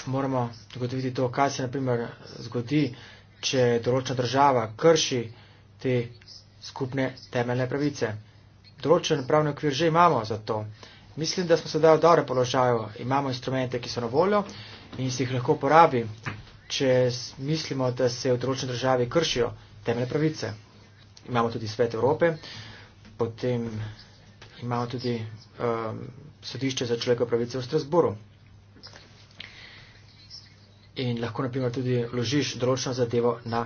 Moramo zgoditi to, kaj se naprimer zgodi, če določena država krši te skupne temeljne pravice določen pravni okvir že imamo za to. Mislim, da smo sedaj v dobrem položaju, imamo instrumente, ki so na voljo in si jih lahko porabi, če mislimo, da se v določen državi kršijo temeljne pravice. Imamo tudi svet Evrope, potem imamo tudi um, sodišče za človekove pravice v Strasburu. In lahko, naprimer, tudi ložiš določeno zadevo na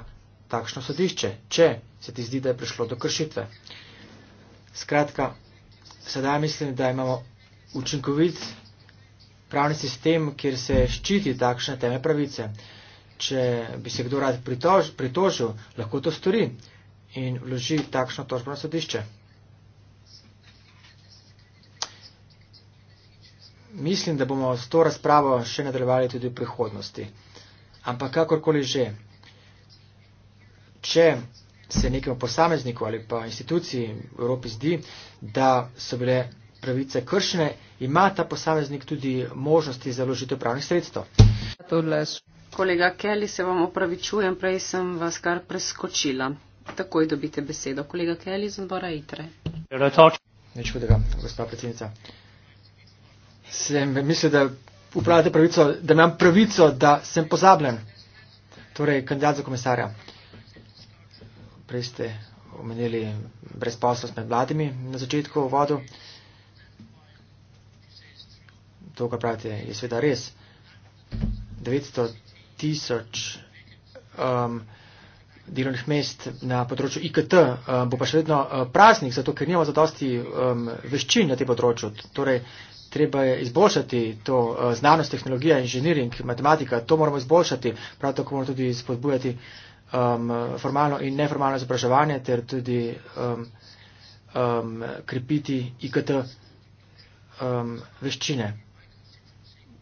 takšno sodišče, če se ti zdi, da je prišlo do kršitve. Uh, Skratka, sedaj mislim, da imamo učinkovit pravni sistem, kjer se ščiti takšne teme pravice. Če bi se kdo rad pritož, pritožil, lahko to stori in vloži takšno tožbo na sodišče. Mislim, da bomo s to razpravo še nadaljevali tudi v prihodnosti. Ampak kakorkoli že, če se nekemu posamezniku ali pa instituciji v Evropi zdi, da so bile pravice kršene, ima ta posameznik tudi možnosti založitev pravnih sredstev. Kolega Kelly, se vam opravičujem, prej sem vas kar preskočila. Takoj dobite besedo. Kolega Kelly iz odbora ITRE. Nič hudega, gospa predsednica. Sem mislil, da upravljate pravico, da imam pravico, da sem pozabljen. Torej, kandidat za komisarja prej ste omenili brezposlost med mladimi na začetku v vodu. To, kar pravite, je sveda res. 900 tisoč um, delovnih mest na področju IKT um, bo pa še vedno uh, praznih, zato ker nimamo zadosti um, veščin na tem področju. Torej, treba je izboljšati to uh, znanost, tehnologija, inženiring, matematika, to moramo izboljšati, prav tako moramo tudi spodbujati uh, um, formalno in neformalno izobraževanje ter tudi um, um, krepiti IKT um, veščine.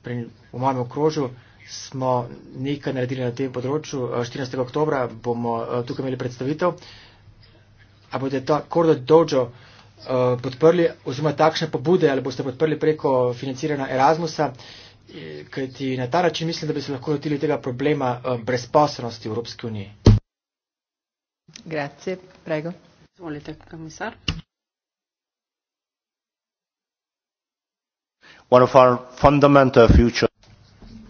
Pri, v mojem okrožju smo nekaj naredili na tem področju. 14. Eh, oktobra bomo eh, tukaj imeli predstavitev. A bodo ta Kordo Dojo uh, podprli, oziroma takšne pobude, ali boste podprli preko financiranja Erasmusa, uh, Eh, kajti na ta način mislim, da bi se lahko lotili tega problema eh, brezposobnosti v Evropski uniji. Grazie, prego. Zvolite, komisar. One of our fundamental future.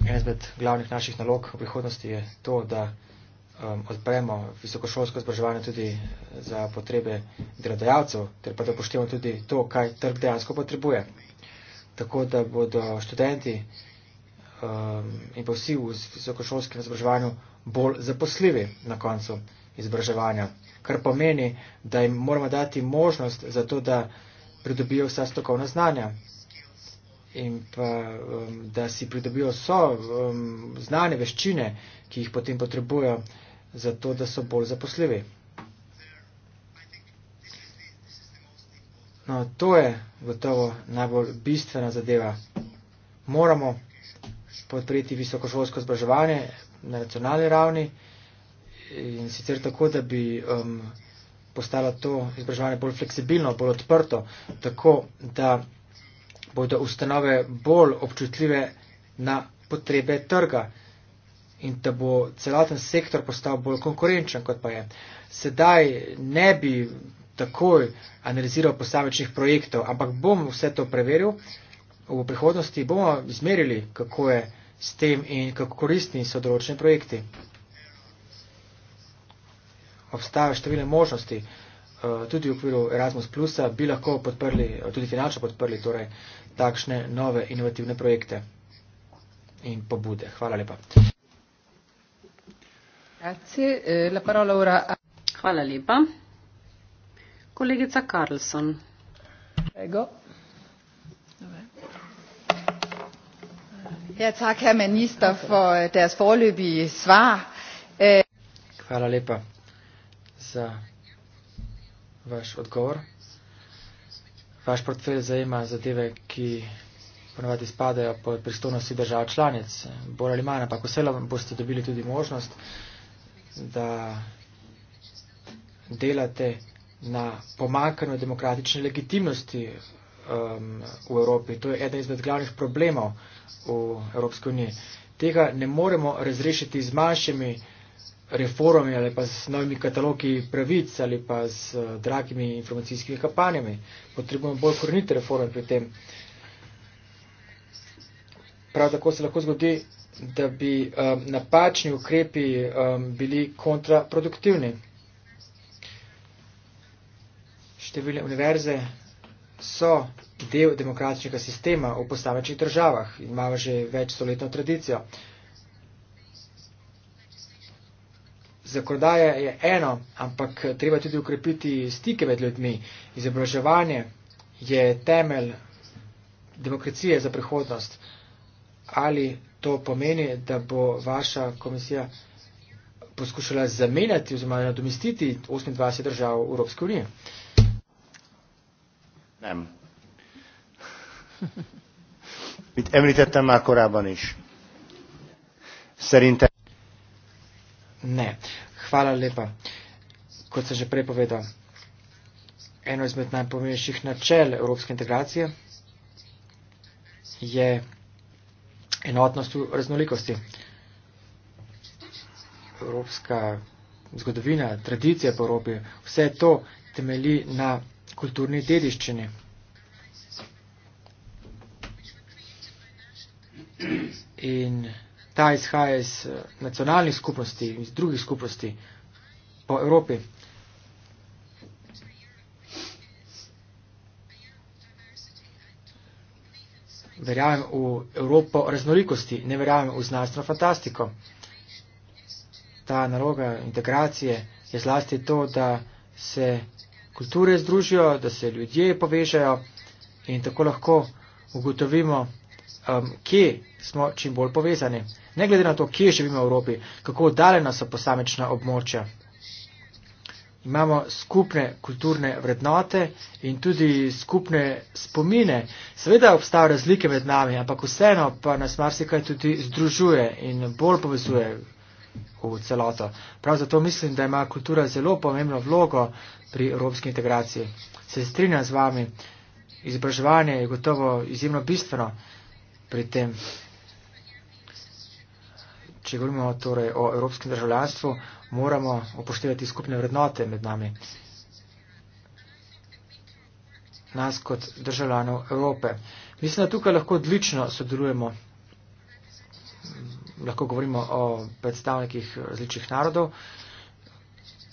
Ena izmed glavnih naših nalog v prihodnosti je to, da um, odpremo visokošolsko izobraževanje tudi eh, za potrebe delodajalcev, ter pa da upoštevamo tudi to, kaj trg dejansko potrebuje tako da bodo študenti um, in pa vsi v visokošolskem izobraževanju bolj zaposljivi na koncu izobraževanja, kar pomeni, da jim moramo dati možnost za to, da pridobijo vsa strokovna znanja in pa, um, da si pridobijo vso um, znanje, veščine, ki jih potem potrebujo za to, da so bolj zaposljivi. No, to je gotovo najbolj bistvena zadeva. Moramo podpreti visokošolsko izobraževanje na nacionalni ravni in sicer tako, da bi um, postala to izobraževanje bolj fleksibilno, bolj odprto, tako da bodo ustanove bolj občutljive na potrebe trga in da bo celoten sektor postal bolj konkurenčen, kot pa je. Sedaj ne bi takoj analiziral posamečnih projektov, ampak bom vse to preveril. V prihodnosti bomo izmerili, kako je s tem in kako koristni so določeni projekti. Obstajajo številne možnosti, eh, tudi v okviru Erasmus, Plusa, bi lahko podprli, eh, tudi finančno podprli torej, takšne nove inovativne projekte in pobude. Hvala lepa. Eh, Hvala lepa. Kolegica Karlsson. Ego. Ja, tak, her minister, for øh, deres forløbige svar. Øh, Hvala lepa za vaš odgovor. Vaš portfelj zajema zadeve, ki ponovadi spadajo pod pristojnosti držav članic, bolj ali manj, ampak vse boste dobili tudi možnost, da delate na pomakanju demokratične legitimnosti um, v Evropi. To je eden izmed glavnih problemov v Evropski uniji. Tega ne moremo razrešiti z manjšimi reformami ali pa z novimi katalogi pravic ali pa z uh, dragimi informacijskimi kampanjami. Potrebujemo bolj korenite reforme pri tem. Prav tako se lahko zgodi, da bi um, napačni ukrepi um, bili kontraproduktivni. Številne univerze so del demokratičnega sistema v postavečnih državah in imajo že več stoletno tradicijo. Zakordaje je eno, ampak treba tudi ukrepiti stike med ljudmi. Izobraževanje je temelj demokracije za prihodnost. Ali to pomeni, da bo vaša komisija poskušala zamenjati oziroma nadomestiti 28 držav Evropske unije? Nem. Mit említettem már korábban is. Szerintem. Ne. Hvala lepa. Kot sem že prej povedal, eno izmed najpomembnejših načel evropske integracije je enotnost v raznolikosti. Evropska zgodovina, tradicija po Evropi, vse to temelji na kulturni dediščini. In ta izhaja iz eh, nacionalnih skupnosti, iz drugih skupnosti po Evropi. Verjamem v Evropo raznolikosti, ne verjamem v znanstveno fantastiko. Ta naloga integracije je zlasti to, da se kulture združijo, da se ljudje povežajo in tako lahko ugotovimo, um, kje smo čim bolj povezani. Ne glede na to, kje živimo v Evropi, kako oddaljena so posamečna območja. Imamo skupne kulturne vrednote in tudi skupne spomine. Seveda obstajajo razlike med nami, ampak vseeno pa nas marsikaj tudi združuje in bolj povezuje v celoto. Prav zato mislim, da ima kultura zelo pomembno vlogo pri evropski integraciji. Se strinjam z vami, izobraževanje je gotovo izjemno bistveno pri tem. Če govorimo torej o evropskem državljanstvu, moramo upoštevati skupne vrednote med nami, nas kot državljanov Evrope. Mislim, da tukaj lahko odlično sodelujemo lahko govorimo o predstavnikih različnih narodov,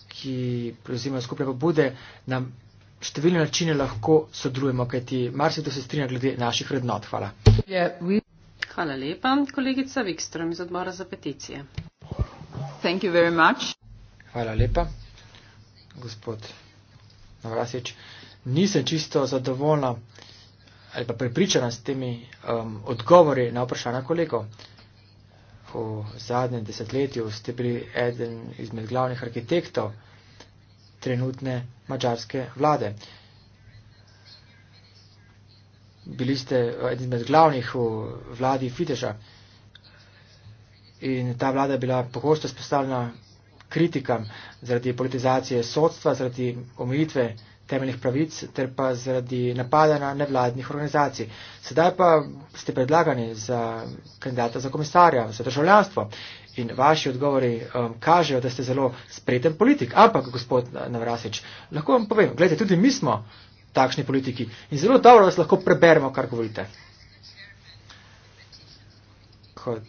ki prevzimajo skupne pobude, na številne načine lahko sodelujemo, kajti marsikdo se strinja glede naših vrednot. Hvala. Hvala lepa, kolegica Vikström iz odbora za peticije. Hvala lepa, gospod Navrasič. Nisem čisto zadovoljna ali pa pripričana s temi um, odgovori na vprašanja kolegov v zadnjem desetletju ste bili eden izmed glavnih arhitektov trenutne mačarske vlade. Bili ste eden izmed glavnih v vladi Fideša in ta vlada je bila pogosto spostavljena kritikam zaradi politizacije sodstva, zaradi omejitve temeljnih pravic ter pa zaradi napada na nevladnih organizacij. Sedaj pa ste predlagani za kandidata za komisarja, za državljanstvo in vaši odgovori um, kažejo, da ste zelo spreten politik. Ampak, gospod Navrasič, lahko vam povem, gledajte, tudi mi smo takšni politiki in zelo dobro vas lahko preberemo, kar govorite. Kot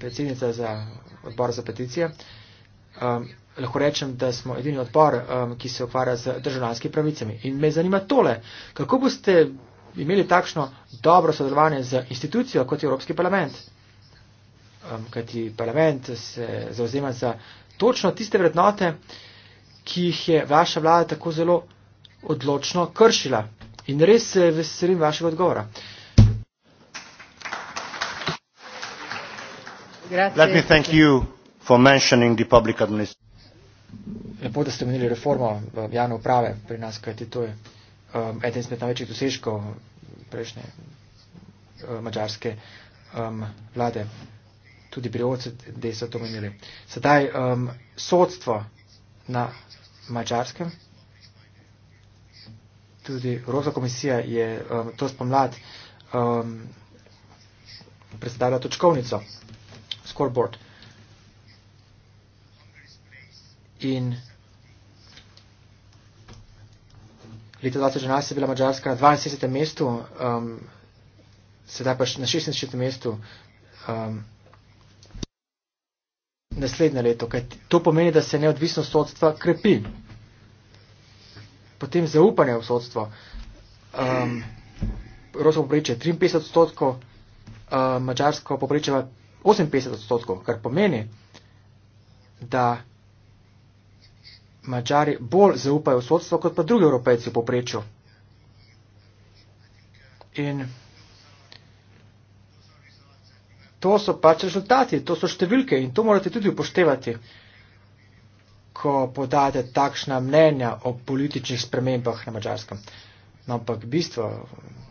predsednica za odbor za peticije um, lahko rečem, da smo edini odbor, um, ki se ukvarja z državljanskimi pravicami. In me zanima tole, kako boste imeli takšno dobro sodelovanje z institucijo kot je Evropski parlament? Um, kajti parlament se zauzema za točno tiste vrednote, ki jih je vaša vlada tako zelo odločno kršila. In res se veselim vašega odgovora. Grazie. Let me thank you for mentioning the public administration. Lepo, da ste menili reformo javne uprave pri nas, kajti to je um, eden izmed največjih dosežkov prejšnje um, uh, mačarske um, vlade. Tudi pri OCD so to menili. Sedaj um, sodstvo na mačarskem. Tudi Evropska komisija je um, to spomlad um, predstavila točkovnico, scoreboard. in leta 2011 je bila Mačarska na 72. mestu, um, sedaj pa na 66. mestu. Um, naslednje leto, kaj to pomeni, da se neodvisnost sodstva krepi. Potem zaupanje v sodstvo. Um, Rosa popreče 53 odstotkov, uh, Mačarsko popreče 58 odstotkov, kar pomeni, da Mačari bolj zaupajo v sodstvo, kot pa drugi evropejci v poprečju. In to so pač rezultati, to so številke in to morate tudi upoštevati, ko podate takšna mnenja o političnih spremembah na mačarskem. No, ampak bistvo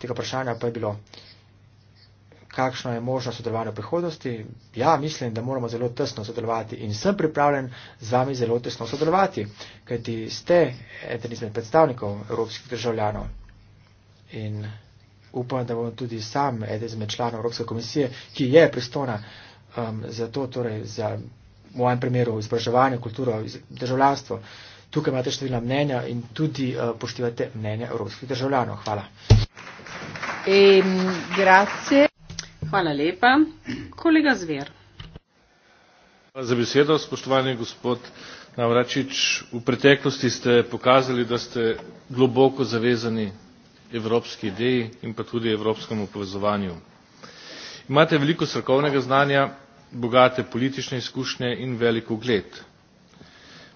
tega vprašanja pa je bilo kakšno je možno sodelovanje v prihodnosti. Ja, mislim, da moramo zelo tesno sodelovati in sem pripravljen z vami zelo tesno sodelovati, kajti ste eden izmed predstavnikov evropskih državljanov. In upam, da bom tudi sam eden izmed članov Evropske komisije, ki je pristona um, za to, torej za v mojem primeru izobraževanje, kulturo, državljanstvo. Tukaj imate številna mnenja in tudi uh, poštivate mnenja evropskih državljanov. Hvala. E, grazie. Hvala lepa. Kolega Zver. Hvala za besedo, spoštovani gospod Navračič. V preteklosti ste pokazali, da ste globoko zavezani evropski ideji in pa tudi evropskemu povezovanju. Imate veliko strokovnega znanja, bogate politične izkušnje in velik ugled.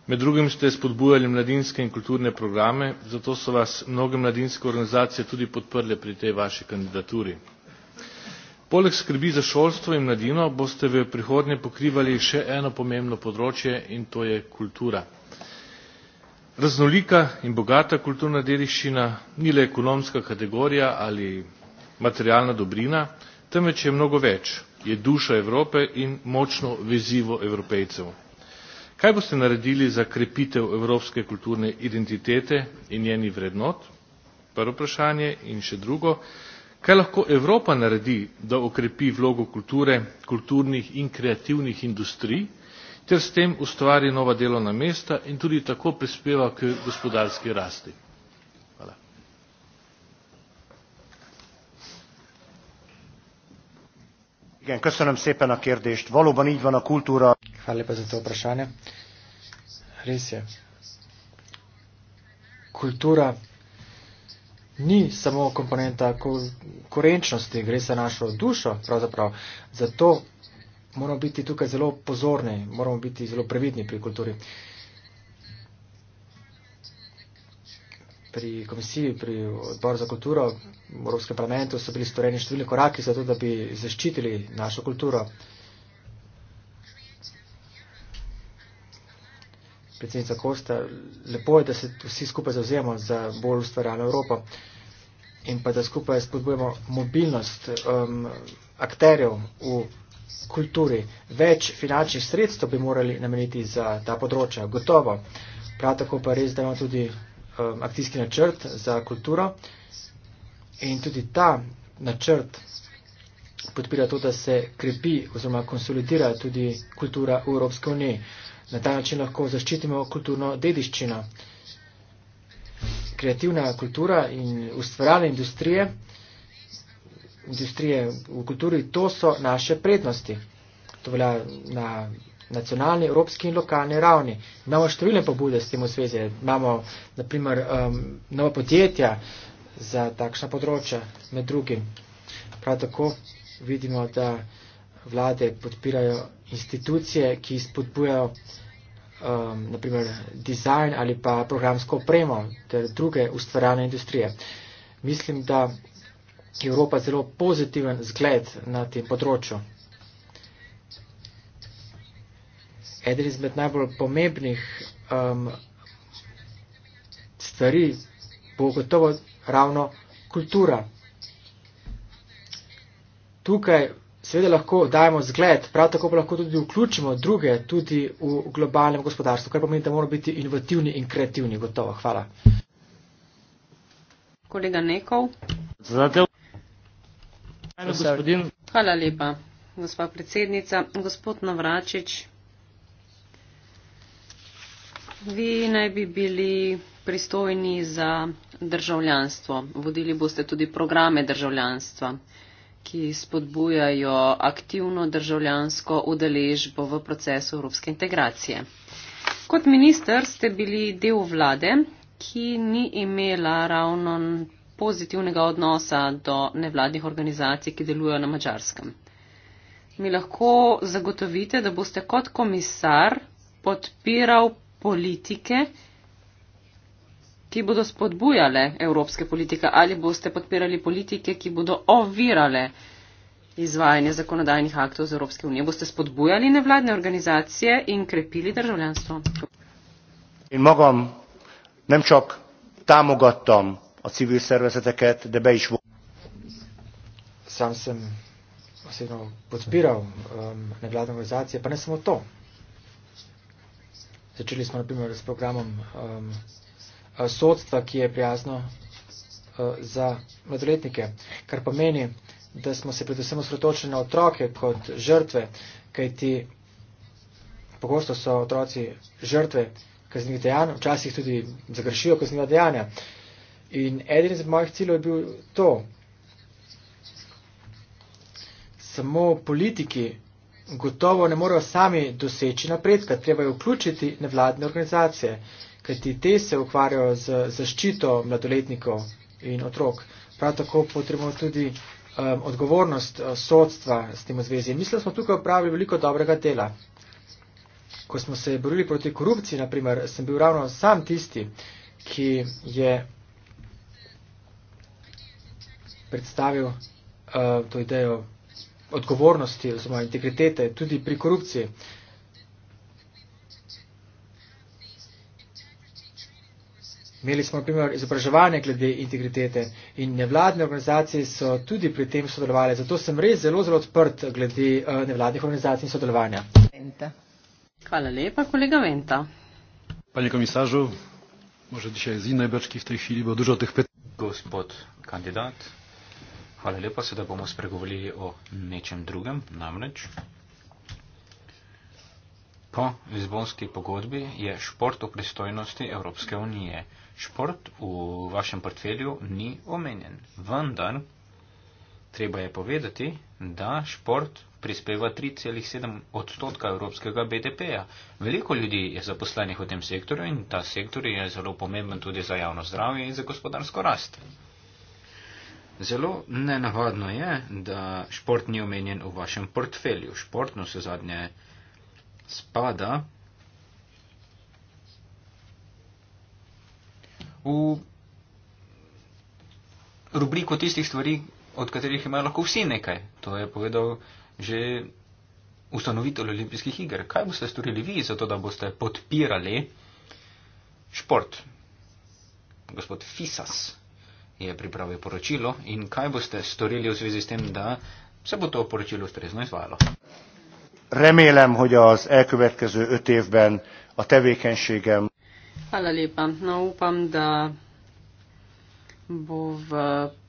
Med drugim ste spodbujali mladinske in kulturne programe, zato so vas mnoge mladinske organizacije tudi podprle pri tej vaši kandidaturi poleg skrbi za šolstvo in mladino boste v prihodnje pokrivali še eno pomembno področje in to je kultura. raznolika in bogata kulturna dediščina ni le ekonomska kategorija ali materialna dobrina temveč je mnogo več je duša evrope in močno vezivo evropejcev. kaj boste naredili za krepitev evropske kulturne identitete in njenih vrednot prvo vprašanje in še drugo kaj lahko evropa naredi da okrepi vlogo kulture kulturnih in kreativnih industrij ter s tem ustvari nova delovna mesta in tudi tako prispeva k gospodarski rasti. Hvala lepa za to vprašanje. Res je. Kultura ni samo komponenta korenčnosti, gre za našo dušo pravzaprav. Zato moramo biti tukaj zelo pozorni, moramo biti zelo previdni pri kulturi. Pri komisiji, pri odboru za kulturo v Evropskem parlamentu so bili storeni številni koraki za to, da bi zaščitili našo kulturo. predsednica Kosta, lepo je, da se vsi skupaj zauzemamo za bolj ustvarjalno Evropo in pa da skupaj spodbujemo mobilnost um, akterjev v kulturi. Več finančnih sredstev bi morali nameniti za ta področja, gotovo. Prav tako pa res, da imamo tudi um, akcijski načrt za kulturo in tudi ta načrt podpira to, da se krepi oziroma konsolidira tudi kultura v Evropske unije. Na ta način lahko zaščitimo kulturno dediščino. Kreativna kultura in ustvarjalne industrije, industrije v kulturi, to so naše prednosti. To velja na nacionalni, evropski in lokalni ravni. Imamo številne pobude s tem v zvezi. Imamo, naprimer, um, nova podjetja za takšna področja, med drugim. Prav tako vidimo, da vlade podpirajo institucije, ki spodbujajo um, naprimer dizajn ali pa programsko opremo ter druge ustvarjane industrije. Mislim, da je Evropa zelo pozitiven zgled na tem področju. Eden izmed najbolj pomembnih um, stvari bo gotovo ravno kultura. Tukaj seveda lahko dajemo zgled, prav tako pa lahko tudi vključimo druge tudi v globalnem gospodarstvu, kar pomeni, da moramo biti inovativni in kreativni, gotovo. Hvala. Kolega Nekov. Zadel. Hvala lepa, gospa predsednica. Gospod Navračič, vi naj bi bili pristojni za državljanstvo. Vodili boste tudi programe državljanstva ki spodbujajo aktivno državljansko udeležbo v procesu evropske integracije. Kot minister ste bili del vlade, ki ni imela ravno pozitivnega odnosa do nevladnih organizacij, ki delujejo na mačarskem. Mi lahko zagotovite, da boste kot komisar podpiral politike, ki bodo spodbujale evropske politike ali boste podpirali politike, ki bodo ovirale izvajanje zakonodajnih aktov z Evropske unije. Boste spodbujali nevladne organizacije in krepili državljanstvo. Én magam nem csak támogattam a civil szervezeteket, de be is volt. Sam sem osebno podpiral um, nevladne organizacije, pa ne samo to. Začeli smo, na primer, s programom um, Eh, sodstva, ki je prijazno eh, za mladoletnike, kar pomeni, da smo se predvsem osredotočili na otroke kot žrtve, kajti pogosto so otroci žrtve kaznih dejanj, včasih tudi zagrešijo kaznih dejanja. In eden iz mojih ciljev je bil to. Samo politiki gotovo ne morejo sami doseči napredka, treba je vključiti nevladne organizacije. Uh, kajti te se ukvarjajo z zaščito mladoletnikov in otrok. Prav tako potrebujemo tudi um, odgovornost uh, sodstva s tem v zvezi. Mislim, da smo tukaj upravili veliko dobrega dela. Ko smo se borili proti korupciji, naprimer, sem bil ravno sam tisti, ki je predstavil uh, to idejo odgovornosti oziroma integritete tudi pri korupciji. Uh, Imeli smo, na primer, izobraževanje glede integritete in nevladne organizacije so tudi pri tem sodelovali. Zato sem res zelo, zelo odprt glede eh, nevladnih organizacij in sodelovanja. Hvala lepa, kolega Venta. Panje komisažu, morda še zdaj najbrž, ki v tej hvili bo držal teh pet. Gospod kandidat, hvala lepa, sedaj bomo spregovorili o nečem drugem, namreč. Po Lizbonski pogodbi je šport v pristojnosti Evropske unije šport v vašem portfelju ni omenjen. Vendar treba je povedati, da šport prispeva 3,7 odstotka evropskega BDP-ja. Veliko ljudi je zaposlenih v tem sektorju in ta sektor je zelo pomemben tudi za javno zdravje in za gospodarsko rast. Zelo nenavadno je, da šport ni omenjen v vašem portfelju. Športno se zadnje spada v rubriko tistih stvari, od katerih imajo lahko vsi nekaj. To je povedal že ustanovitelj olimpijskih iger. Kaj boste storili vi, zato da boste podpirali šport? Gospod Fisas je pripravil poročilo in kaj boste storili v zvezi s tem, da se bo to poročilo ustrezno izvajalo. Remélem, hogy az elkövetkező öt évben a tevékenységem Hvala lepa. No, upam, da bo v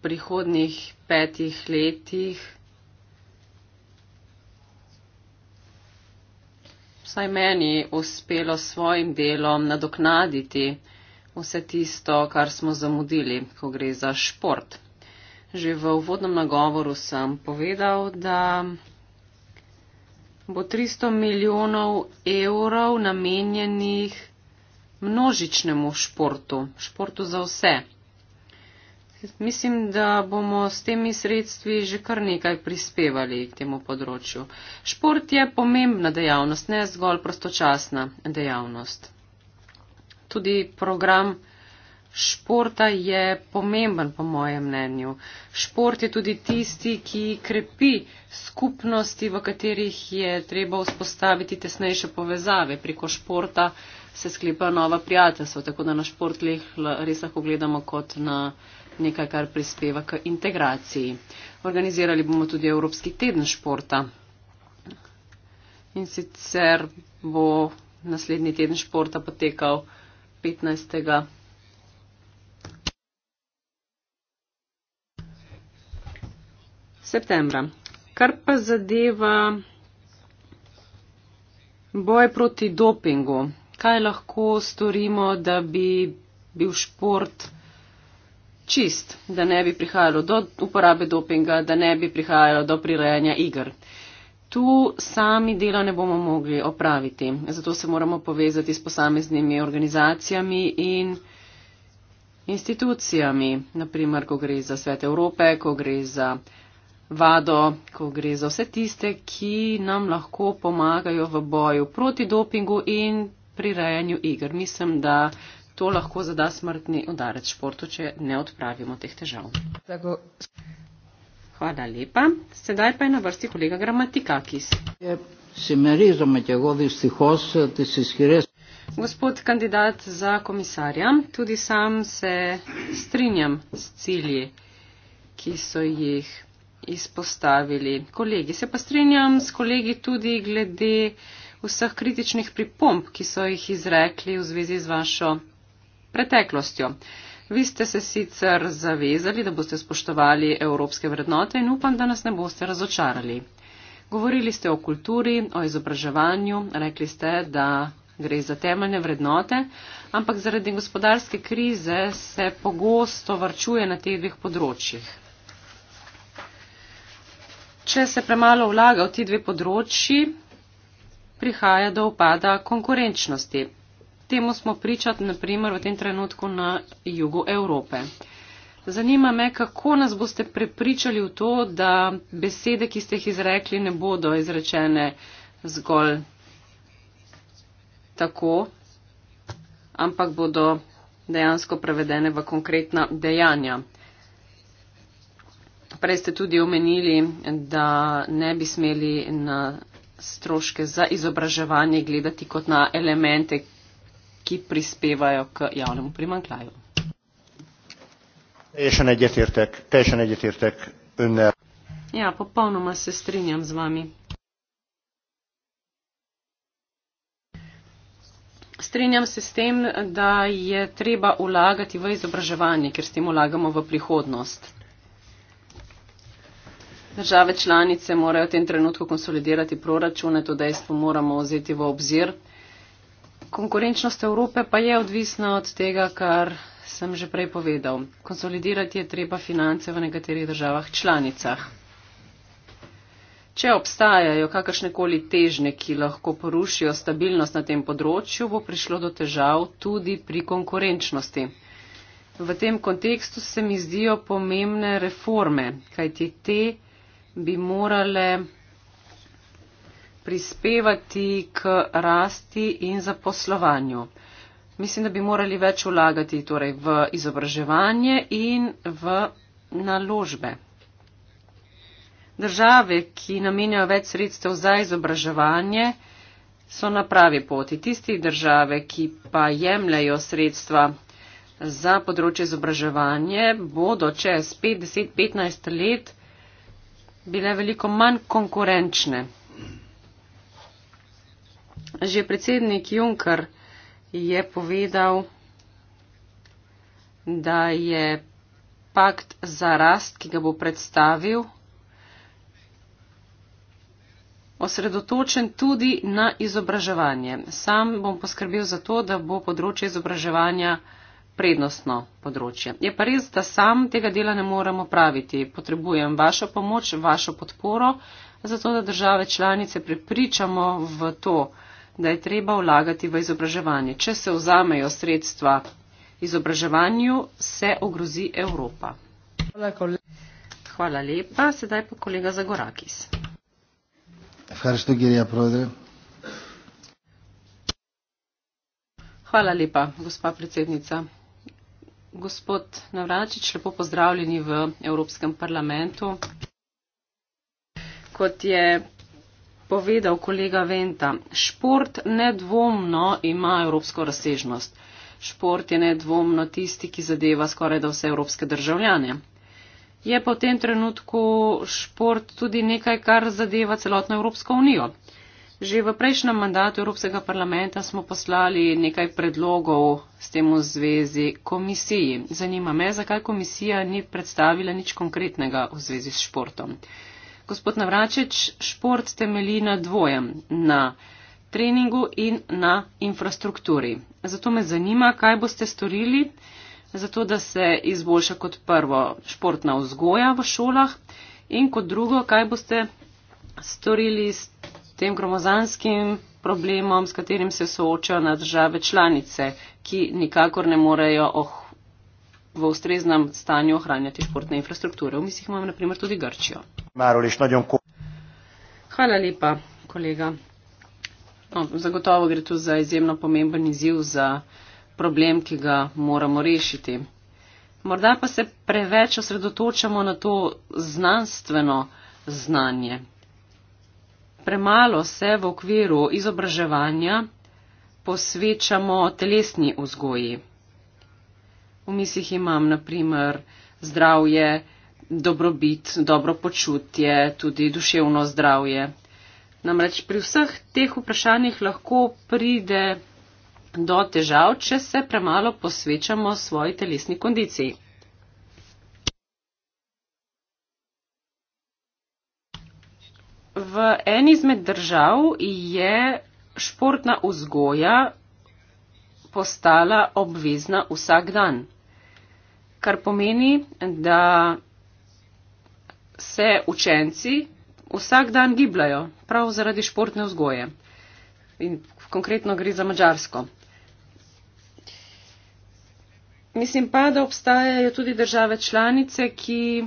prihodnih petih letih vsaj meni uspelo svojim delom nadoknaditi vse tisto, kar smo zamudili, ko gre za šport. Že v uvodnem nagovoru sem povedal, da bo 300 milijonov evrov namenjenih množičnemu športu, športu za vse. Mislim, da bomo s temi sredstvi že kar nekaj prispevali k temu področju. Šport je pomembna dejavnost, ne zgolj prostočasna dejavnost. Tudi program športa je pomemben, po mojem mnenju. Šport je tudi tisti, ki krepi skupnosti, v katerih je treba vzpostaviti tesnejše povezave preko športa se sklepa nova prijateljstva, tako da na šport res lahko gledamo kot na nekaj, kar prispeva k integraciji. Organizirali bomo tudi Evropski teden športa. In sicer bo naslednji teden športa potekal 15. septembra. Kar pa zadeva boj proti dopingu kaj lahko storimo, da bi bil šport čist, da ne bi prihajalo do uporabe dopinga, da ne bi prihajalo do prirejanja igr. Tu sami dela ne bomo mogli opraviti, zato se moramo povezati s posameznimi organizacijami in institucijami, naprimer, ko gre za Svet Evrope, ko gre za vado, ko gre za vse tiste, ki nam lahko pomagajo v boju proti dopingu in prirejanju igr. Mislim, da to lahko zada smrtni udarec športu, če ne odpravimo teh težav. Tako. Hvala lepa. Sedaj pa je na vrsti kolega Gramatikakis. Gospod kandidat za komisarja, tudi sam se strinjam s cilji, ki so jih izpostavili kolegi. Se pa strinjam s kolegi tudi glede vseh kritičnih pripomb, ki so jih izrekli v zvezi z vašo preteklostjo. Vi ste se sicer zavezali, da boste spoštovali evropske vrednote in upam, da nas ne boste razočarali. Govorili ste o kulturi, o izobraževanju, rekli ste, da gre za temeljne vrednote, ampak zaradi gospodarske krize se pogosto vrčuje na teh dveh področjih. Če se premalo vlaga v ti dve področji, prihaja do upada konkurenčnosti. Temu smo pričati, naprimer, v tem trenutku na jugu Evrope. Zanima me, kako nas boste prepričali v to, da besede, ki ste jih izrekli, ne bodo izrečene zgolj tako, ampak bodo dejansko prevedene v konkretna dejanja. Prej ste tudi omenili, da ne bi smeli na stroške za izobraževanje gledati kot na elemente, ki prispevajo k javnemu primankljaju. Teljšen egyetértek, teljšen egyetértek önnel. Ja, popolnoma se strinjam z vami. Strinjam se s tem, da je treba ulagati v izobraževanje, ker s tem ulagamo v prihodnost. Države članice morajo v tem trenutku konsolidirati proračune, to dejstvo moramo vzeti v obzir. Konkurenčnost Evrope pa je odvisna od tega, kar sem že prej povedal. Konsolidirati je treba finance v nekaterih državah članicah. Če obstajajo kakršnekoli težne, ki lahko porušijo stabilnost na tem področju, bo prišlo do težav tudi pri konkurenčnosti. V tem kontekstu se mi zdijo pomembne reforme, kajti te bi morale prispevati k rasti in zaposlovanju. Mislim, da bi morali več vlagati torej, v izobraževanje in v naložbe. Države, ki namenjajo več sredstev za izobraževanje, so na pravi poti. Tisti države, ki pa jemljajo sredstva za področje izobraževanje, bodo čez 50-15 let bile veliko manj konkurenčne. Že predsednik Juncker je povedal, da je pakt za rast, ki ga bo predstavil, osredotočen tudi na izobraževanje. Sam bom poskrbel za to, da bo področje izobraževanja prednostno področje. Je pa res, da sam tega dela ne morem opraviti. Potrebujem vašo pomoč, vašo podporo, zato da države članice prepričamo v to, da je treba vlagati v izobraževanje. Če se vzamejo sredstva izobraževanju, se ogrozi Evropa. Hvala, Hvala lepa. Sedaj pa kolega Zagorakis. Hvala lepa, gospa predsednica. Gospod Navračič, lepo pozdravljeni v Evropskem parlamentu. Kot je povedal kolega Venta, šport nedvomno ima evropsko razsežnost. Šport je nedvomno tisti, ki zadeva skoraj da vse evropske državljane. Je pa v tem trenutku šport tudi nekaj, kar zadeva celotno Evropsko unijo. Že v prejšnjem mandatu Evropskega parlamenta smo poslali nekaj predlogov s tem v zvezi komisiji. Zanima me, zakaj komisija ni predstavila nič konkretnega v zvezi s športom. Gospod Navračeč, šport temelji na dvojem, na treningu in na infrastrukturi. Zato me zanima, kaj boste storili, zato da se izboljša kot prvo športna vzgoja v šolah in kot drugo, kaj boste storili s tem gromozanskim problemom, s katerim se soočajo na države članice, ki nikakor ne morejo oh, v ustreznem stanju ohranjati športne infrastrukture. V mislih imamo naprimer tudi Grčijo. Hvala lepa, kolega. No, zagotovo gre tu za izjemno pomemben izziv, za problem, ki ga moramo rešiti. Morda pa se preveč osredotočamo na to znanstveno znanje premalo se v okviru izobraževanja posvečamo telesni vzgoji. V mislih imam na primer zdravje, dobrobit, dobro počutje, tudi duševno zdravje. Namreč pri vseh teh vprašanjih lahko pride do težav, če se premalo posvečamo svoji telesni kondiciji. v eni izmed držav je športna vzgoja postala obvezna vsak dan, kar pomeni, da se učenci vsak dan gibljajo prav zaradi športne vzgoje. In konkretno gre za Mačarsko. Mislim pa, da obstajajo tudi države članice, ki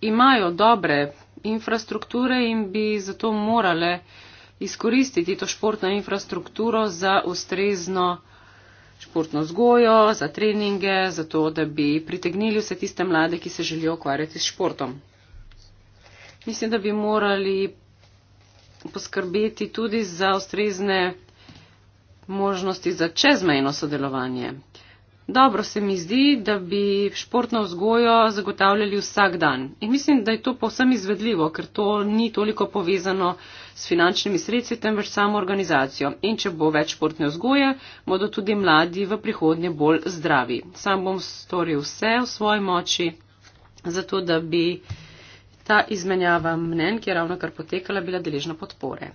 imajo dobre infrastrukture in bi zato morale izkoristiti to športno infrastrukturo za ustrezno športno vzgojo, za treninge, zato da bi pritegnili vse tiste mlade, ki se želijo ukvarjati s športom. Mislim, da bi morali poskrbeti tudi za ustrezne možnosti za čezmejno sodelovanje. Dobro se mi zdi, da bi športno vzgojo zagotavljali vsak dan. In mislim, da je to povsem izvedljivo, ker to ni toliko povezano s finančnimi sredstvi, temveč samo organizacijo. In če bo več športne vzgoje, bodo tudi mladi v prihodnje bolj zdravi. Sam bom storil vse v svoji moči, zato da bi ta izmenjava mnen, ki je ravno kar potekala, bila deležna podpore.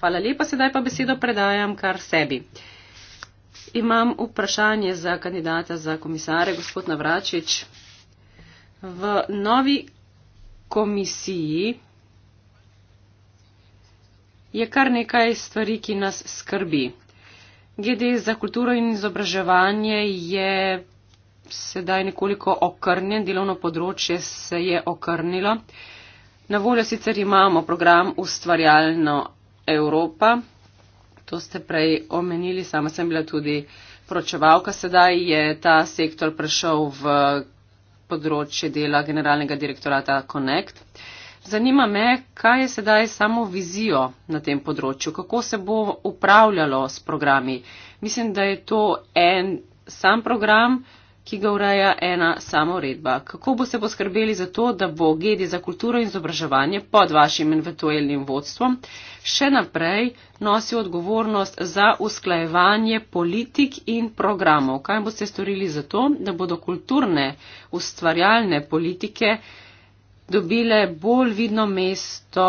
Hvala lepa, sedaj pa besedo predajam kar sebi. Imam vprašanje za kandidata za komisare, gospod Navračič. V novi komisiji je kar nekaj stvari, ki nas skrbi. GD za kulturo in izobraževanje je sedaj nekoliko okrnjen, delovno področje se je okrnilo. Na voljo sicer imamo program Ustvarjalno Evropa, To ste prej omenili, sama sem bila tudi pročevalka, sedaj je ta sektor prešel v področje dela generalnega direktorata Connect. Zanima me, kaj je sedaj samo vizijo na tem področju, kako se bo upravljalo s programi. Mislim, da je to en sam program, ki ga ureja ena sama uredba. Kako boste poskrbeli za to, da bo GEDI za kulturo in izobraževanje pod vašim inventuelnim vodstvom še naprej nosil odgovornost za usklajevanje politik in programov? Kaj boste storili za to, da bodo kulturne ustvarjalne politike dobile bolj vidno mesto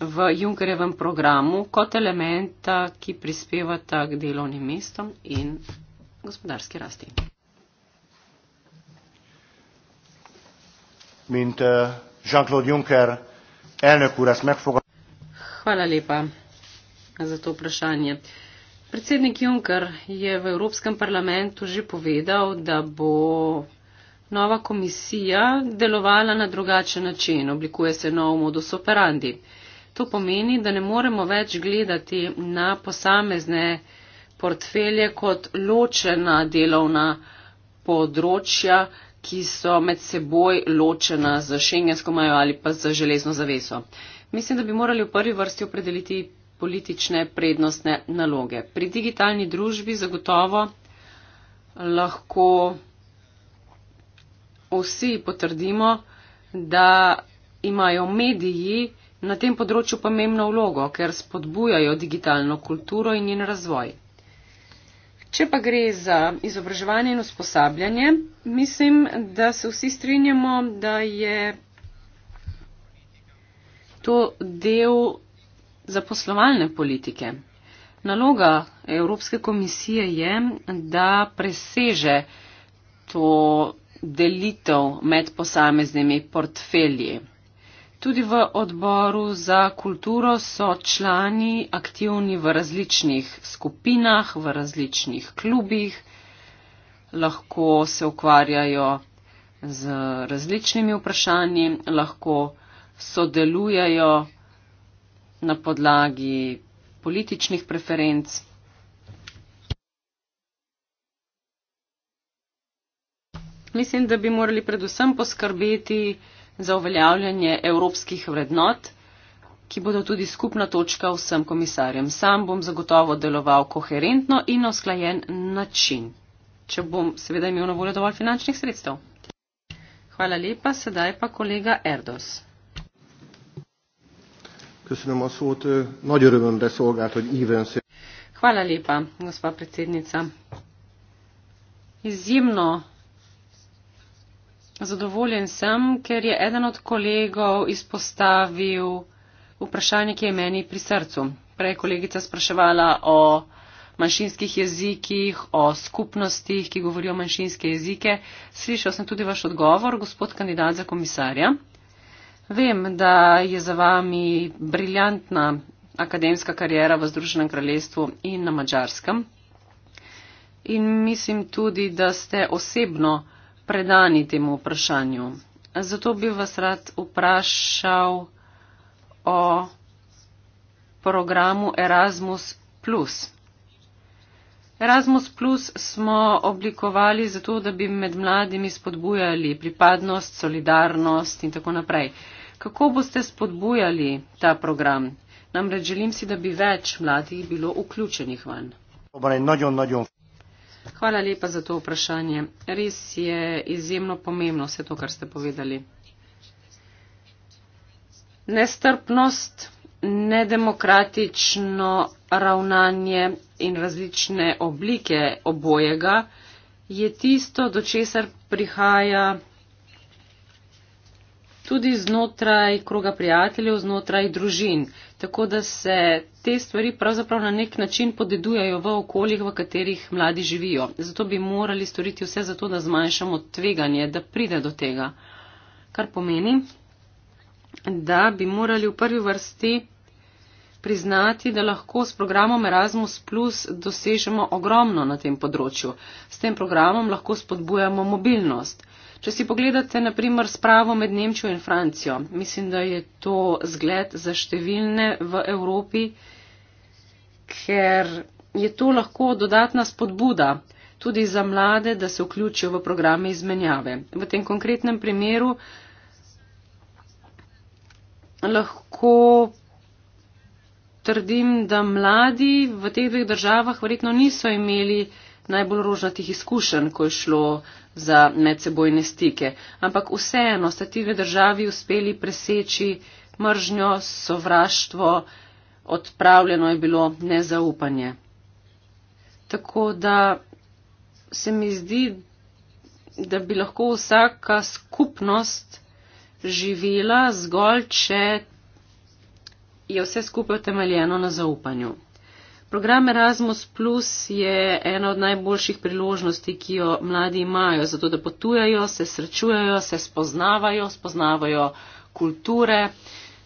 v Junkerjevem programu kot elementa, ki prispevata k delovnim mestom in gospodarski rasti. mint Jean-Claude Juncker elnök úr ezt megfogad. Hvala lepa za to vprašanje. Predsednik Juncker je v Evropskem parlamentu že povedal, da bo nova komisija delovala na drugačen način, oblikuje se nov modus operandi. To pomeni, da ne moremo več gledati na posamezne portfelje kot ločena delovna področja, ki so med seboj ločena za šengensko majo ali pa za železno zaveso. Mislim, da bi morali v prvi vrsti opredeliti politične prednostne naloge. Pri digitalni družbi zagotovo lahko vsi potrdimo, da imajo mediji na tem področju pomembno vlogo, ker spodbujajo digitalno kulturo in njen razvoj. Če pa gre za izobraževanje in usposabljanje, mislim, da se vsi strinjamo, da je to del zaposlovalne politike. Naloga Evropske komisije je, da preseže to delitev med posameznimi portfelji. Tudi v odboru za kulturo so člani aktivni v različnih skupinah, v različnih klubih, lahko se ukvarjajo z različnimi vprašanji, lahko sodelujajo na podlagi političnih preferenc. Mislim, da bi morali predvsem poskrbeti, za uveljavljanje evropskih vrednot, ki bodo tudi skupna točka vsem komisarjem. Sam bom zagotovo deloval koherentno in osklajen način, če bom seveda imel na voljo dovolj finančnih sredstev. Hvala lepa, sedaj pa kolega Erdos. Hvala lepa, gospa predsednica. Izjemno Zadovoljen sem, ker je eden od kolegov izpostavil vprašanje, ki je meni pri srcu. Prej kolegica spraševala o manjšinskih jezikih, o skupnostih, ki govorijo manjšinske jezike. Slišal sem tudi vaš odgovor, gospod kandidat za komisarja. Vem, da je za vami briljantna akademska karjera v Združenem kraljestvu in na mačarskem. In mislim tudi, da ste osebno predani temu vprašanju. Zato bi vas rad vprašal o programu Erasmus. Plus. Erasmus Plus smo oblikovali zato, da bi med mladimi spodbujali pripadnost, solidarnost in tako naprej. Kako boste spodbujali ta program? Namreč želim si, da bi več mladih bilo vključenih vanj. Hvala lepa za to vprašanje. Res je izjemno pomembno vse to, kar ste povedali. Nestrpnost, nedemokratično ravnanje in različne oblike obojega je tisto, do česar prihaja tudi znotraj kroga prijateljev, znotraj družin. Tako da se te stvari pravzaprav na nek način podedujajo v okoljih, v katerih mladi živijo. Zato bi morali storiti vse za to, da zmanjšamo tveganje, da pride do tega. Kar pomeni, da bi morali v prvi vrsti priznati, da lahko s programom Erasmus Plus dosežemo ogromno na tem področju. S tem programom lahko spodbujamo mobilnost. Če si pogledate, naprimer, spravo med Nemčijo in Francijo, mislim, da je to zgled za številne v Evropi, ker je to lahko dodatna spodbuda tudi za mlade, da se vključijo v programe izmenjave. V tem konkretnem primeru lahko trdim, da mladi v teh dveh državah verjetno niso imeli najbolj rožnatih izkušenj, ko je šlo za medsebojne stike, ampak vseeno ste ti dve državi uspeli preseči mržnjo, sovraštvo, odpravljeno je bilo nezaupanje. Tako da se mi zdi, da bi lahko vsaka skupnost živela zgolj, če je vse skupaj temeljeno na zaupanju. Program Erasmus Plus je ena od najboljših priložnosti, ki jo mladi imajo, zato da potujajo, se srečujejo, se spoznavajo, spoznavajo kulture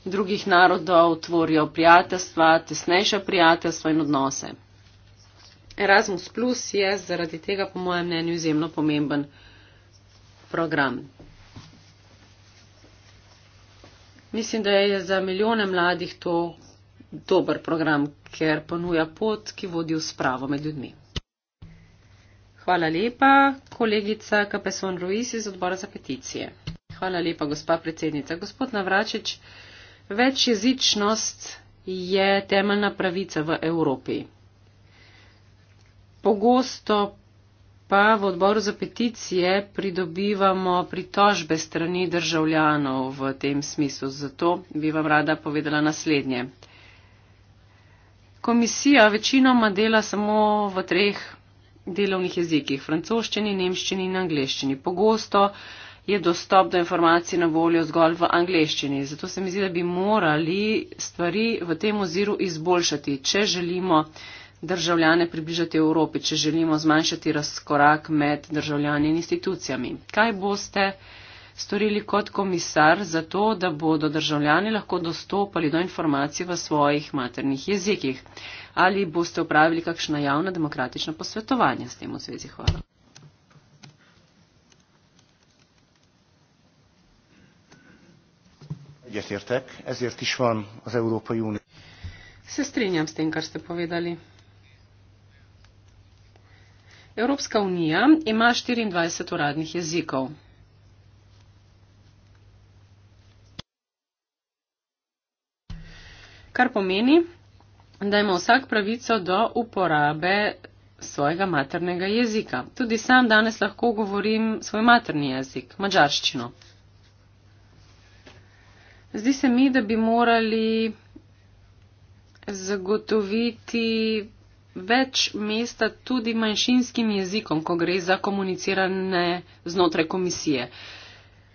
drugih narodov, tvorijo prijateljstva, tesnejša prijateljstva in odnose. Erasmus Plus je zaradi tega, po mojem mnenju, izjemno pomemben program. Mislim, da je za milijone mladih to dober program, ker ponuja pot, ki vodi v spravo med ljudmi. Hvala lepa, kolegica Kapeson Ruiz iz odbora za peticije. Hvala lepa, gospa predsednica. Gospod Navračič, večjezičnost je temeljna pravica v Evropi. Pogosto pa v odboru za peticije pridobivamo pritožbe strani državljanov v tem smislu. Zato bi vam rada povedala naslednje komisija večinoma dela samo v treh delovnih jezikih - francoščini, nemščini in angliščini. Pogosto je dostop do informacij na voljo zgolj v angliščini, zato se mi zdi, da bi morali stvari v tem oziru izboljšati, če želimo državljane približati Evropi, če želimo zmanjšati razkorak med državljani in institucijami. Kaj boste? storili kot komisar za to, da bodo državljani lahko dostopali do informacij v svojih maternih jezikih? Ali boste upravili kakšna javna demokratična posvetovanja s tem v zvezi? Hvala. Egyetértek, ezért is van az Európai Unió. Se strinjam s tem, kar ste povedali. Evropska unija ima 24 uradnih jezikov. kar pomeni, da ima vsak pravico do uporabe svojega maternega jezika. Tudi sam danes lahko govorim svoj materni jezik, mačarščino. Zdi se mi, da bi morali zagotoviti več mesta tudi manjšinskim jezikom, ko gre za komuniciranje znotraj komisije.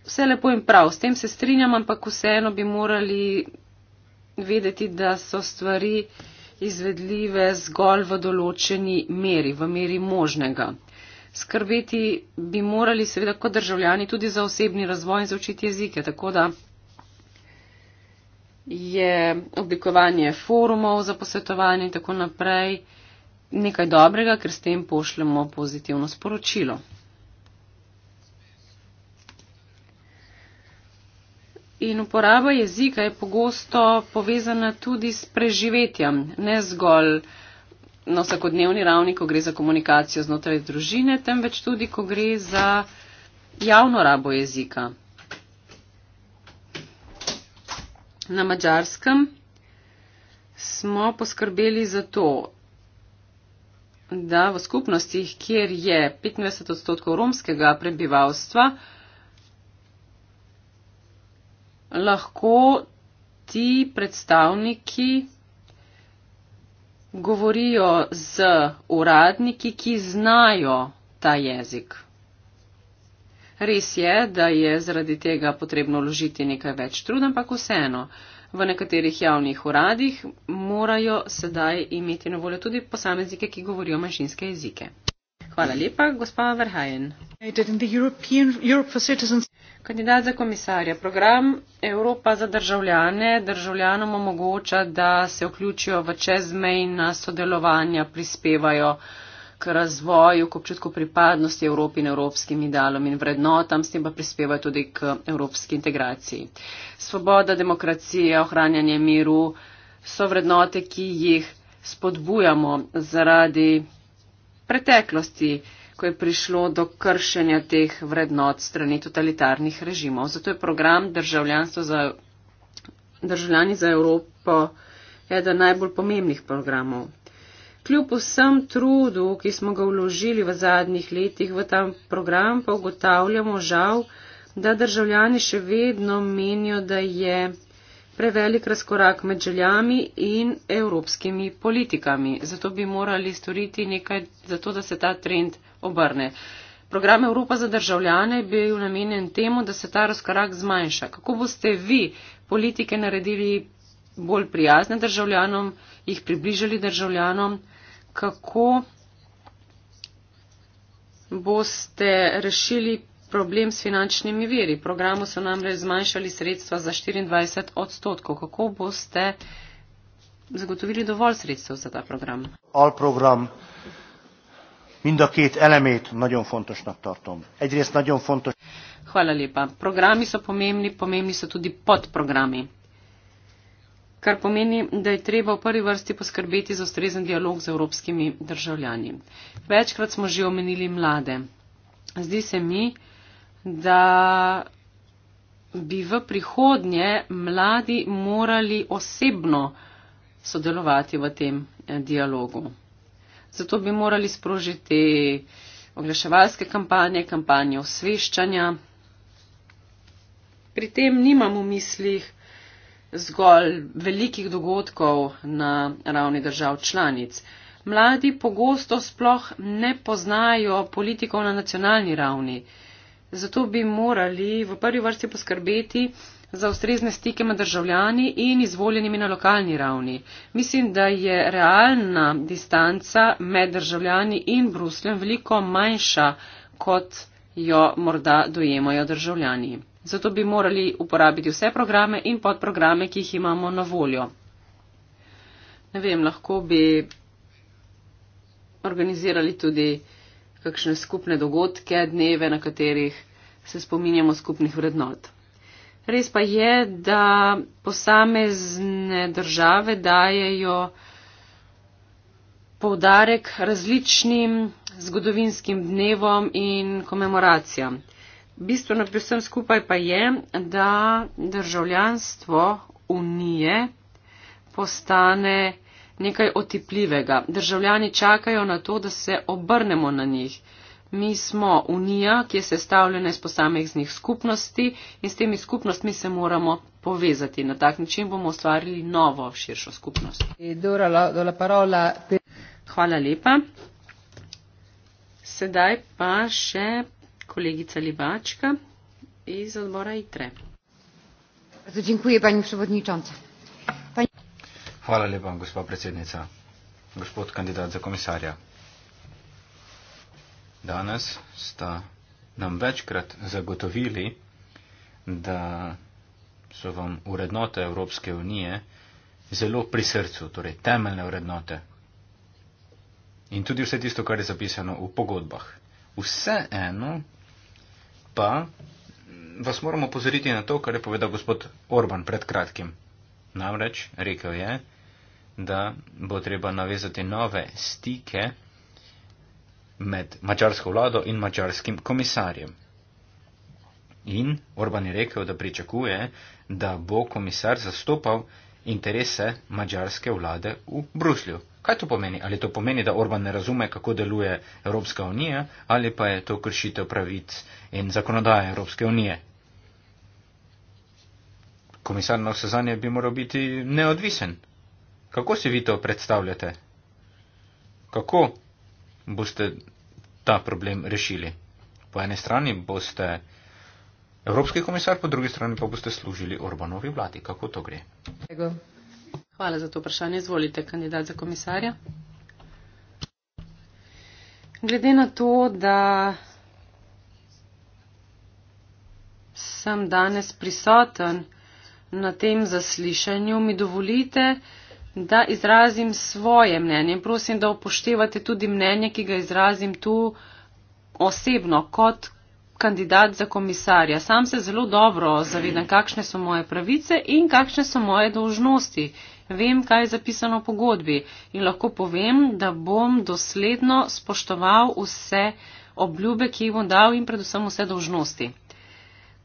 Vse lepo in prav, s tem se strinjam, ampak vseeno bi morali vedeti, da so stvari izvedljive zgolj v določeni meri, v meri možnega. Skrbeti bi morali seveda kot državljani tudi za osebni razvoj in za učiti jezike, tako da je oblikovanje forumov za posvetovanje in tako naprej nekaj dobrega, ker s tem pošljemo pozitivno sporočilo. in uporaba jezika je pogosto povezana tudi s preživetjem, ne zgolj na vsakodnevni ravni, ko gre za komunikacijo znotraj družine, temveč tudi, ko gre za javno rabo jezika. Na mačarskem smo poskrbeli za to, da v skupnostih, kjer je 25 odstotkov romskega prebivalstva, lahko ti predstavniki govorijo z uradniki, ki znajo ta jezik. Res je, da je zaradi tega potrebno vložiti nekaj več truda, ampak vseeno. V nekaterih javnih uradih morajo sedaj imeti na voljo tudi posameznike, ki govorijo manjšinske jezike. Hvala lepa, gospa Verhajen. Kandidat za komisarja. Program Evropa za državljane državljanom omogoča, da se vključijo v čezmejna sodelovanja, prispevajo k razvoju, k občutku pripadnosti Evropi in evropskim idealom in vrednotam, s tem pa prispevajo tudi k evropski integraciji. Svoboda, demokracija, ohranjanje miru so vrednote, ki jih spodbujamo zaradi preteklosti ko je prišlo do kršenja teh vrednot strani totalitarnih režimov. Zato je program Državljanstvo za državljani za Evropo eden najbolj pomembnih programov. Kljub vsem trudu, ki smo ga vložili v zadnjih letih v ta program, pa ugotavljamo žal, da državljani še vedno menijo, da je prevelik razkorak med željami in evropskimi politikami. Zato bi morali storiti nekaj, zato da se ta trend obrne. Program Evropa za državljane je bil namenjen temu, da se ta razkorak zmanjša. Kako boste vi politike naredili bolj prijazne državljanom, jih približali državljanom, kako boste rešili problem s finančnimi veri. Programu so namreč zmanjšali sredstva za 24 odstotkov. Kako boste zagotovili dovolj sredstev za ta program? All program. Mind a két elemét nagyon fontosnak tartom. Egyrészt nagyon fontos. Hvala lepa. Programi so pomembni, pomembni so tudi podprogrami. Kar pomeni, da je treba v prvi vrsti poskrbeti za ustrezen dialog z evropskimi državljani. Večkrat smo že omenili mlade. Zdi se mi, da bi v prihodnje mladi morali osebno sodelovati v tem eh, dialogu. Zato bi morali sprožiti oglaševalske kampanje, kampanje osveščanja. Pri tem nimam v mislih zgolj velikih dogodkov na ravni držav članic. Mladi pogosto sploh ne poznajo politikov na nacionalni ravni. Zato bi morali v prvi vrsti poskrbeti, za ustrezne stike med državljani in izvoljenimi na lokalni ravni. Mislim, da je realna distanca med državljani in Brusljem veliko manjša, kot jo morda dojemajo državljani. Zato bi morali uporabiti vse programe in podprograme, ki jih imamo na voljo. Ne vem, lahko bi organizirali tudi kakšne skupne dogodke, dneve, na katerih se spominjamo skupnih vrednot. Res pa je, da posamezne države dajajo poudarek različnim zgodovinskim dnevom in komemoracijam. Bistveno pri vsem skupaj pa je, da državljanstvo Unije postane nekaj otipljivega. Državljani čakajo na to, da se obrnemo na njih. Mi smo unija, ki je sestavljena iz posameznih skupnosti in s temi skupnostmi se moramo povezati. Na tak način bomo ustvarili novo širšo skupnost. Hvala lepa. Sedaj pa še kolegica Libačka iz odbora ITRE. Hvala lepa, gospod predsednica, gospod kandidat za komisarja danes sta nam večkrat zagotovili, da so vam urednote Evropske unije zelo pri srcu, torej temeljne urednote. In tudi vse tisto, kar je zapisano v pogodbah. Vseeno pa vas moramo pozoriti na to, kar je povedal gospod Orban pred kratkim. Namreč rekel je, da bo treba navezati nove stike med mačarsko vlado in mačarskim komisarjem. In Orban je rekel, da pričakuje, da bo komisar zastopal interese mačarske vlade v Bruslju. Kaj to pomeni? Ali to pomeni, da Orban ne razume, kako deluje Evropska unija, ali pa je to kršitev pravic in zakonodaje Evropske unije? Komisar na vse zanje bi moral biti neodvisen. Kako si vi to predstavljate? Kako boste ta problem rešili. Po eni strani boste evropski komisar, po drugi strani pa boste služili Orbanovi vladi. Kako to gre? Hvala za to vprašanje. Izvolite, kandidat za komisarja. Glede na to, da sem danes prisoten na tem zaslišanju, mi dovolite, da izrazim svoje mnenje. Prosim, da upoštevate tudi mnenje, ki ga izrazim tu osebno kot kandidat za komisarja. Sam se zelo dobro zavedam, kakšne so moje pravice in kakšne so moje dolžnosti. Vem, kaj je zapisano v pogodbi in lahko povem, da bom dosledno spoštoval vse obljube, ki jih bom dal in predvsem vse dolžnosti.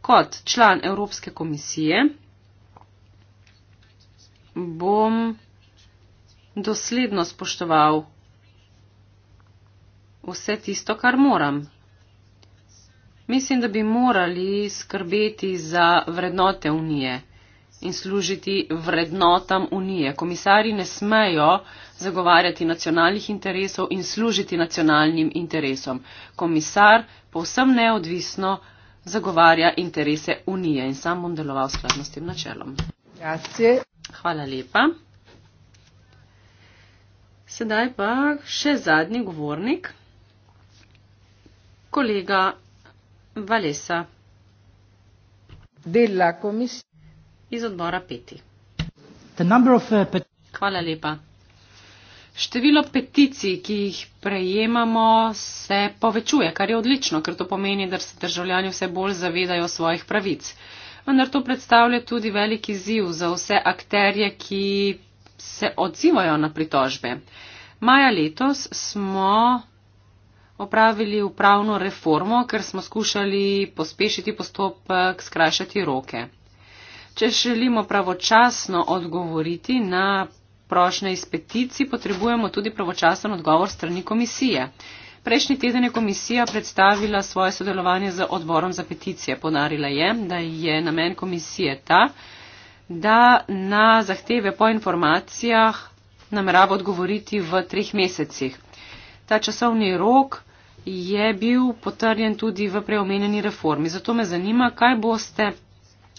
Kot član Evropske komisije bom dosledno spoštoval vse tisto, kar moram. Mislim, da bi morali skrbeti za vrednote unije in služiti vrednotam unije. Komisari ne smejo zagovarjati nacionalnih interesov in služiti nacionalnim interesom. Komisar povsem neodvisno zagovarja interese unije in sam bom deloval skladno s tem načelom. Hvala lepa. Sedaj pa še zadnji govornik, kolega Valesa. Della komisija. Iz odbora peti. Uh, Hvala lepa. Število peticij, ki jih prejemamo, se povečuje, kar je odlično, ker to pomeni, da se državljani vse bolj zavedajo svojih pravic. Vendar to predstavlja tudi veliki ziv za vse akterje, ki se odzivajo na pritožbe. Maja letos smo opravili upravno reformo, ker smo skušali pospešiti postopek, skrajšati roke. Če želimo pravočasno odgovoriti na prošnje iz peticij, potrebujemo tudi pravočasen odgovor strani komisije. Prejšnji teden je komisija predstavila svoje sodelovanje z odborom za peticije. Ponarila je, da je namen komisije ta, da na zahteve po informacijah namerava odgovoriti v treh mesecih. Ta časovni rok je bil potrjen tudi v preomenjeni reformi. Zato me zanima, kaj boste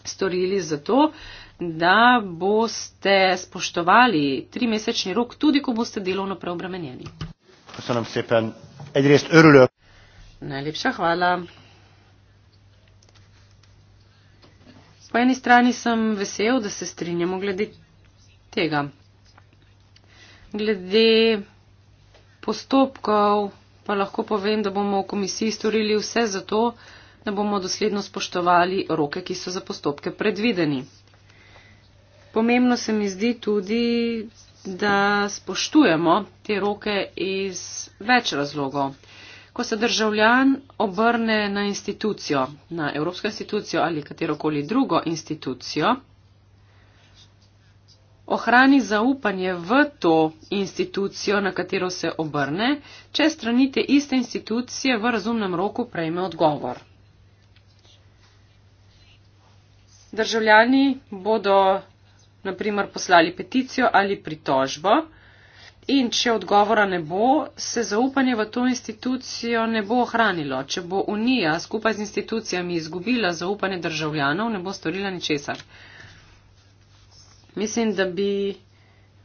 storili za to, da boste spoštovali tri mesečni rok, tudi ko boste delovno preobremenjeni. Najlepša hvala. Po eni strani sem vesel, da se strinjamo glede tega. Glede postopkov pa lahko povem, da bomo v komisiji storili vse za to, da bomo dosledno spoštovali roke, ki so za postopke predvideni. Pomembno se mi zdi tudi, da spoštujemo te roke iz več razlogov ko se državljan obrne na institucijo, na evropsko institucijo ali katerokoli drugo institucijo, ohrani zaupanje v to institucijo, na katero se obrne, če stranite iste institucije v razumnem roku prejme odgovor. Državljani bodo, na primer, poslali peticijo ali pritožbo, In če odgovora ne bo, se zaupanje v to institucijo ne bo ohranilo. Če bo Unija skupaj z institucijami izgubila zaupanje državljanov, ne bo storila ničesar. Mislim, da bi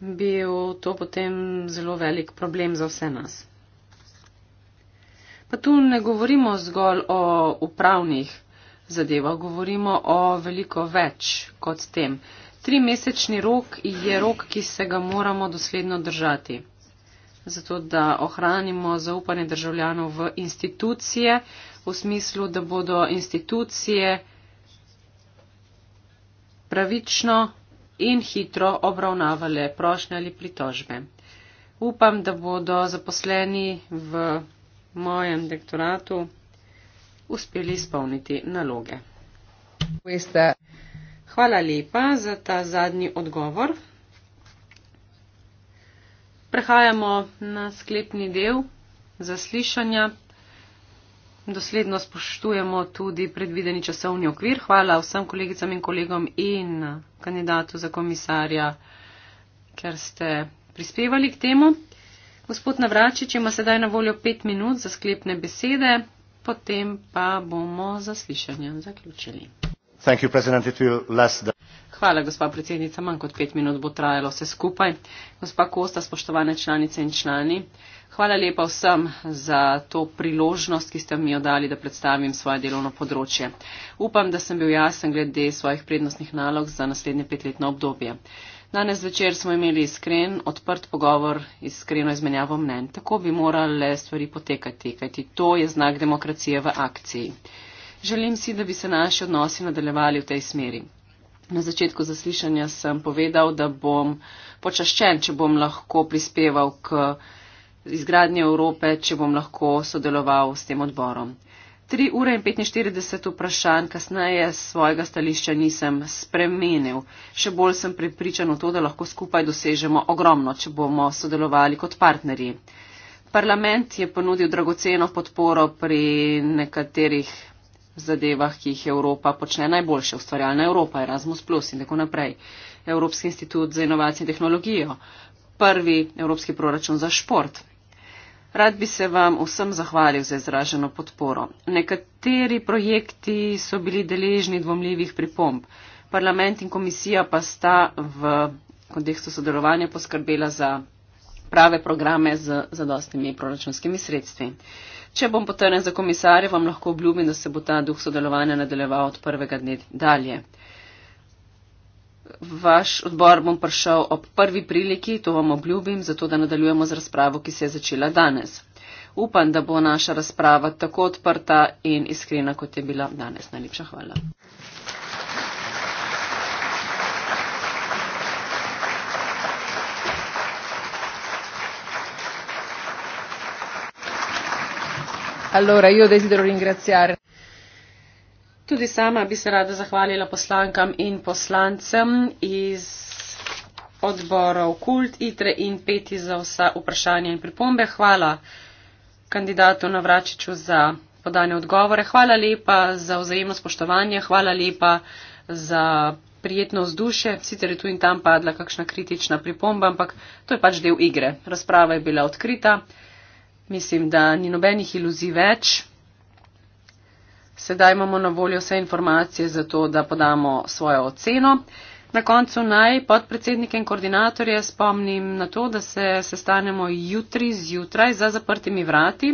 bil to potem zelo velik problem za vse nas. Pa tu ne govorimo zgolj o upravnih zadevah, govorimo o veliko več kot tem trimesečni rok je rok, ki se ga moramo dosledno držati, zato da ohranimo zaupanje državljanov v institucije, v smislu, da bodo institucije pravično in hitro obravnavale prošnje ali pritožbe. Upam, da bodo zaposleni v mojem dektoratu uspeli izpolniti naloge. Questa. Hvala lepa za ta zadnji odgovor. Prehajamo na sklepni del zaslišanja. Dosledno spoštujemo tudi predvideni časovni okvir. Hvala vsem kolegicam in kolegom in kandidatu za komisarja, ker ste prispevali k temu. Gospod Navračič ima sedaj na voljo pet minut za sklepne besede, potem pa bomo zaslišanje zaključili. Hvala, gospa predsednica. Manj kot pet minut bo trajalo vse skupaj. Gospa Kosta, spoštovane članice in člani, hvala lepa vsem za to priložnost, ki ste mi jo dali, da predstavim svoje delovno področje. Upam, da sem bil jasen glede svojih prednostnih nalog za naslednje petletno obdobje. Danes večer smo imeli iskren, odprt pogovor, iskreno izmenjavo mnen. Tako bi morale stvari potekati, kajti to je znak demokracije v akciji. Želim si, da bi se naši odnosi nadaljevali v tej smeri. Na začetku zaslišanja sem povedal, da bom počaščen, če bom lahko prispeval k izgradnji Evrope, če bom lahko sodeloval s tem odborom. 3 ure in 45 vprašanj kasneje svojega stališča nisem spremenil. Še bolj sem prepričan v to, da lahko skupaj dosežemo ogromno, če bomo sodelovali kot partnerji. Parlament je ponudil dragoceno podporo pri nekaterih zadevah, ki jih Evropa počne najboljše, ustvarjalna Evropa, Erasmus Plus in tako naprej, Evropski institut za inovacije in tehnologijo, prvi Evropski proračun za šport. Rad bi se vam vsem zahvalil za izraženo podporo. Nekateri projekti so bili deležni dvomljivih pripomb. Parlament in komisija pa sta v kontekstu sodelovanja poskrbela za prave programe z zadostnimi proračunskimi sredstvi. Če bom potrjen za komisarja, vam lahko obljubim, da se bo ta duh sodelovanja nadaljeval od prvega dne dalje. Vaš odbor bom prišel ob prvi priliki, to vam obljubim, zato da nadaljujemo z razpravo, ki se je začela danes. Upam, da bo naša razprava tako odprta in iskrena, kot je bila danes. Najlepša hvala. tudi sama bi se rada zahvalila poslankam in poslancem iz odborov Kult, ITRE in PETI za vsa vprašanja in pripombe. Hvala kandidatu Navračiču za podane odgovore. Hvala lepa za vzajemno spoštovanje. Hvala lepa za prijetno vzdušje. Sicer je tu in tam padla kakšna kritična pripomba, ampak to je pač del igre. Razprava je bila odkrita. Mislim, da ni nobenih iluzij več. Sedaj imamo na voljo vse informacije za to, da podamo svojo oceno. Na koncu naj podpredsednike in koordinatorje spomnim na to, da se sestanemo jutri zjutraj za zaprtimi vrati.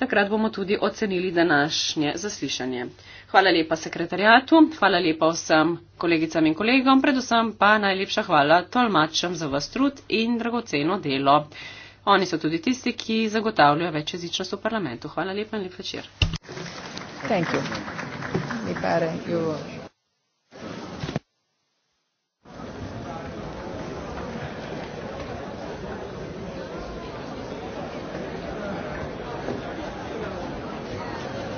Takrat bomo tudi ocenili današnje zaslišanje. Hvala lepa sekretarjatu, hvala lepa vsem kolegicam in kolegom, predvsem pa najlepša hvala tolmačem za vas trud in dragoceno delo. Oni so tudi tisti, ki zagotavljajo več jezičnost v parlamentu. Hvala lepa in lep večer. Thank you.